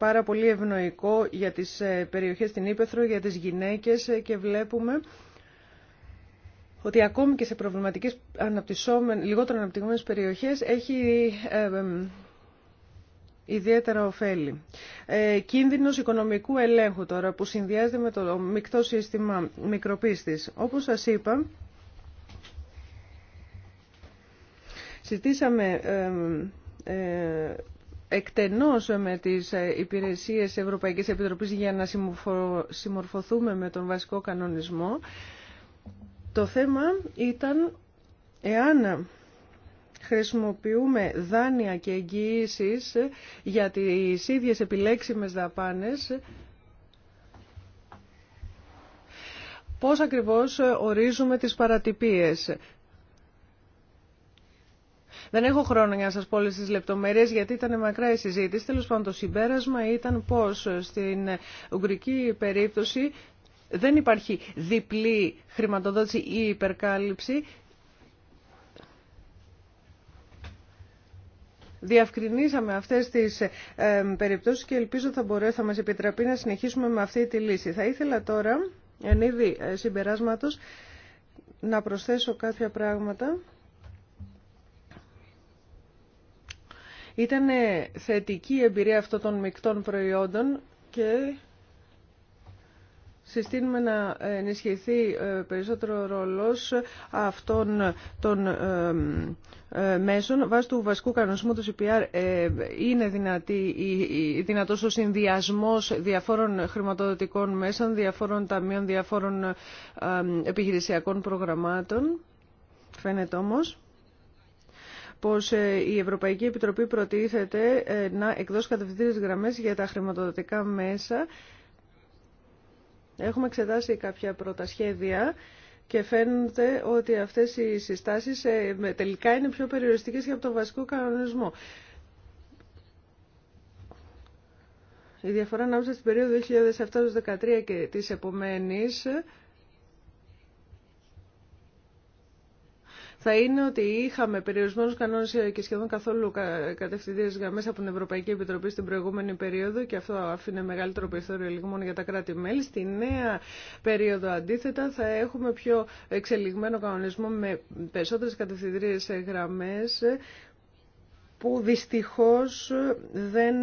πάρα πολύ ευνοϊκό για τις ε, περιοχές στην Ήπεθρο, για τις γυναίκες ε, και βλέπουμε ότι ακόμη και σε προβληματικές λιγότερο αναπτυγμένες περιοχές έχει ε, ιδιαίτερα ωφέλη. Ε, κίνδυνος οικονομικού ελέγχου τώρα που συνδυάζεται με το μεικτό σύστημα μικροπίστης. Όπως σας είπα, συζητήσαμε ε, ε, εκτενώς με τις ε, υπηρεσίες Ευρωπαϊκής Επιτροπής για να συμμορφωθούμε με τον βασικό κανονισμό. Το θέμα ήταν εάν χρησιμοποιούμε δάνεια και εγγυήσει για τις ίδιες επιλέξιμες δαπάνες, πώς ακριβώς ορίζουμε τις παρατυπίες. Δεν έχω χρόνο για να σας πω όλες τις λεπτομέρειες γιατί ήταν μακρά η συζήτηση. Τέλος πάντων το συμπέρασμα ήταν πως ε, στην ε, Ουγγρική περίπτωση δεν υπάρχει διπλή χρηματοδότηση ή υπερκάλυψη. Διαυκρινίσαμε αυτές τις ε, περιπτώσεις και ελπίζω θα, μπορέ, θα μας επιτραπεί να συνεχίσουμε με αυτή τη λύση. Θα ήθελα τώρα, εν είδη συμπεράσματος, να προσθέσω κάποια πράγματα. Ήταν ε, θετική η εμπειρία αυτών των μεικτών προϊόντων και συστήνουμε να ενισχυθεί ε, περισσότερο ρόλος αυτών των ε, μέσων. Βάσει του βασικού κανονισμού του CPR είναι δυνατή, δυνατός ο συνδυασμός διαφόρων χρηματοδοτικών μέσων, διαφόρων ταμείων, διαφόρων επιχειρησιακών προγραμμάτων. Φαίνεται όμως πως ε, η Ευρωπαϊκή Επιτροπή προτίθεται ε, να εκδώσει κατευθυντήριες γραμμές για τα χρηματοδοτικά μέσα. Έχουμε εξετάσει κάποια πρώτα σχέδια και φαίνεται ότι αυτές οι συστάσεις ε, τελικά είναι πιο περιοριστικές και από τον βασικό κανονισμό. Η διαφορά ανάμεσα στην περίοδο 2007-2013 και της επομένης θα είναι ότι είχαμε περιορισμένου κανόνε και σχεδόν καθόλου κατευθυντήρε γραμμέ από την Ευρωπαϊκή Επιτροπή στην προηγούμενη περίοδο και αυτό αφήνε μεγαλύτερο περιθώριο λιγμών για τα κράτη-μέλη. Στη νέα περίοδο, αντίθετα, θα έχουμε πιο εξελιγμένο κανονισμό με περισσότερε κατευθυντήριε γραμμέ που δυστυχώς δεν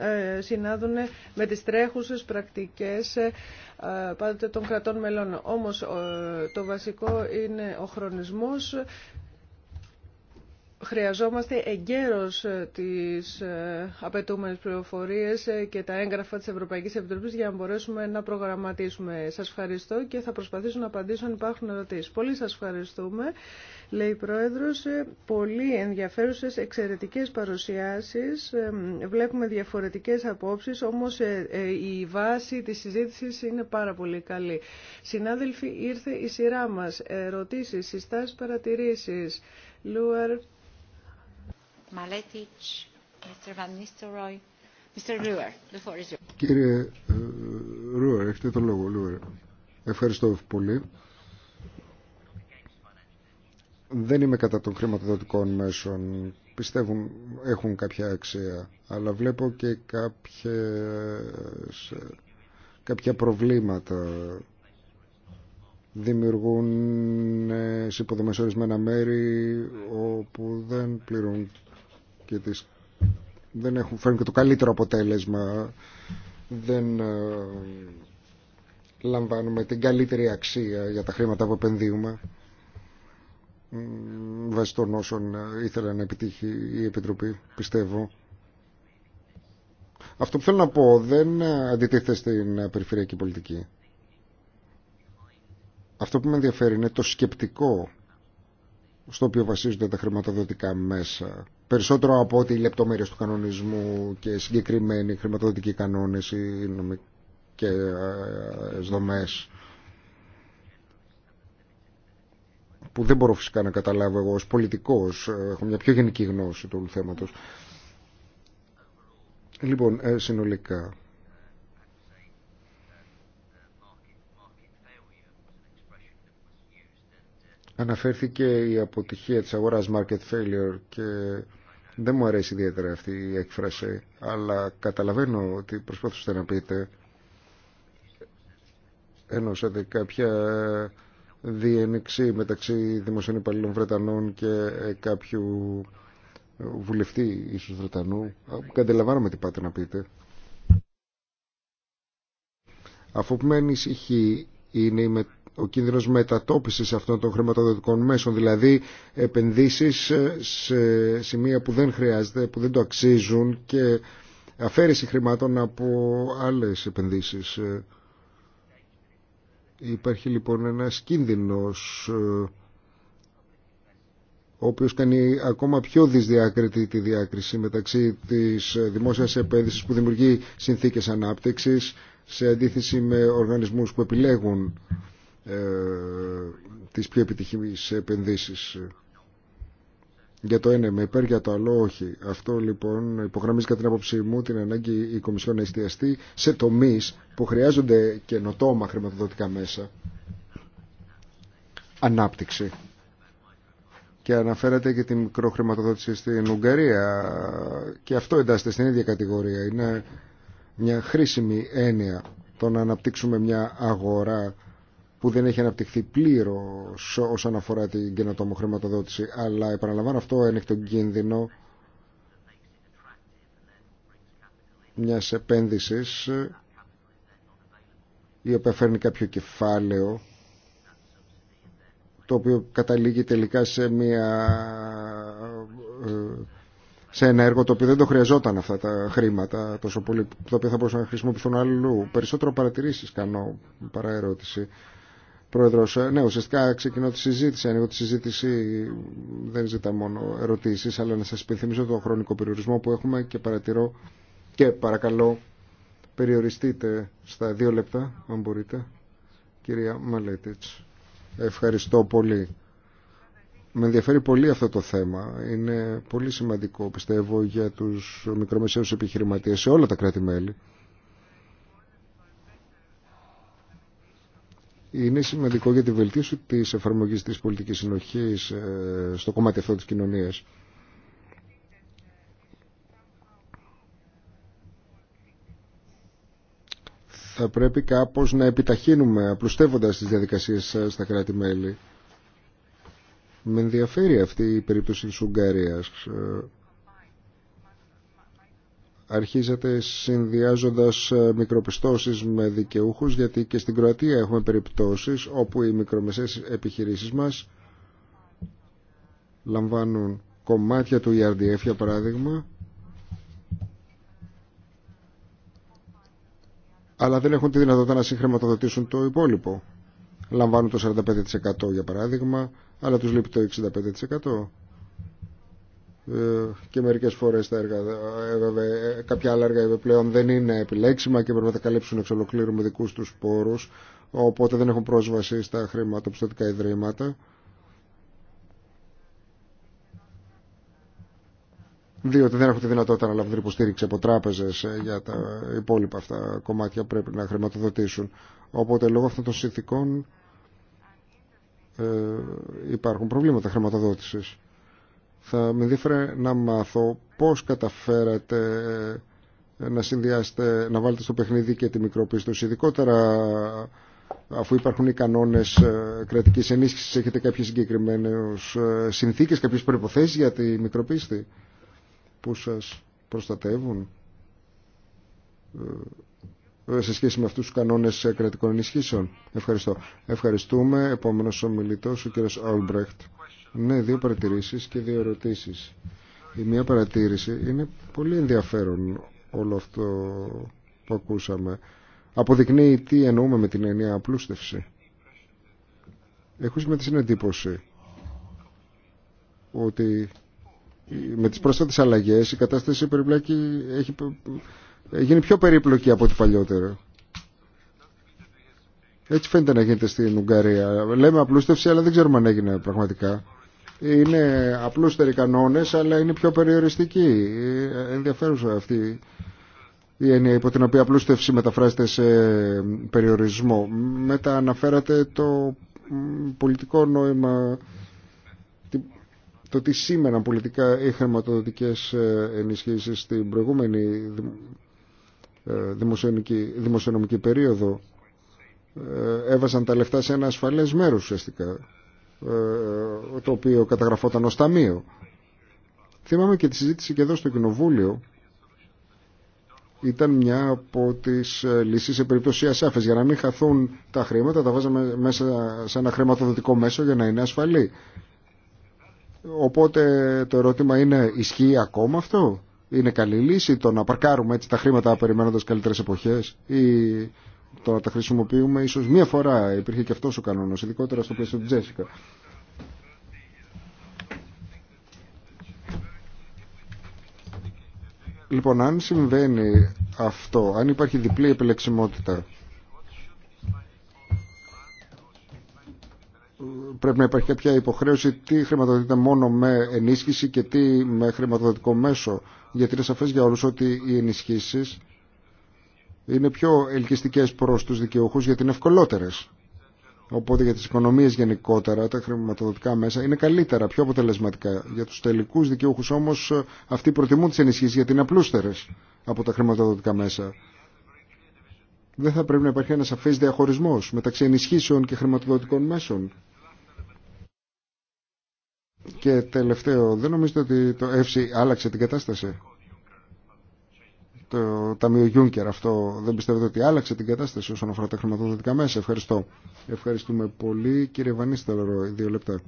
ε, συνάδουν με τις τρέχουσες πρακτικές ε, πάντοτε των κρατών μελών. Όμως ε, το βασικό είναι ο χρονισμός Χρειαζόμαστε εγκαίρως ε, τις ε, απαιτούμενες πληροφορίες ε, και τα έγγραφα της Ευρωπαϊκής Επιτροπής για να μπορέσουμε να προγραμματίσουμε. Σας ευχαριστώ και θα προσπαθήσω να απαντήσω αν υπάρχουν ερωτήσεις. Πολύ σας ευχαριστούμε, λέει η Πρόεδρος. Πολύ ενδιαφέρουσες, εξαιρετικές παρουσιάσεις. Βλέπουμε διαφορετικές απόψεις, όμως η βάση της συζήτησης είναι πάρα πολύ καλή. Συνάδελφοι, ήρθε η σειρά μας. Ερωτήσεις, συστάσεις, παρατηρήσεις. Λουαρ, Κύριε Ρούερ, έχετε τον λόγο, Ευχαριστώ πολύ. Δεν είμαι κατά των χρηματοδοτικών μέσων. Πιστεύουν έχουν κάποια αξία, αλλά βλέπω και ε, κάποια προβλήματα δημιουργούν ε, σε υποδομές ορισμένα μέρη όπου δεν πληρούν και τις... δεν έχουν, φέρει και το καλύτερο αποτέλεσμα. Δεν ε, λαμβάνουμε την καλύτερη αξία για τα χρήματα που επενδύουμε βάσει των όσων ε, να επιτύχει η Επιτροπή, πιστεύω. Αυτό που θέλω να πω δεν ε, αντιτίθεται στην περιφερειακή πολιτική. Αυτό που με ενδιαφέρει είναι το σκεπτικό στο οποίο βασίζονται τα χρηματοδοτικά μέσα. Περισσότερο από ότι οι λεπτομέρειε του κανονισμού και συγκεκριμένοι χρηματοδοτικοί κανόνες ή νομικέ δομέ. που δεν μπορώ φυσικά να καταλάβω εγώ ως πολιτικός, έχω μια πιο γενική γνώση του θέματος. Λοιπόν, ε, συνολικά, Αναφέρθηκε η αποτυχία της αγοράς market failure και δεν μου αρέσει ιδιαίτερα αυτή η έκφραση, αλλά καταλαβαίνω ότι προσπαθούσατε να πείτε. Ενώσατε κάποια διένεξη μεταξύ δημοσίων υπαλλήλων Βρετανών και ε, κάποιου βουλευτή ίσως Βρετανού. Καταλαβαίνουμε τι πάτε να πείτε. Αφού που με ανησυχεί είναι η ο κίνδυνος μετατόπισης αυτών των χρηματοδοτικών μέσων, δηλαδή επενδύσεις ε, σε σημεία που δεν χρειάζεται, που δεν το αξίζουν και αφαίρεση χρημάτων από άλλες επενδύσεις. Ε, υπάρχει λοιπόν ένας κίνδυνος ε, ο οποίος κάνει ακόμα πιο δυσδιάκριτη τη διάκριση μεταξύ της δημόσιας επένδυσης που δημιουργεί συνθήκες ανάπτυξης σε αντίθεση με οργανισμούς που επιλέγουν ε, τις πιο επιτυχημένες επενδύσεις. Για το ένα με υπέρ, για το άλλο όχι. Αυτό λοιπόν υπογραμμίζει κατά την άποψή μου την ανάγκη η Κομισιόν να εστιαστεί σε τομεί που χρειάζονται καινοτόμα χρηματοδοτικά μέσα. Ανάπτυξη. Και αναφέρατε και την μικροχρηματοδότηση στην Ουγγαρία. Και αυτό εντάσσεται στην ίδια κατηγορία. Είναι μια χρήσιμη έννοια το να αναπτύξουμε μια αγορά που δεν έχει αναπτυχθεί πλήρω όσον αφορά την καινοτόμο χρηματοδότηση. Αλλά επαναλαμβάνω αυτό είναι κίνδυνο μια επένδυση η οποία φέρνει κάποιο κεφάλαιο το οποίο καταλήγει τελικά σε, μια, ε, σε ένα έργο το οποίο δεν το χρειαζόταν αυτά τα χρήματα τόσο πολύ, το οποίο θα μπορούσαν να χρησιμοποιηθούν αλλού. Περισσότερο παρατηρήσεις κάνω παρά ερώτηση. Πρόεδρος, ε, ναι, ουσιαστικά ξεκινώ τη συζήτηση. Ανοίγω τη συζήτηση, δεν ζητά μόνο ερωτήσεις, αλλά να σας υπενθυμίσω το χρονικό περιορισμό που έχουμε και παρατηρώ και παρακαλώ περιοριστείτε στα δύο λεπτά, αν μπορείτε. Κυρία Μαλέτιτς, ευχαριστώ πολύ. Με ενδιαφέρει πολύ αυτό το θέμα. Είναι πολύ σημαντικό, πιστεύω, για τους μικρομεσαίους επιχειρηματίες σε όλα τα κράτη-μέλη. είναι σημαντικό για τη βελτίωση της εφαρμογής της πολιτικής συνοχής ε, στο κομμάτι αυτό τη κοινωνίας. Θα πρέπει κάπως να επιταχύνουμε, απλουστεύοντας τις διαδικασίες ε, στα κράτη-μέλη. Με ενδιαφέρει αυτή η περίπτωση της Ουγγαρίας. Ε, αρχίζεται συνδυάζοντας ε, μικροπιστώσεις με δικαιούχους γιατί και στην Κροατία έχουμε περιπτώσεις όπου οι μικρομεσαίες επιχειρήσεις μας λαμβάνουν κομμάτια του ERDF για παράδειγμα αλλά δεν έχουν τη δυνατότητα να συγχρηματοδοτήσουν το υπόλοιπο. Λαμβάνουν το 45% για παράδειγμα, αλλά τους λείπει το 65%. Ε, και μερικές φορές τα έργα, ε, ε, κάποια άλλα έργα πλέον δεν είναι επιλέξιμα και πρέπει να τα καλύψουν εξ ολοκλήρου με δικούς τους πόρους οπότε δεν έχουν πρόσβαση στα χρηματοπιστωτικά ιδρύματα. διότι δεν έχουν τη δυνατότητα να λάβουν υποστήριξη από τράπεζε για τα υπόλοιπα αυτά κομμάτια πρέπει να χρηματοδοτήσουν. Οπότε λόγω αυτών των συνθηκών ε, υπάρχουν προβλήματα χρηματοδότησης. Θα με ενδιαφέρε να μάθω πώς καταφέρατε ε, να συνδυάσετε, να βάλετε στο παιχνίδι και τη μικροπίστωση, ειδικότερα αφού υπάρχουν οι κανόνες ε, κρατικής ενίσχυσης, έχετε κάποιες συγκεκριμένες ε, συνθήκες, κάποιες προϋποθέσεις για τη μικροπίστη που σας προστατεύουν σε σχέση με αυτούς τους κανόνες κρατικών ενισχύσεων. Ευχαριστώ. Ευχαριστούμε. Επόμενος ομιλητός, ο κύριος Αουλμπρέχτ. Ναι, δύο παρατηρήσεις και δύο ερωτήσεις. Η μία παρατήρηση είναι πολύ ενδιαφέρον όλο αυτό που ακούσαμε. Αποδεικνύει τι εννοούμε με την έννοια απλούστευση. Έχω με την εντύπωση ότι με τις πρόσφατες αλλαγές η κατάσταση περιπλάκη έχει γίνει πιο περίπλοκη από ό,τι παλιότερα. Έτσι φαίνεται να γίνεται στην Ουγγαρία. Λέμε απλούστευση, αλλά δεν ξέρουμε αν έγινε πραγματικά είναι απλούστεροι κανόνες αλλά είναι πιο περιοριστικοί. Ε, ενδιαφέρουσα αυτή η έννοια υπό την οποία απλούστευση μεταφράζεται σε περιορισμό. Μετά αναφέρατε το πολιτικό νόημα, το τι σήμαιναν πολιτικά οι χρηματοδοτικές ε, ενισχύσεις στην προηγούμενη ε, δημοσιονομική περίοδο. Έβαζαν τα λεφτά σε ένα ασφαλές μέρος ουσιαστικά ε, το οποίο καταγραφόταν ως ταμείο. Θυμάμαι και τη συζήτηση και εδώ στο Κοινοβούλιο ήταν μια από τις ε, λύσεις σε περίπτωση ασάφες. Για να μην χαθούν τα χρήματα τα βάζαμε μέσα σε ένα χρηματοδοτικό μέσο για να είναι ασφαλή. Οπότε το ερώτημα είναι ισχύει ακόμα αυτό. Είναι καλή λύση το να παρκάρουμε έτσι τα χρήματα περιμένοντας καλύτερες εποχές ή Τώρα τα χρησιμοποιούμε ίσως μία φορά. Υπήρχε και αυτός ο κανόνας, ειδικότερα στο πλαίσιο του Τζέσικα. Λοιπόν, αν συμβαίνει αυτό, αν υπάρχει διπλή επιλεξιμότητα, πρέπει να υπάρχει κάποια υποχρέωση τι χρηματοδοτείται μόνο με ενίσχυση και τι με χρηματοδοτικό μέσο. Γιατί είναι σαφές για όλους ότι οι ενισχύσεις είναι πιο ελκυστικές προς τους δικαιούχους γιατί είναι ευκολότερες. Οπότε για τις οικονομίες γενικότερα τα χρηματοδοτικά μέσα είναι καλύτερα, πιο αποτελεσματικά. Για τους τελικούς δικαιούχους όμως αυτοί προτιμούν τις ενισχύσεις γιατί είναι απλούστερες από τα χρηματοδοτικά μέσα. Δεν θα πρέπει να υπάρχει ένα σαφής διαχωρισμός μεταξύ ενισχύσεων και χρηματοδοτικών μέσων. Και τελευταίο, δεν νομίζετε ότι το ΕΦΣΙ άλλαξε την κατάσταση το Ταμείο Γιούνκερ. Αυτό δεν πιστεύετε ότι άλλαξε την κατάσταση όσον αφορά τα χρηματοδοτικά μέσα. Ευχαριστώ. Ευχαριστούμε πολύ. Κύριε Βανίσταλρο, δύο λεπτά.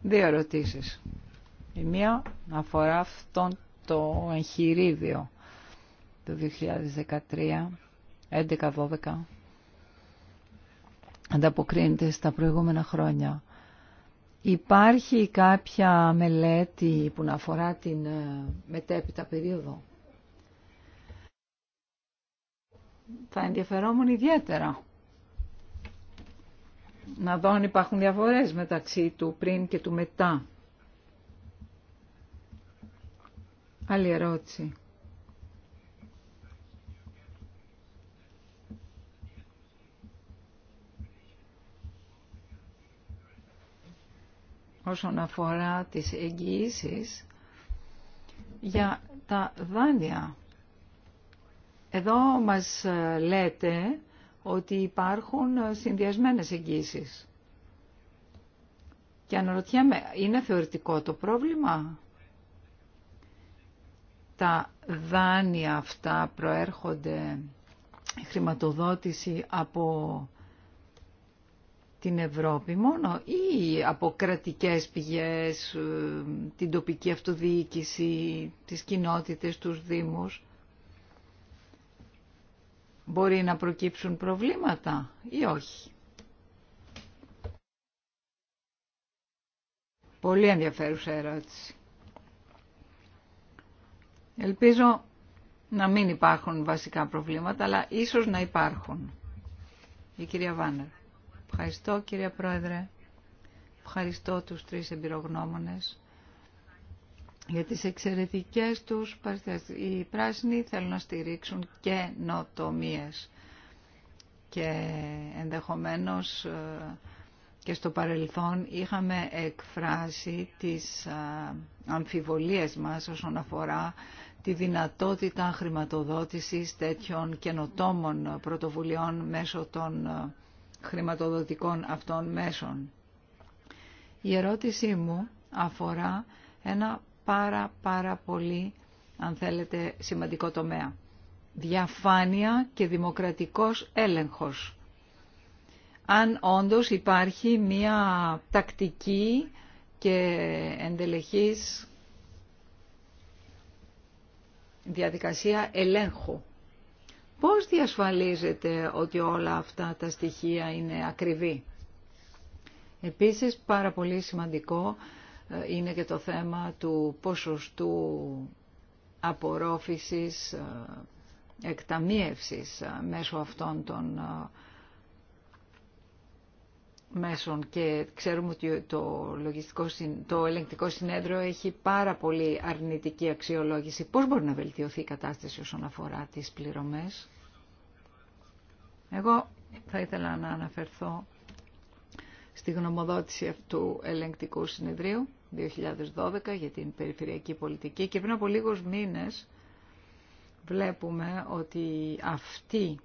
Δύο ερωτήσει. Η μία αφορά αυτό το εγχειρίδιο του 2013, 11-12, ανταποκρίνεται στα προηγούμενα χρόνια. Υπάρχει κάποια μελέτη που να αφορά την ε, μετέπειτα περίοδο. Θα ενδιαφερόμουν ιδιαίτερα να δω αν υπάρχουν διαφορές μεταξύ του πριν και του μετά. Άλλη ερώτηση. όσον αφορά τις εγγυήσει για τα δάνεια. Εδώ μας ε, λέτε ότι υπάρχουν ε, συνδυασμένες εγγύησει. Και αναρωτιέμαι, είναι θεωρητικό το πρόβλημα. Τα δάνεια αυτά προέρχονται χρηματοδότηση από την Ευρώπη μόνο ή από κρατικές πηγές, ε, την τοπική αυτοδιοίκηση, τις κοινότητες, τους δήμους. Μπορεί να προκύψουν προβλήματα ή όχι. Πολύ ενδιαφέρουσα ερώτηση. Ελπίζω να μην υπάρχουν βασικά προβλήματα, αλλά ίσως να υπάρχουν. Η κυρία Βάνερ. Ευχαριστώ κύριε Πρόεδρε. Ευχαριστώ τους τρεις εμπειρογνώμονες για τις εξαιρετικές τους παρουσιάσεις. Οι πράσινοι θέλουν να στηρίξουν και νοτομίες και ενδεχομένως ε, και στο παρελθόν είχαμε εκφράσει τις ε, αμφιβολίες μας όσον αφορά τη δυνατότητα χρηματοδότησης τέτοιων καινοτόμων πρωτοβουλειών μέσω των ε, χρηματοδοτικών αυτών μέσων. Η ερώτησή μου αφορά ένα πάρα πάρα πολύ, αν θέλετε, σημαντικό τομέα. Διαφάνεια και δημοκρατικός έλεγχος. Αν όντως υπάρχει μία τακτική και εντελεχής διαδικασία ελέγχου Πώς διασφαλίζετε ότι όλα αυτά τα στοιχεία είναι ακριβή. Επίσης πάρα πολύ σημαντικό ε, είναι και το θέμα του ποσοστού απορρόφησης ε, εκταμίευσης ε, μέσω αυτών των μέσων και ξέρουμε ότι το, λογιστικό, το ελεγκτικό συνέδριο έχει πάρα πολύ αρνητική αξιολόγηση. Πώς μπορεί να βελτιωθεί η κατάσταση όσον αφορά τις πληρωμές. Εγώ θα ήθελα να αναφερθώ στη γνωμοδότηση αυτού ελεγκτικού συνεδρίου 2012 για την περιφερειακή πολιτική και πριν από λίγους μήνες βλέπουμε ότι αυτή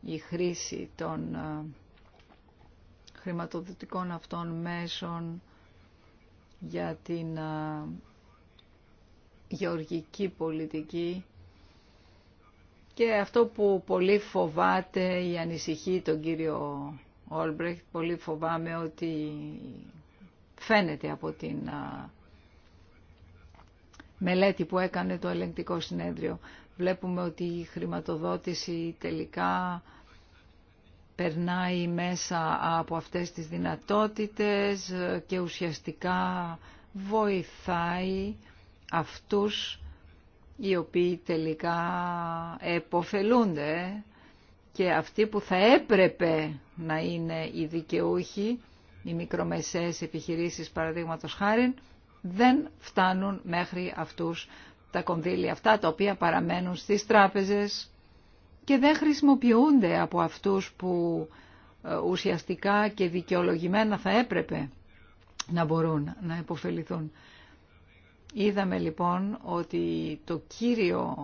η χρήση των ε, χρηματοδοτικών αυτών μέσων για την ε, γεωργική πολιτική και αυτό που πολύ φοβάται ή ανησυχεί τον κύριο Όλμπρεχτ, πολύ φοβάμαι ότι φαίνεται από την μελέτη που έκανε το ελεγκτικό συνέδριο. Βλέπουμε ότι η χρηματοδότηση τελικά περνάει μέσα από αυτές τις δυνατότητες και ουσιαστικά βοηθάει αυτούς οι οποίοι τελικά εποφελούνται και αυτοί που θα έπρεπε να είναι οι δικαιούχοι, οι μικρομεσαίες επιχειρήσεις παραδείγματος χάριν, δεν φτάνουν μέχρι αυτούς τα κονδύλια αυτά τα οποία παραμένουν στις τράπεζες και δεν χρησιμοποιούνται από αυτούς που ε, ουσιαστικά και δικαιολογημένα θα έπρεπε να μπορούν να υποφεληθούν. Είδαμε λοιπόν ότι το κύριο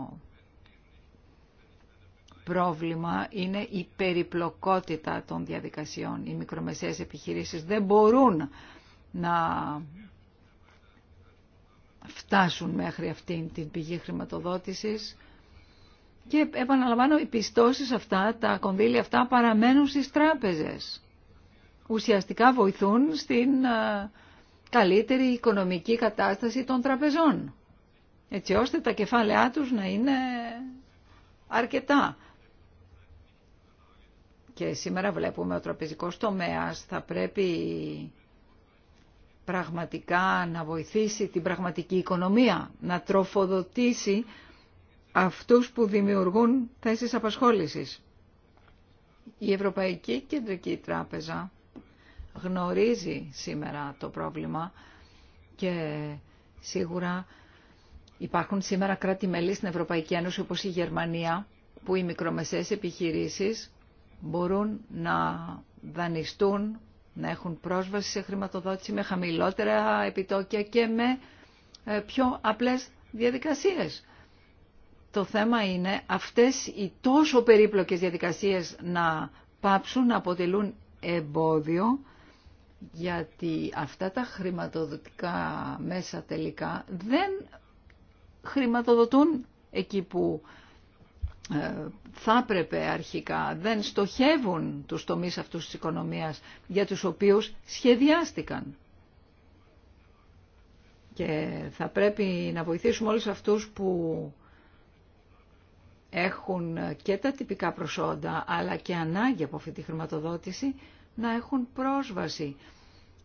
πρόβλημα είναι η περιπλοκότητα των διαδικασιών. Οι μικρομεσαίες επιχειρήσεις δεν μπορούν να φτάσουν μέχρι αυτήν την πηγή χρηματοδότησης και επαναλαμβάνω οι πιστώσεις αυτά, τα κονδύλια αυτά παραμένουν στις τράπεζες. Ουσιαστικά βοηθούν στην ε, καλύτερη οικονομική κατάσταση των τραπεζών, έτσι ώστε τα κεφάλαιά τους να είναι αρκετά. Και σήμερα βλέπουμε ο τραπεζικός τομέας θα πρέπει πραγματικά να βοηθήσει την πραγματική οικονομία, να τροφοδοτήσει αυτούς που δημιουργούν θέσεις απασχόλησης. Η Ευρωπαϊκή Κεντρική Τράπεζα γνωρίζει σήμερα το πρόβλημα και σίγουρα υπάρχουν σήμερα κράτη-μέλη στην Ευρωπαϊκή Ένωση όπως η Γερμανία που οι μικρομεσαίες επιχειρήσεις μπορούν να δανειστούν, να έχουν πρόσβαση σε χρηματοδότηση με χαμηλότερα επιτόκια και με ε, πιο απλές διαδικασίες. Το θέμα είναι αυτές οι τόσο περίπλοκες διαδικασίες να πάψουν να αποτελούν εμπόδιο γιατί αυτά τα χρηματοδοτικά μέσα τελικά δεν χρηματοδοτούν εκεί που ε, θα έπρεπε αρχικά, δεν στοχεύουν τους τομείς αυτούς της οικονομίας για τους οποίους σχεδιάστηκαν. Και θα πρέπει να βοηθήσουμε όλους αυτούς που έχουν και τα τυπικά προσόντα αλλά και ανάγκη από αυτή τη χρηματοδότηση να έχουν πρόσβαση.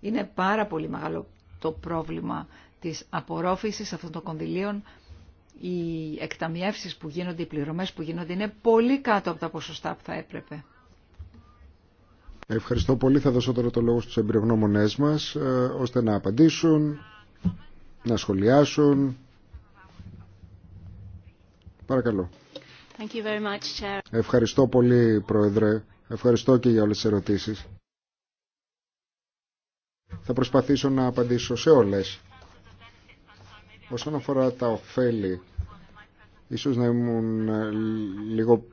Είναι πάρα πολύ μεγάλο το πρόβλημα της απορρόφησης αυτών των κονδυλίων. Οι εκταμιεύσεις που γίνονται, οι πληρωμές που γίνονται είναι πολύ κάτω από τα ποσοστά που θα έπρεπε. Ευχαριστώ πολύ. Θα δώσω τώρα το λόγο στους εμπειρογνώμονές μας, ε, ώστε να απαντήσουν, να σχολιάσουν. Παρακαλώ. Ευχαριστώ πολύ, Πρόεδρε. Ευχαριστώ και για όλες τις ερωτήσεις. Θα προσπαθήσω να απαντήσω σε όλες. Όσον αφορά τα ωφέλη, ίσως να ήμουν ε, λίγο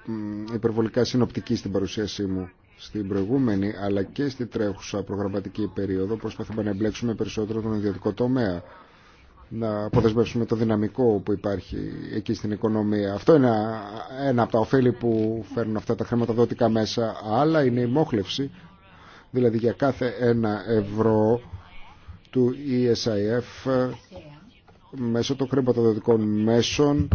υπερβολικά συνοπτική στην παρουσίασή μου στην προηγούμενη αλλά και στη τρέχουσα προγραμματική περίοδο προσπαθούμε να εμπλέξουμε περισσότερο τον ιδιωτικό τομέα να αποδεσμεύσουμε το δυναμικό που υπάρχει εκεί στην οικονομία. Αυτό είναι ένα από τα ωφέλη που φέρνουν αυτά τα χρηματοδοτικά μέσα, αλλά είναι η μόχλευση Δηλαδή για κάθε ένα ευρώ του ESIF μέσω των χρηματοδοτικών μέσων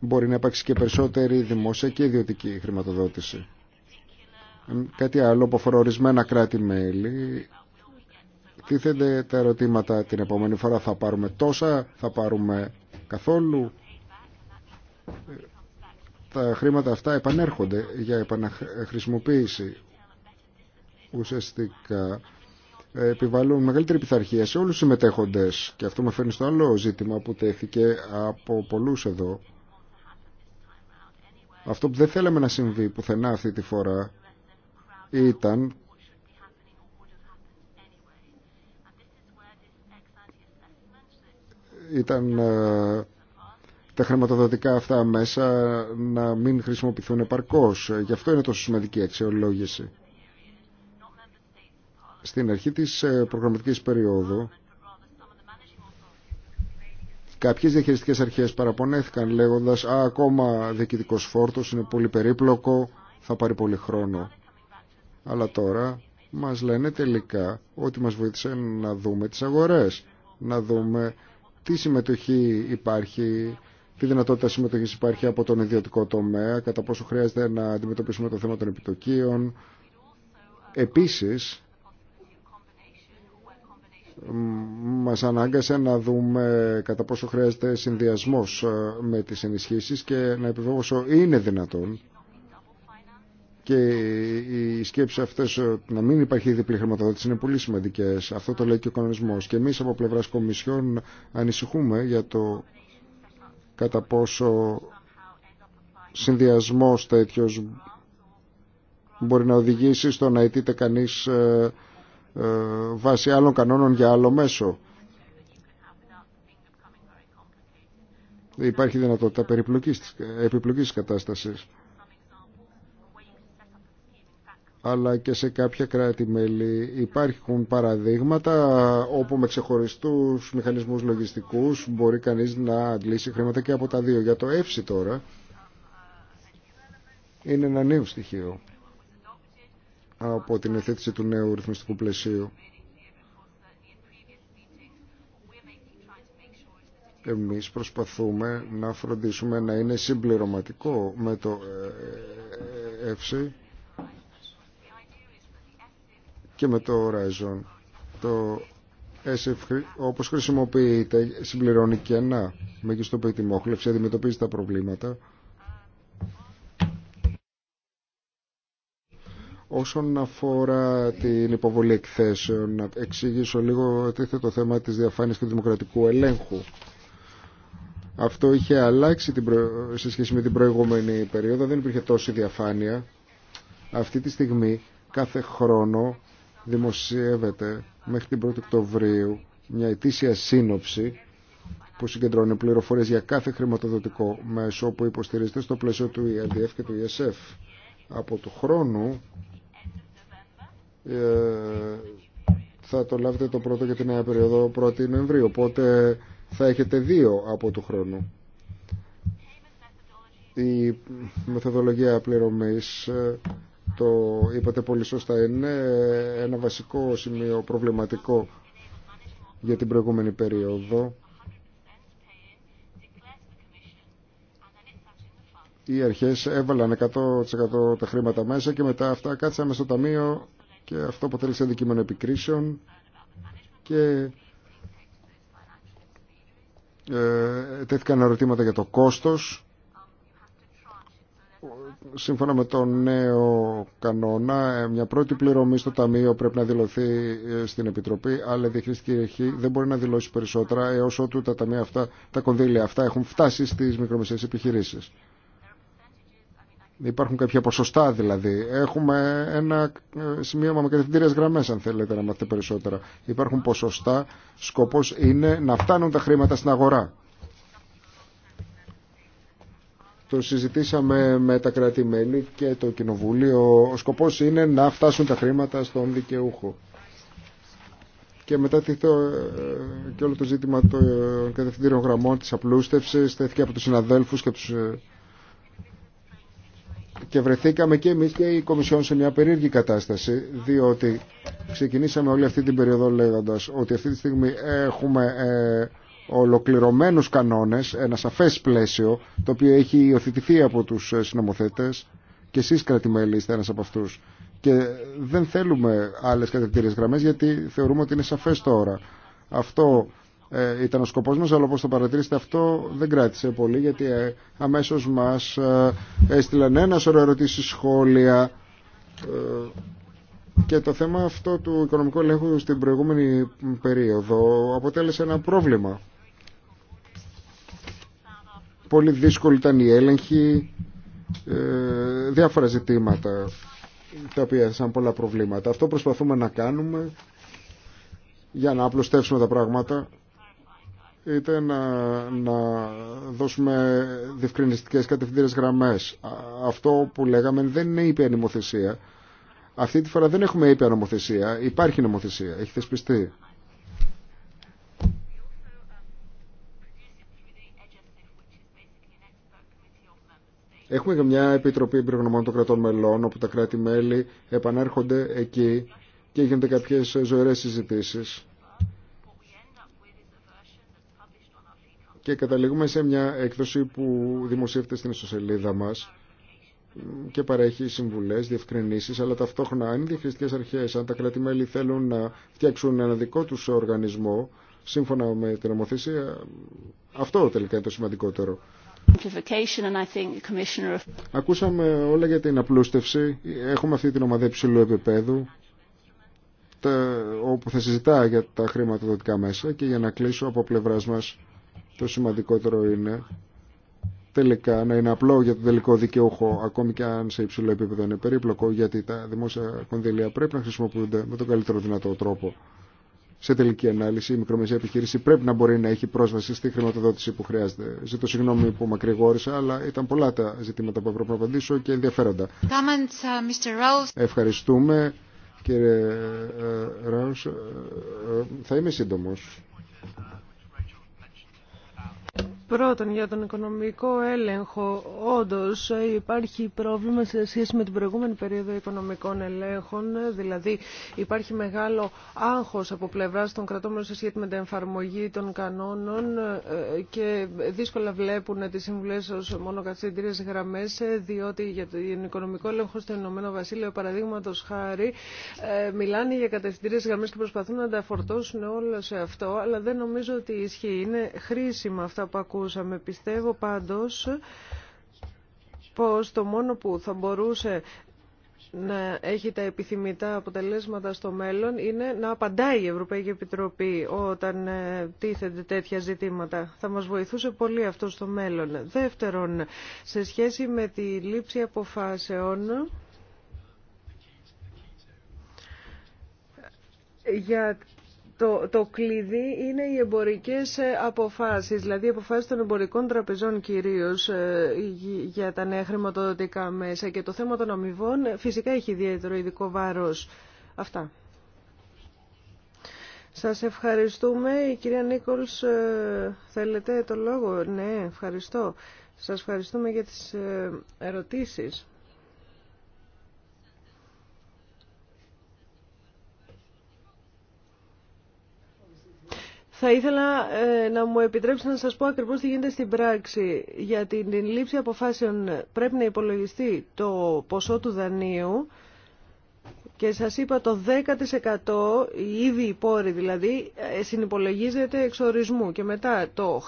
μπορεί να υπάρξει και περισσότερη δημόσια και ιδιωτική χρηματοδότηση. Κάτι άλλο που αφορά ορισμένα κράτη-μέλη. Τίθενται τα ερωτήματα την επόμενη φορά θα πάρουμε τόσα, θα πάρουμε καθόλου. Τα χρήματα αυτά επανέρχονται για επαναχρησιμοποίηση ουσιαστικά επιβάλλουν μεγαλύτερη πειθαρχία σε όλους τους συμμετέχοντες και αυτό με φέρνει στο άλλο ζήτημα που τέθηκε από πολλούς εδώ αυτό που δεν θέλαμε να συμβεί πουθενά αυτή τη φορά ήταν ήταν ε, τα χρηματοδοτικά αυτά μέσα να μην χρησιμοποιηθούν επαρκώς. Γι' αυτό είναι τόσο σημαντική αξιολόγηση στην αρχή της ε, προγραμματικής περίοδου Κάποιες διαχειριστικές αρχές παραπονέθηκαν λέγοντας «Α, ακόμα διοικητικός φόρτος είναι πολύ περίπλοκο, θα πάρει πολύ χρόνο». Αλλά τώρα μας λένε τελικά ότι μας βοήθησε να δούμε τις αγορές, να δούμε τι συμμετοχή υπάρχει, τι δυνατότητα συμμετοχής υπάρχει από τον ιδιωτικό τομέα, κατά πόσο χρειάζεται να αντιμετωπίσουμε το θέμα των επιτοκίων. Επίσης, μας ανάγκασε να δούμε κατά πόσο χρειάζεται συνδυασμός ε, με τις ενισχύσεις και να επιβεβαιώσω είναι δυνατόν και οι σκέψει αυτές ε, να μην υπάρχει διπλή χρηματοδότηση είναι πολύ σημαντικέ. Αυτό το λέει και ο οικονομισμός. Και εμείς από πλευράς Κομισιών ανησυχούμε για το κατά πόσο συνδυασμό τέτοιο μπορεί να οδηγήσει στο να αιτείται κανεί ε, ε, βάσει άλλων κανόνων για άλλο μέσο. Υπάρχει δυνατότητα περιπλοκής, επιπλοκής της κατάστασης. Αλλά και σε κάποια κράτη-μέλη υπάρχουν παραδείγματα όπου με ξεχωριστούς μηχανισμούς λογιστικούς μπορεί κανείς να αντλήσει χρήματα και από τα δύο. Για το ΕΦΣΙ τώρα είναι ένα νέο στοιχείο από την εθέτηση του νέου ρυθμιστικού πλαισίου. Εμείς προσπαθούμε να φροντίσουμε να είναι συμπληρωματικό με το ΕΦΣΙ ε, ε, ε, και με το Horizon. Το SF όπως χρησιμοποιείται συμπληρώνει και ένα μεγιστοποιητή μόχλευση, αντιμετωπίζει τα προβλήματα Όσον αφορά την υποβολή εκθέσεων, να εξηγήσω λίγο τίθε το θέμα της διαφάνειας και του δημοκρατικού ελέγχου. Αυτό είχε αλλάξει την σε σχέση με την προηγούμενη περίοδο, δεν υπήρχε τόση διαφάνεια. Αυτή τη στιγμή κάθε χρόνο δημοσιεύεται μέχρι την 1η Οκτωβρίου μια ετήσια σύνοψη που συγκεντρώνει πληροφορίες για κάθε χρηματοδοτικό μέσο που υποστηρίζεται στο πλαίσιο του ERDF και του ESF. Από του χρόνου ε, θα το λάβετε το πρώτο για την νέα περίοδο 1η Νοεμβρίου. Οπότε θα έχετε δύο από του χρόνου. Η μεθοδολογία πληρωμής, ε, το είπατε πολύ σωστά, είναι ένα βασικό σημείο προβληματικό για την προηγούμενη περίοδο. Οι αρχές έβαλαν 100% τα χρήματα μέσα και μετά αυτά κάτσαμε στο ταμείο και αυτό αποτέλεσε αντικείμενο επικρίσεων και ε, τέθηκαν ερωτήματα για το κόστος σύμφωνα με τον νέο κανόνα, ε, μια πρώτη πληρωμή στο ταμείο πρέπει να δηλωθεί ε, στην Επιτροπή, αλλά η διαχειριστική αρχή δεν μπορεί να δηλώσει περισσότερα έω ότου τα ταμεία αυτά, τα κονδύλια αυτά έχουν φτάσει στι μικρομεσαίες επιχειρήσει. Υπάρχουν κάποια ποσοστά δηλαδή. Έχουμε ένα ε, σημείωμα με κατευθυντήρια γραμμέ αν θέλετε να μάθετε περισσότερα. Υπάρχουν ποσοστά. Σκοπός είναι να φτάνουν τα χρήματα στην αγορά. Το συζητήσαμε με τα κρατημένη και το Κοινοβούλιο. Ο σκοπός είναι να φτάσουν τα χρήματα στον δικαιούχο. Και μετά ε, και όλο το ζήτημα των κατευθυντήριων γραμμών της απλούστευση τέθηκε από τους συναδέλφους και τους ε, και βρεθήκαμε και εμείς και η Κομισιόν σε μια περίεργη κατάσταση διότι ξεκινήσαμε όλη αυτή την περίοδο λέγοντας ότι αυτή τη στιγμή έχουμε ε, ολοκληρωμένους κανόνες, ένα σαφές πλαίσιο το οποίο έχει υιοθετηθεί από τους ε, συνομοθέτες και εσείς κρατημέλη είστε ένας από αυτούς και δεν θέλουμε άλλες κατευθυντήριες γραμμές γιατί θεωρούμε ότι είναι σαφές τώρα. Αυτό ε, ήταν ο σκοπός μας, αλλά όπως το παρατηρήσετε αυτό δεν κράτησε πολύ, γιατί ε, αμέσως μας ε, έστειλαν ένα σωρό ερωτήσεις, σχόλια και το θέμα αυτό του οικονομικού ελέγχου στην προηγούμενη περίοδο αποτέλεσε ένα πρόβλημα. Πολύ δύσκολη ήταν η έλεγχη, διάφορα ζητήματα τα οποία σαν πολλά προβλήματα. Αυτό προσπαθούμε να κάνουμε για να απλουστεύσουμε τα πράγματα ήταν να, να δώσουμε διευκρινιστικές κατευθυντήρες γραμμές. Αυτό που λέγαμε δεν είναι ήπια Αυτή τη φορά δεν έχουμε ήπια νομοθεσία. Υπάρχει νομοθεσία. Έχει θεσπιστεί. Έχουμε και μια επιτροπή εμπειρογνωμών των κρατών μελών, όπου τα κράτη-μέλη επανέρχονται εκεί και γίνονται κάποιες ζωηρές συζητήσεις και καταλήγουμε σε μια έκδοση που δημοσιεύεται στην ιστοσελίδα μας και παρέχει συμβουλές, διευκρινήσεις, αλλά ταυτόχρονα αν οι διαχειριστικές αρχές, αν τα κράτη-μέλη θέλουν να φτιάξουν ένα δικό τους οργανισμό, σύμφωνα με την νομοθεσία, αυτό τελικά είναι το σημαντικότερο. Ακούσαμε όλα για την απλούστευση. Έχουμε αυτή την ομάδα υψηλού επίπεδου όπου θα συζητά για τα χρηματοδοτικά μέσα και για να κλείσω από πλευράς μας το σημαντικότερο είναι τελικά να είναι απλό για τον τελικό δικαιούχο, ακόμη και αν σε υψηλό επίπεδο είναι περίπλοκο, γιατί τα δημόσια κονδύλια πρέπει να χρησιμοποιούνται με τον καλύτερο δυνατό τρόπο. Σε τελική ανάλυση, η μικρομεσαία επιχείρηση πρέπει να μπορεί να έχει πρόσβαση στη χρηματοδότηση που χρειάζεται. Ζητώ συγγνώμη που μακρηγόρησα, αλλά ήταν πολλά τα ζητήματα που έπρεπε να απαντήσω και ενδιαφέροντα. Uh, Ευχαριστούμε, κύριε Ράους. Ε, ε, ε, θα είμαι σύντομος. Πρώτον, για τον οικονομικό έλεγχο, όντως υπάρχει πρόβλημα σε σχέση με την προηγούμενη περίοδο οικονομικών ελέγχων, δηλαδή υπάρχει μεγάλο άγχος από πλευράς των κρατών σε σχέση με την εφαρμογή των κανόνων ε, και δύσκολα βλέπουν τις συμβουλές ως μόνο γραμμές, διότι για τον οικονομικό έλεγχο στο Ηνωμένο Βασίλειο, παραδείγματο χάρη, ε, μιλάνε για κατευθυντήριες γραμμές και προσπαθούν να τα φορτώσουν όλα σε αυτό, αλλά δεν νομίζω ότι ισχύει. Είναι χρήσιμα αυτά που ακούσαμε. Πιστεύω πάντως πως το μόνο που θα μπορούσε να έχει τα επιθυμητά αποτελέσματα στο μέλλον είναι να απαντάει η Ευρωπαϊκή Επιτροπή όταν ε, τίθενται τέτοια ζητήματα. Θα μας βοηθούσε πολύ αυτό στο μέλλον. Δεύτερον, σε σχέση με τη λήψη αποφάσεων για το, το κλειδί είναι οι εμπορικές ε, αποφάσεις, δηλαδή οι αποφάσεις των εμπορικών τραπεζών κυρίως ε, για τα νέα χρηματοδοτικά μέσα και το θέμα των αμοιβών ε, φυσικά έχει ιδιαίτερο ειδικό βάρος. Αυτά. Σας ευχαριστούμε. Η κυρία Νίκολς, θέλετε το λόγο. Ναι, ευχαριστώ. Σας ευχαριστούμε για τις ερωτήσεις. Θα ήθελα ε, να μου επιτρέψετε να σας πω ακριβώς τι γίνεται στην πράξη. Για την, λήψη αποφάσεων πρέπει να υπολογιστεί το ποσό του δανείου και σας είπα το 10% ήδη η δηλαδή ε, συνυπολογίζεται εξ ορισμού και μετά το,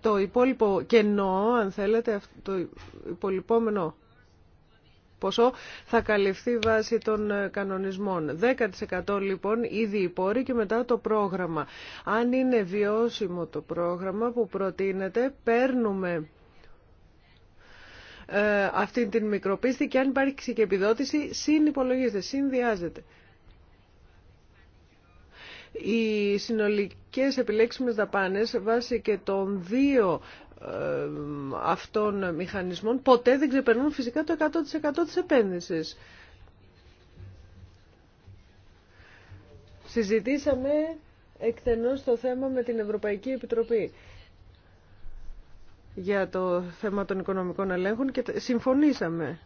το υπόλοιπο κενό, αν θέλετε, το υπολοιπόμενο ποσό θα καλυφθεί βάσει των ε, κανονισμών. 10% λοιπόν ήδη οι και μετά το πρόγραμμα. Αν είναι βιώσιμο το πρόγραμμα που προτείνεται, παίρνουμε ε, αυτή την μικροπίστη και αν υπάρχει και επιδότηση συνυπολογίζεται, συνδυάζεται. Οι συνολικές επιλέξιμες δαπάνες βάσει και των δύο ε, αυτών μηχανισμών ποτέ δεν ξεπερνούν φυσικά το 100% της επένδυσης. Συζητήσαμε εκτενώς το θέμα με την Ευρωπαϊκή Επιτροπή για το θέμα των οικονομικών ελέγχων και συμφωνήσαμε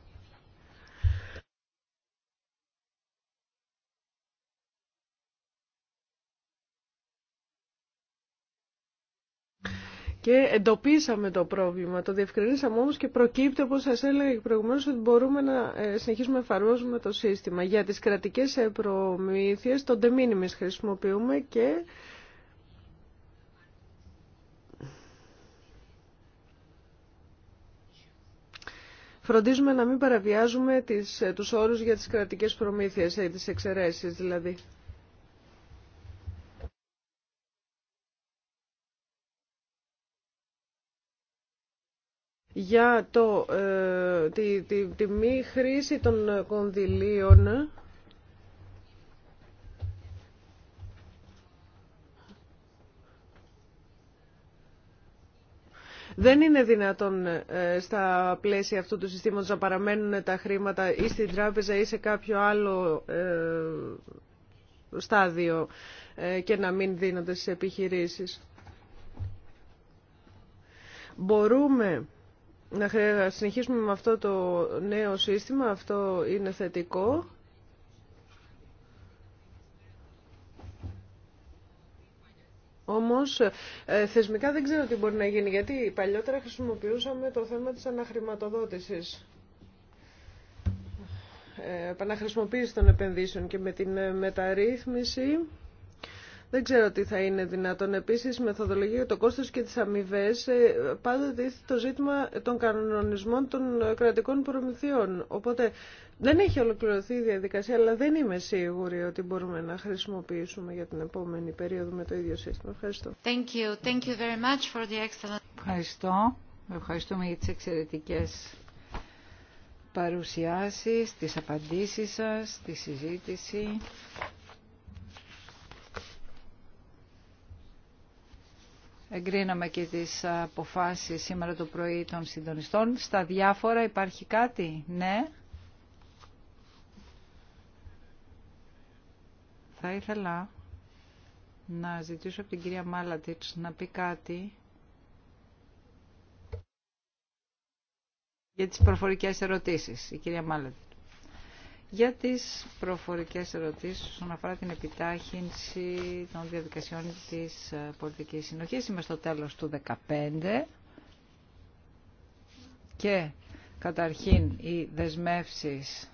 και εντοπίσαμε το πρόβλημα. Το διευκρινίσαμε όμως και προκύπτει, όπως σας έλεγα προηγουμένως, ότι μπορούμε να ε, συνεχίσουμε να εφαρμόζουμε το σύστημα. Για τις κρατικές ε, προμήθειες, το de minimis χρησιμοποιούμε και... Φροντίζουμε να μην παραβιάζουμε τις, ε, τους όρους για τις κρατικές προμήθειες, τις εξαιρέσεις δηλαδή. για το, ε, τη, τη μη χρήση των κονδυλίων Δεν είναι δυνατόν ε, στα πλαίσια αυτού του συστήματος να παραμένουν τα χρήματα ή στην τράπεζα ή σε κάποιο άλλο ε, στάδιο και να μην δίνονται στις επιχειρήσεις. Μπορούμε να συνεχίσουμε με αυτό το νέο σύστημα, αυτό είναι θετικό. Όμως ε, θεσμικά δεν ξέρω τι μπορεί να γίνει, γιατί παλιότερα χρησιμοποιούσαμε το θέμα της αναχρηματοδότησης. Ε, επαναχρησιμοποίηση των επενδύσεων και με την ε, μεταρρύθμιση δεν ξέρω τι θα είναι δυνατόν. Επίσης, μεθοδολογία για το κόστος και τι αμοιβέ ε, πάντα δείχνει το ζήτημα των κανονισμών των κρατικών προμηθειών. Οπότε δεν έχει ολοκληρωθεί η διαδικασία, αλλά δεν είμαι σίγουρη ότι μπορούμε να χρησιμοποιήσουμε για την επόμενη περίοδο με το ίδιο σύστημα. Ευχαριστώ. Thank you. Thank you very much for the excellent... Ευχαριστώ. Ευχαριστούμε για τι εξαιρετικέ παρουσιάσεις, τις απαντήσεις σας, τη συζήτηση. Εγκρίναμε και τις αποφάσεις σήμερα το πρωί των συντονιστών. Στα διάφορα υπάρχει κάτι, ναι. Θα ήθελα να ζητήσω από την κυρία Μάλατιτς να πει κάτι για τις προφορικές ερωτήσεις. Η κυρία Μάλατιτς για τις προφορικές ερωτήσεις όσον αφορά την επιτάχυνση των διαδικασιών της ε, πολιτικής συνοχής. Είμαι στο τέλος του 2015 και καταρχήν οι δεσμεύσεις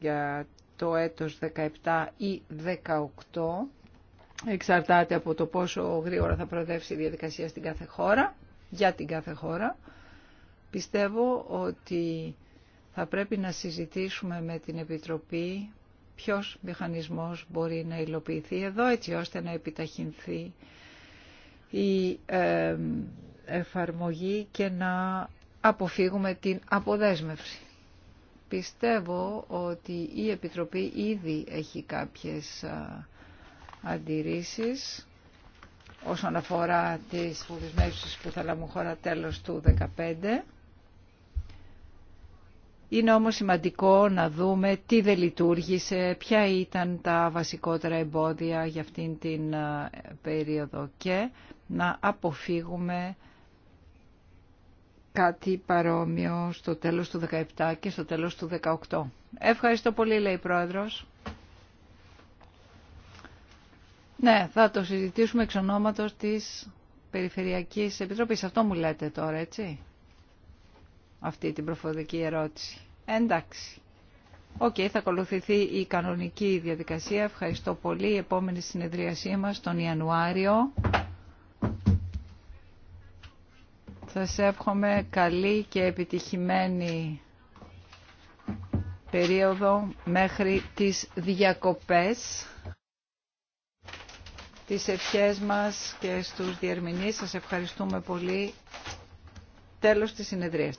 για το έτος 17 ή 18 εξαρτάται από το πόσο γρήγορα θα προοδεύσει η διαδικασία στην κάθε χώρα, για την κάθε χώρα. Πιστεύω ότι θα πρέπει να συζητήσουμε με την Επιτροπή ποιος μηχανισμός μπορεί να υλοποιηθεί εδώ έτσι ώστε να επιταχυνθεί η ε, εφαρμογή και να αποφύγουμε την αποδέσμευση. Πιστεύω ότι η Επιτροπή ήδη έχει κάποιες ε, αντιρρήσεις όσον αφορά τις δεσμεύσεις που θα λάβουν χώρα τέλος του 2015 είναι όμως σημαντικό να δούμε τι δεν λειτουργήσε, ποια ήταν τα βασικότερα εμπόδια για αυτήν την ε, περίοδο και να αποφύγουμε κάτι παρόμοιο στο τέλος του 17 και στο τέλος του 18. Ευχαριστώ πολύ, λέει η Πρόεδρος. Ναι, θα το συζητήσουμε εξ ονόματος της Περιφερειακής Επιτροπής. Αυτό μου λέτε τώρα, έτσι αυτή την προφορική ερώτηση. Εντάξει. Οκ, θα ακολουθηθεί η κανονική διαδικασία. Ευχαριστώ πολύ. Η επόμενη συνεδρίασή μας τον Ιανουάριο. Σας εύχομαι καλή και επιτυχημένη περίοδο μέχρι τις διακοπές. Τις ευχές μας και στους διερμηνείς σας ευχαριστούμε πολύ. Τέλος της συνεδρίας.